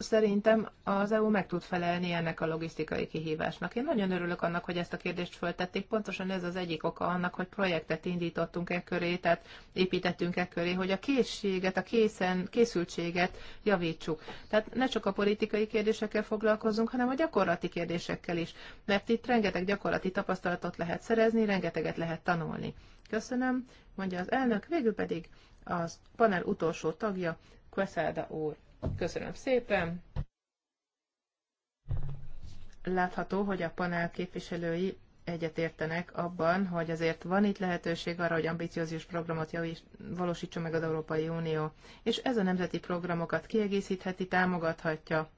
szerintem az EU meg tud felelni ennek a logisztikai kihívásnak. Én nagyon örülök annak, hogy ezt a kérdést föltették. Pontosan ez az egyik oka annak, hogy projektet indítottunk e köré, tehát építettünk e köré, hogy a készséget, a készen, készültséget javítsuk. Tehát ne csak a politikai kérdésekkel foglalkozunk, hanem a gyakorlati kérdésekkel is, mert itt rengeteg gyakorlati tapasztalatot lehet szerezni, rengeteget lehet tanulni. Köszönöm, mondja az elnök, végül pedig az panel utolsó tagja, Queszelda úr. Köszönöm szépen! Látható, hogy a panel képviselői egyetértenek abban, hogy azért van itt lehetőség arra, hogy ambiciózus programot javít, valósítson meg az Európai Unió, és ez a nemzeti programokat kiegészítheti, támogathatja.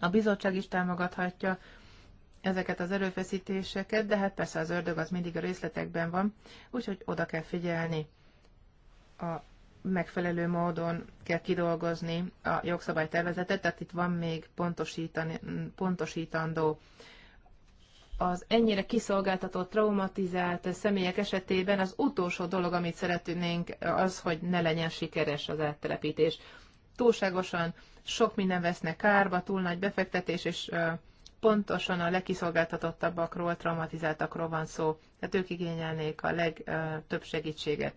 A bizottság is támogathatja ezeket az erőfeszítéseket, de hát persze az ördög az mindig a részletekben van, úgyhogy oda kell figyelni a megfelelő módon kell kidolgozni a jogszabálytervezetet, tehát itt van még pontosítani, pontosítandó. Az ennyire kiszolgáltatott, traumatizált személyek esetében az utolsó dolog, amit szeretnénk, az, hogy ne legyen sikeres az áttelepítés. Túlságosan sok minden vesznek kárba, túl nagy befektetés, és pontosan a legkiszolgáltatottabbakról, traumatizáltakról van szó, tehát ők igényelnék a legtöbb segítséget.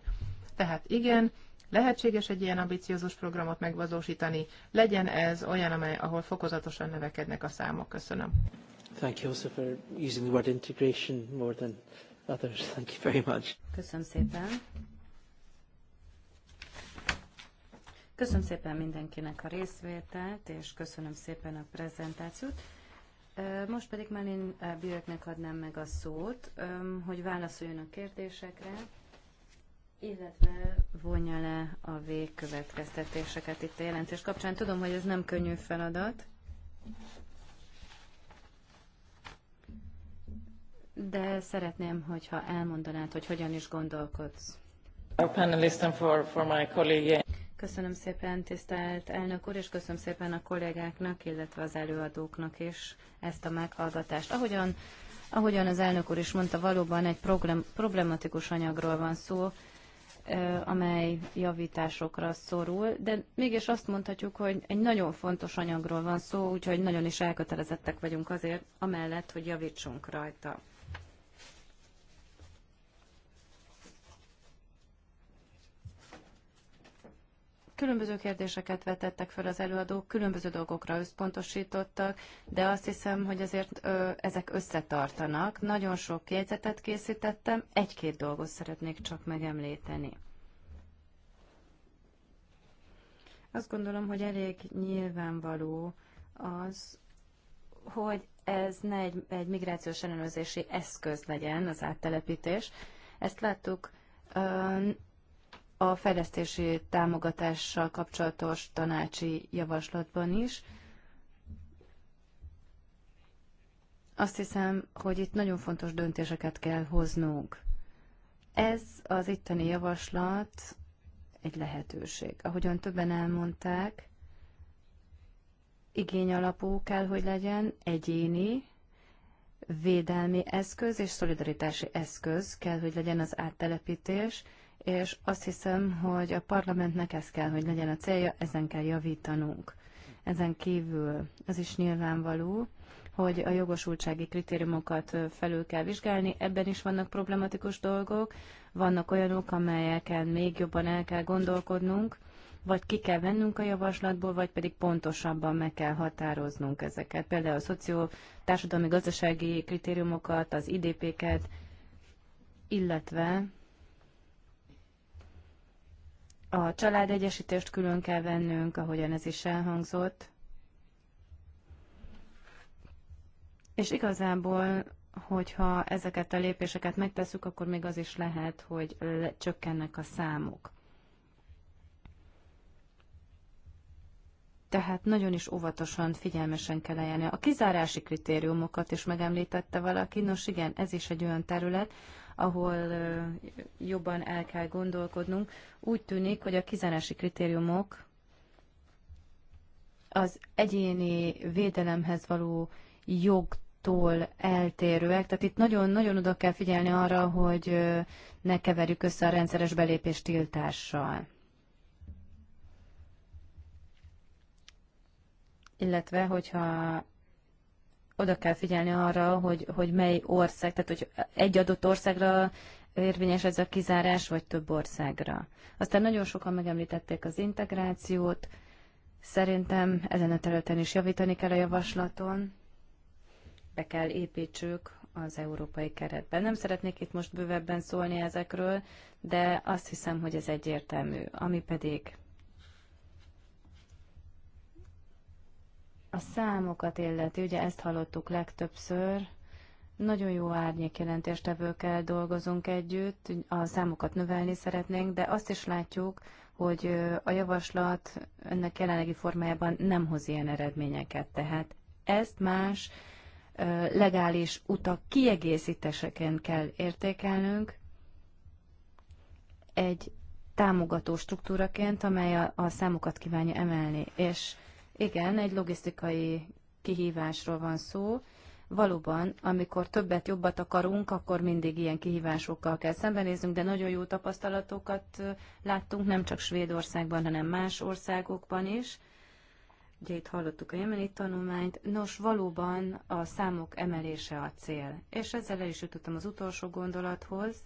Tehát igen, Lehetséges egy ilyen ambiciózus programot megvalósítani, legyen ez olyan, amely, ahol fokozatosan növekednek a számok. Köszönöm. Thank you also for using the word integration more than others. Thank you very much. Köszönöm szépen. Köszönöm szépen mindenkinek a részvételt, és köszönöm szépen a prezentációt. Most pedig Melin Bireknek adnám meg a szót, hogy válaszoljon a kérdésekre illetve vonja le a végkövetkeztetéseket itt a jelentés kapcsán. Tudom, hogy ez nem könnyű feladat, de szeretném, hogyha elmondanád, hogy hogyan is gondolkodsz. For, for my Köszönöm szépen, tisztelt elnök úr, és köszönöm szépen a kollégáknak, illetve az előadóknak is ezt a meghallgatást. Ahogyan, ahogyan az elnök úr is mondta, valóban egy problem, problematikus anyagról van szó, amely javításokra szorul, de mégis azt mondhatjuk, hogy egy nagyon fontos anyagról van szó, úgyhogy nagyon is elkötelezettek vagyunk azért, amellett, hogy javítsunk rajta. Különböző kérdéseket vetettek fel az előadók, különböző dolgokra összpontosítottak, de azt hiszem, hogy azért ö, ezek összetartanak. Nagyon sok jegyzetet készítettem, egy-két dolgot szeretnék csak megemlíteni. Azt gondolom, hogy elég nyilvánvaló az, hogy ez ne egy, egy migrációs ellenőrzési eszköz legyen az áttelepítés. Ezt láttuk a fejlesztési támogatással kapcsolatos tanácsi javaslatban is. Azt hiszem, hogy itt nagyon fontos döntéseket kell hoznunk. Ez az itteni javaslat egy lehetőség. Ahogyan többen elmondták, igény alapú kell, hogy legyen, egyéni, védelmi eszköz és szolidaritási eszköz kell, hogy legyen az áttelepítés, és azt hiszem, hogy a parlamentnek ez kell, hogy legyen a célja, ezen kell javítanunk. Ezen kívül az is nyilvánvaló, hogy a jogosultsági kritériumokat felül kell vizsgálni, ebben is vannak problematikus dolgok, vannak olyanok, amelyeken még jobban el kell gondolkodnunk, vagy ki kell vennünk a javaslatból, vagy pedig pontosabban meg kell határoznunk ezeket. Például a szoció, társadalmi, gazdasági kritériumokat, az IDP-ket, illetve a családegyesítést külön kell vennünk, ahogyan ez is elhangzott. És igazából, hogyha ezeket a lépéseket megtesszük, akkor még az is lehet, hogy csökkennek a számok. tehát nagyon is óvatosan, figyelmesen kell eljárni. A kizárási kritériumokat is megemlítette valaki, nos igen, ez is egy olyan terület, ahol jobban el kell gondolkodnunk. Úgy tűnik, hogy a kizárási kritériumok az egyéni védelemhez való jogtól eltérőek. Tehát itt nagyon-nagyon oda kell figyelni arra, hogy ne keverjük össze a rendszeres belépés tiltással. Illetve, hogyha oda kell figyelni arra, hogy, hogy mely ország, tehát hogy egy adott országra érvényes ez a kizárás, vagy több országra. Aztán nagyon sokan megemlítették az integrációt, szerintem ezen a területen is javítani kell a javaslaton, be kell építsük az európai keretben. Nem szeretnék itt most bővebben szólni ezekről, de azt hiszem, hogy ez egyértelmű. Ami pedig A számokat illeti, ugye ezt hallottuk legtöbbször, nagyon jó jelentéstevőkkel dolgozunk együtt, a számokat növelni szeretnénk, de azt is látjuk, hogy a javaslat ennek jelenlegi formájában nem hoz ilyen eredményeket. Tehát ezt más legális utak kiegészítéseken kell értékelnünk egy támogató struktúraként, amely a, a számokat kívánja emelni. És igen, egy logisztikai kihívásról van szó. Valóban, amikor többet, jobbat akarunk, akkor mindig ilyen kihívásokkal kell szembenéznünk, de nagyon jó tapasztalatokat láttunk, nem csak Svédországban, hanem más országokban is. Ugye itt hallottuk a jemeni tanulmányt. Nos, valóban a számok emelése a cél. És ezzel el is jutottam az utolsó gondolathoz.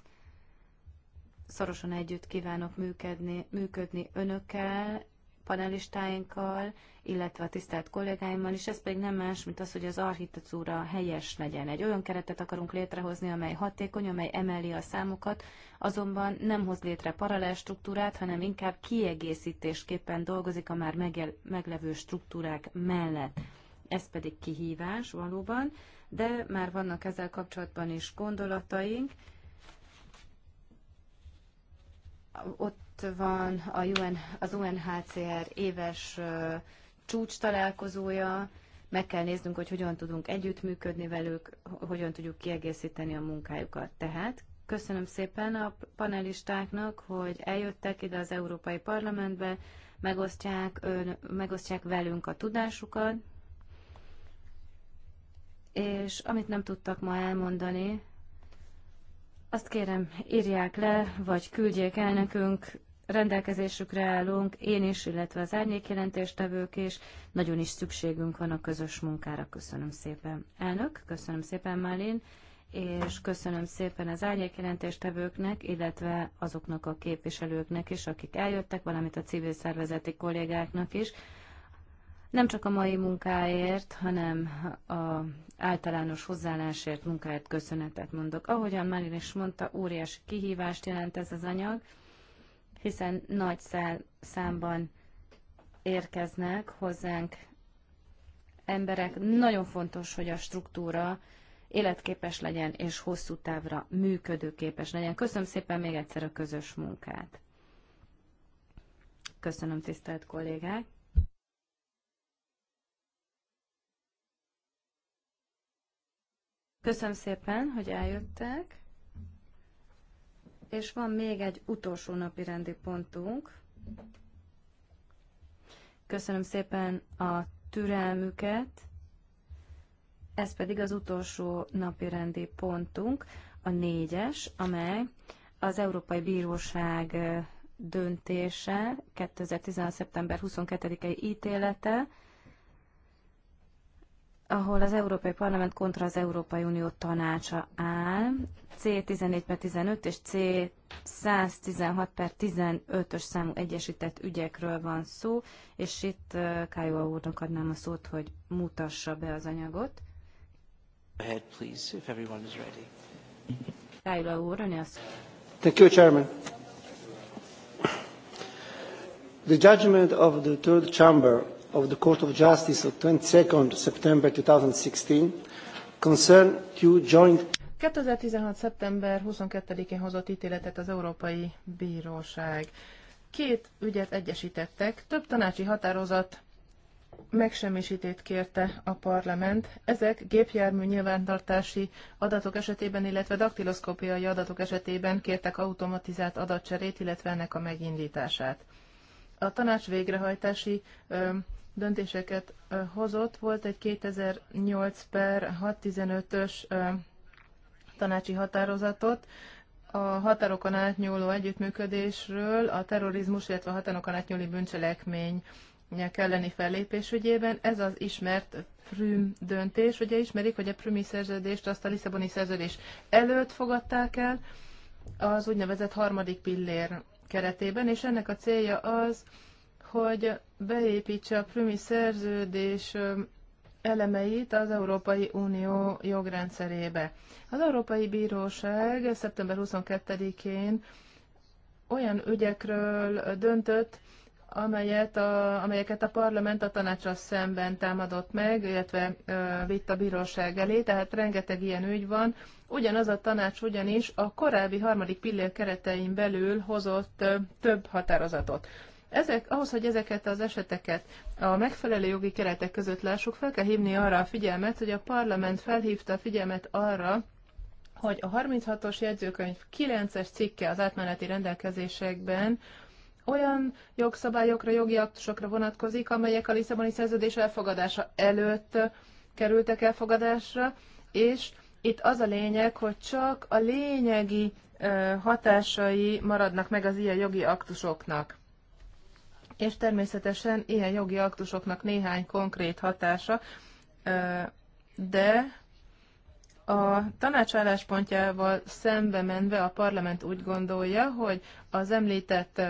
Szorosan együtt kívánok működni, működni önökkel, panelistáinkkal, illetve a tisztelt kollégáimmal, és ez pedig nem más, mint az, hogy az architektúra helyes legyen. Egy olyan keretet akarunk létrehozni, amely hatékony, amely emeli a számokat, azonban nem hoz létre paralel struktúrát, hanem inkább kiegészítésképpen dolgozik a már megjel- meglevő struktúrák mellett. Ez pedig kihívás valóban, de már vannak ezzel kapcsolatban is gondolataink, ott most van a UN, az UNHCR éves csúcs találkozója, meg kell néznünk, hogy hogyan tudunk együttműködni velük, hogyan tudjuk kiegészíteni a munkájukat. Tehát köszönöm szépen a panelistáknak, hogy eljöttek ide az Európai Parlamentbe, megosztják, ön, megosztják velünk a tudásukat, és amit nem tudtak ma elmondani, azt kérem, írják le, vagy küldjék el nekünk, rendelkezésükre állunk, én is, illetve az árnyékjelentéstevők is. Nagyon is szükségünk van a közös munkára. Köszönöm szépen. Elnök, köszönöm szépen, Málin, és köszönöm szépen az árnyékjelentéstevőknek, illetve azoknak a képviselőknek is, akik eljöttek, valamint a civil szervezeti kollégáknak is nem csak a mai munkáért, hanem a általános hozzáállásért, munkáért köszönetet mondok. Ahogyan már is mondta, óriási kihívást jelent ez az anyag, hiszen nagy számban érkeznek hozzánk emberek. Nagyon fontos, hogy a struktúra életképes legyen és hosszú távra működőképes legyen. Köszönöm szépen még egyszer a közös munkát. Köszönöm, tisztelt kollégák! Köszönöm szépen, hogy eljöttek. És van még egy utolsó napi rendi pontunk. Köszönöm szépen a türelmüket. Ez pedig az utolsó napi rendi pontunk, a négyes, amely az Európai Bíróság eh, döntése, 2016. szeptember 22-i ítélete, ahol az Európai Parlament kontra az Európai Unió tanácsa áll, C14 per 15 és C116 per 15-ös számú egyesített ügyekről van szó, és itt Kájó úrnak adnám a szót, hogy mutassa be az anyagot. Ahead, please, if everyone is ready. Kájó úr, ön az. Thank you, Chairman. The judgment of the third chamber of the Court of Justice of 22 September 2016 concern two joint 2016. szeptember 22-én hozott ítéletet az Európai Bíróság. Két ügyet egyesítettek, több tanácsi határozat megsemmisítét kérte a parlament. Ezek gépjármű nyilvántartási adatok esetében, illetve daktiloszkópiai adatok esetében kértek automatizált adatcserét, illetve ennek a megindítását. A tanács végrehajtási ö, döntéseket hozott. Volt egy 2008 per 615-ös tanácsi határozatot a határokon átnyúló együttműködésről a terrorizmus, illetve a határokon átnyúló bűncselekmény elleni fellépés ügyében. Ez az ismert Prüm döntés. Ugye ismerik, hogy a Prümi szerződést azt a Lisszaboni szerződés előtt fogadták el, az úgynevezett harmadik pillér keretében, és ennek a célja az, hogy beépítse a prümi szerződés elemeit az Európai Unió jogrendszerébe. Az Európai Bíróság szeptember 22-én olyan ügyekről döntött, amelyet a, amelyeket a parlament a tanácsra szemben támadott meg, illetve ö, vitt a bíróság elé, tehát rengeteg ilyen ügy van. Ugyanaz a tanács ugyanis a korábbi harmadik pillér keretein belül hozott ö, több határozatot. Ezek, ahhoz, hogy ezeket az eseteket a megfelelő jogi keretek között lássuk, fel kell hívni arra a figyelmet, hogy a parlament felhívta a figyelmet arra, hogy a 36-os jegyzőkönyv 9-es cikke az átmeneti rendelkezésekben olyan jogszabályokra, jogi aktusokra vonatkozik, amelyek a Lisszaboni szerződés elfogadása előtt kerültek elfogadásra, és itt az a lényeg, hogy csak a lényegi hatásai maradnak meg az ilyen jogi aktusoknak és természetesen ilyen jogi aktusoknak néhány konkrét hatása, de a tanácsálláspontjával szembe menve a parlament úgy gondolja, hogy az említett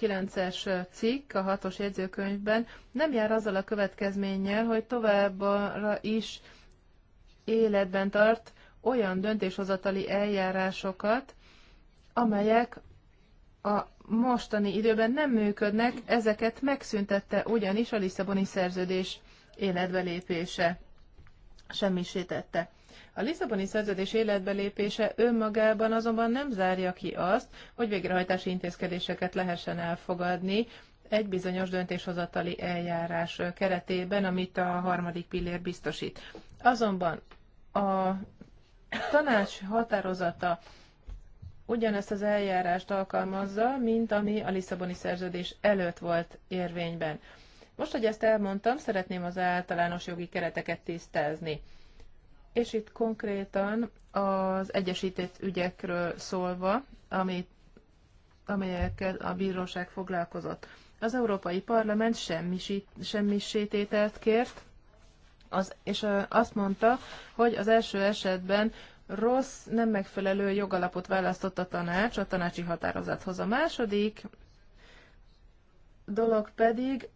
9-es cikk a 6-os jegyzőkönyvben nem jár azzal a következménnyel, hogy továbbra is életben tart olyan döntéshozatali eljárásokat, amelyek a mostani időben nem működnek, ezeket megszüntette ugyanis a Lisszaboni szerződés életbelépése. lépése. Semmisítette. A Lisszaboni szerződés életbelépése önmagában azonban nem zárja ki azt, hogy végrehajtási intézkedéseket lehessen elfogadni egy bizonyos döntéshozatali eljárás keretében, amit a harmadik pillér biztosít. Azonban a tanács határozata ugyanezt az eljárást alkalmazza, mint ami a Lisszaboni szerződés előtt volt érvényben. Most, hogy ezt elmondtam, szeretném az általános jogi kereteket tisztázni. És itt konkrétan az egyesített ügyekről szólva, amit, amelyekkel a bíróság foglalkozott. Az Európai Parlament semmisít, semmisítételt kért, az, és azt mondta, hogy az első esetben rossz, nem megfelelő jogalapot választott a tanács a tanácsi határozathoz. A második dolog pedig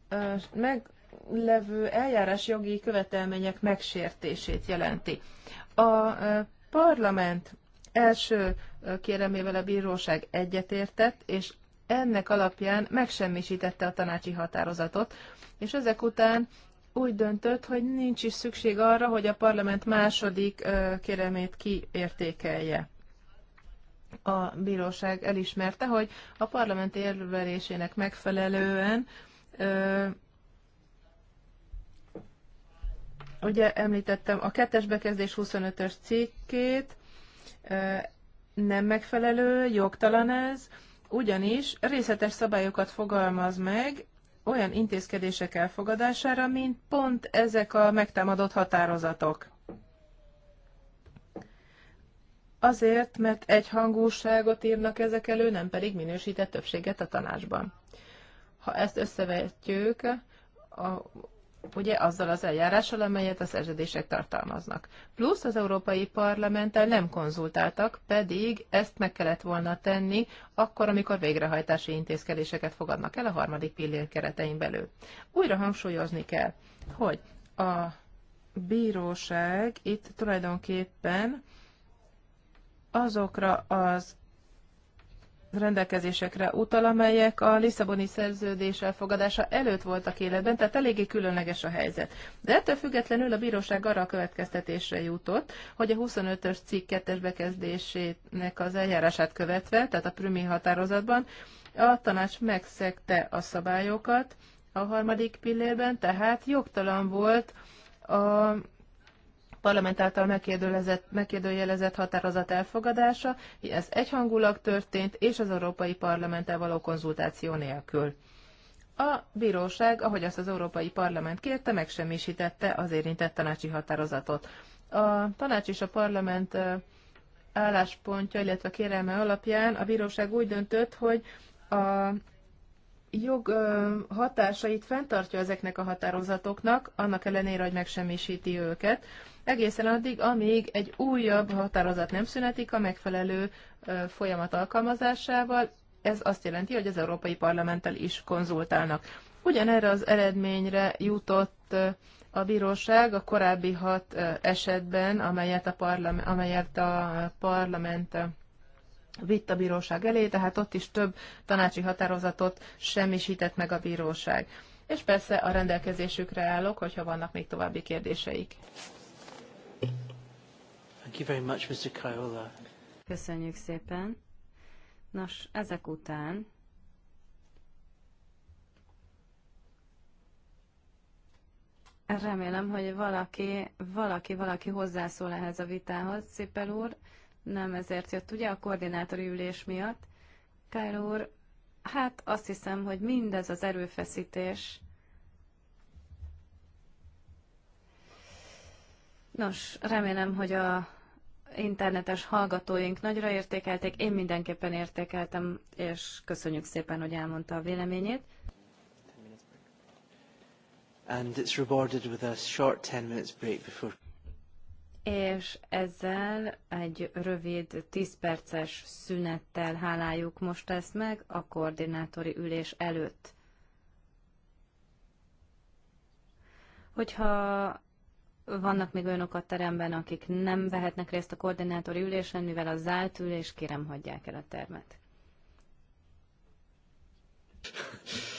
meglevő eljárásjogi követelmények megsértését jelenti. A parlament első kéremével a bíróság egyetértett, és ennek alapján megsemmisítette a tanácsi határozatot, és ezek után úgy döntött, hogy nincs is szükség arra, hogy a parlament második kérelmét kiértékelje. A bíróság elismerte, hogy a parlament érvelésének megfelelően ugye említettem a kettes bekezdés 25-ös cikkét, nem megfelelő, jogtalan ez, ugyanis részletes szabályokat fogalmaz meg, olyan intézkedések elfogadására, mint pont ezek a megtámadott határozatok. Azért, mert egyhangúságot írnak ezek elő, nem pedig minősített többséget a tanácsban. Ha ezt összevetjük a ugye azzal az eljárással, amelyet a szerződések tartalmaznak. Plusz az Európai Parlamenttel nem konzultáltak, pedig ezt meg kellett volna tenni akkor, amikor végrehajtási intézkedéseket fogadnak el a harmadik pillér keretein belül. Újra hangsúlyozni kell, hogy a bíróság itt tulajdonképpen azokra az rendelkezésekre utal, amelyek a Lisszaboni szerződés elfogadása előtt voltak életben, tehát eléggé különleges a helyzet. De ettől függetlenül a bíróság arra a következtetésre jutott, hogy a 25-ös cikk 2 bekezdésének az eljárását követve, tehát a prümi határozatban, a tanács megszegte a szabályokat a harmadik pillérben, tehát jogtalan volt a parlament által megkérdőjelezett határozat elfogadása, hogy ez egyhangulag történt, és az Európai Parlamenttel való konzultáció nélkül. A bíróság, ahogy azt az Európai Parlament kérte, megsemmisítette az érintett tanácsi határozatot. A tanács és a parlament álláspontja, illetve kérelme alapján a bíróság úgy döntött, hogy a jog hatásait fenntartja ezeknek a határozatoknak, annak ellenére, hogy megsemmisíti őket, egészen addig, amíg egy újabb határozat nem szünetik a megfelelő folyamat alkalmazásával. Ez azt jelenti, hogy az Európai Parlamenttel is konzultálnak. Ugyanerre az eredményre jutott a bíróság a korábbi hat esetben, amelyet a parlament, amelyet a parlament vitt a bíróság elé, tehát ott is több tanácsi határozatot semmisített meg a bíróság. És persze a rendelkezésükre állok, hogyha vannak még további kérdéseik. Thank you very much, Mr. Kaiola. Köszönjük szépen. Nos, ezek után remélem, hogy valaki, valaki, valaki hozzászól ehhez a vitához, Szépen úr. Nem ezért jött, ugye, a koordinátori ülés miatt. Kyle úr, hát azt hiszem, hogy mindez az erőfeszítés, Nos, remélem, hogy a internetes hallgatóink nagyra értékelték, én mindenképpen értékeltem, és köszönjük szépen, hogy elmondta a véleményét. And it's rewarded with a short 10 minutes break before és ezzel egy rövid 10 perces szünettel háláljuk most ezt meg a koordinátori ülés előtt. Hogyha vannak még olyanok a teremben, akik nem vehetnek részt a koordinátori ülésen, mivel az zárt ülés, kérem hagyják el a termet.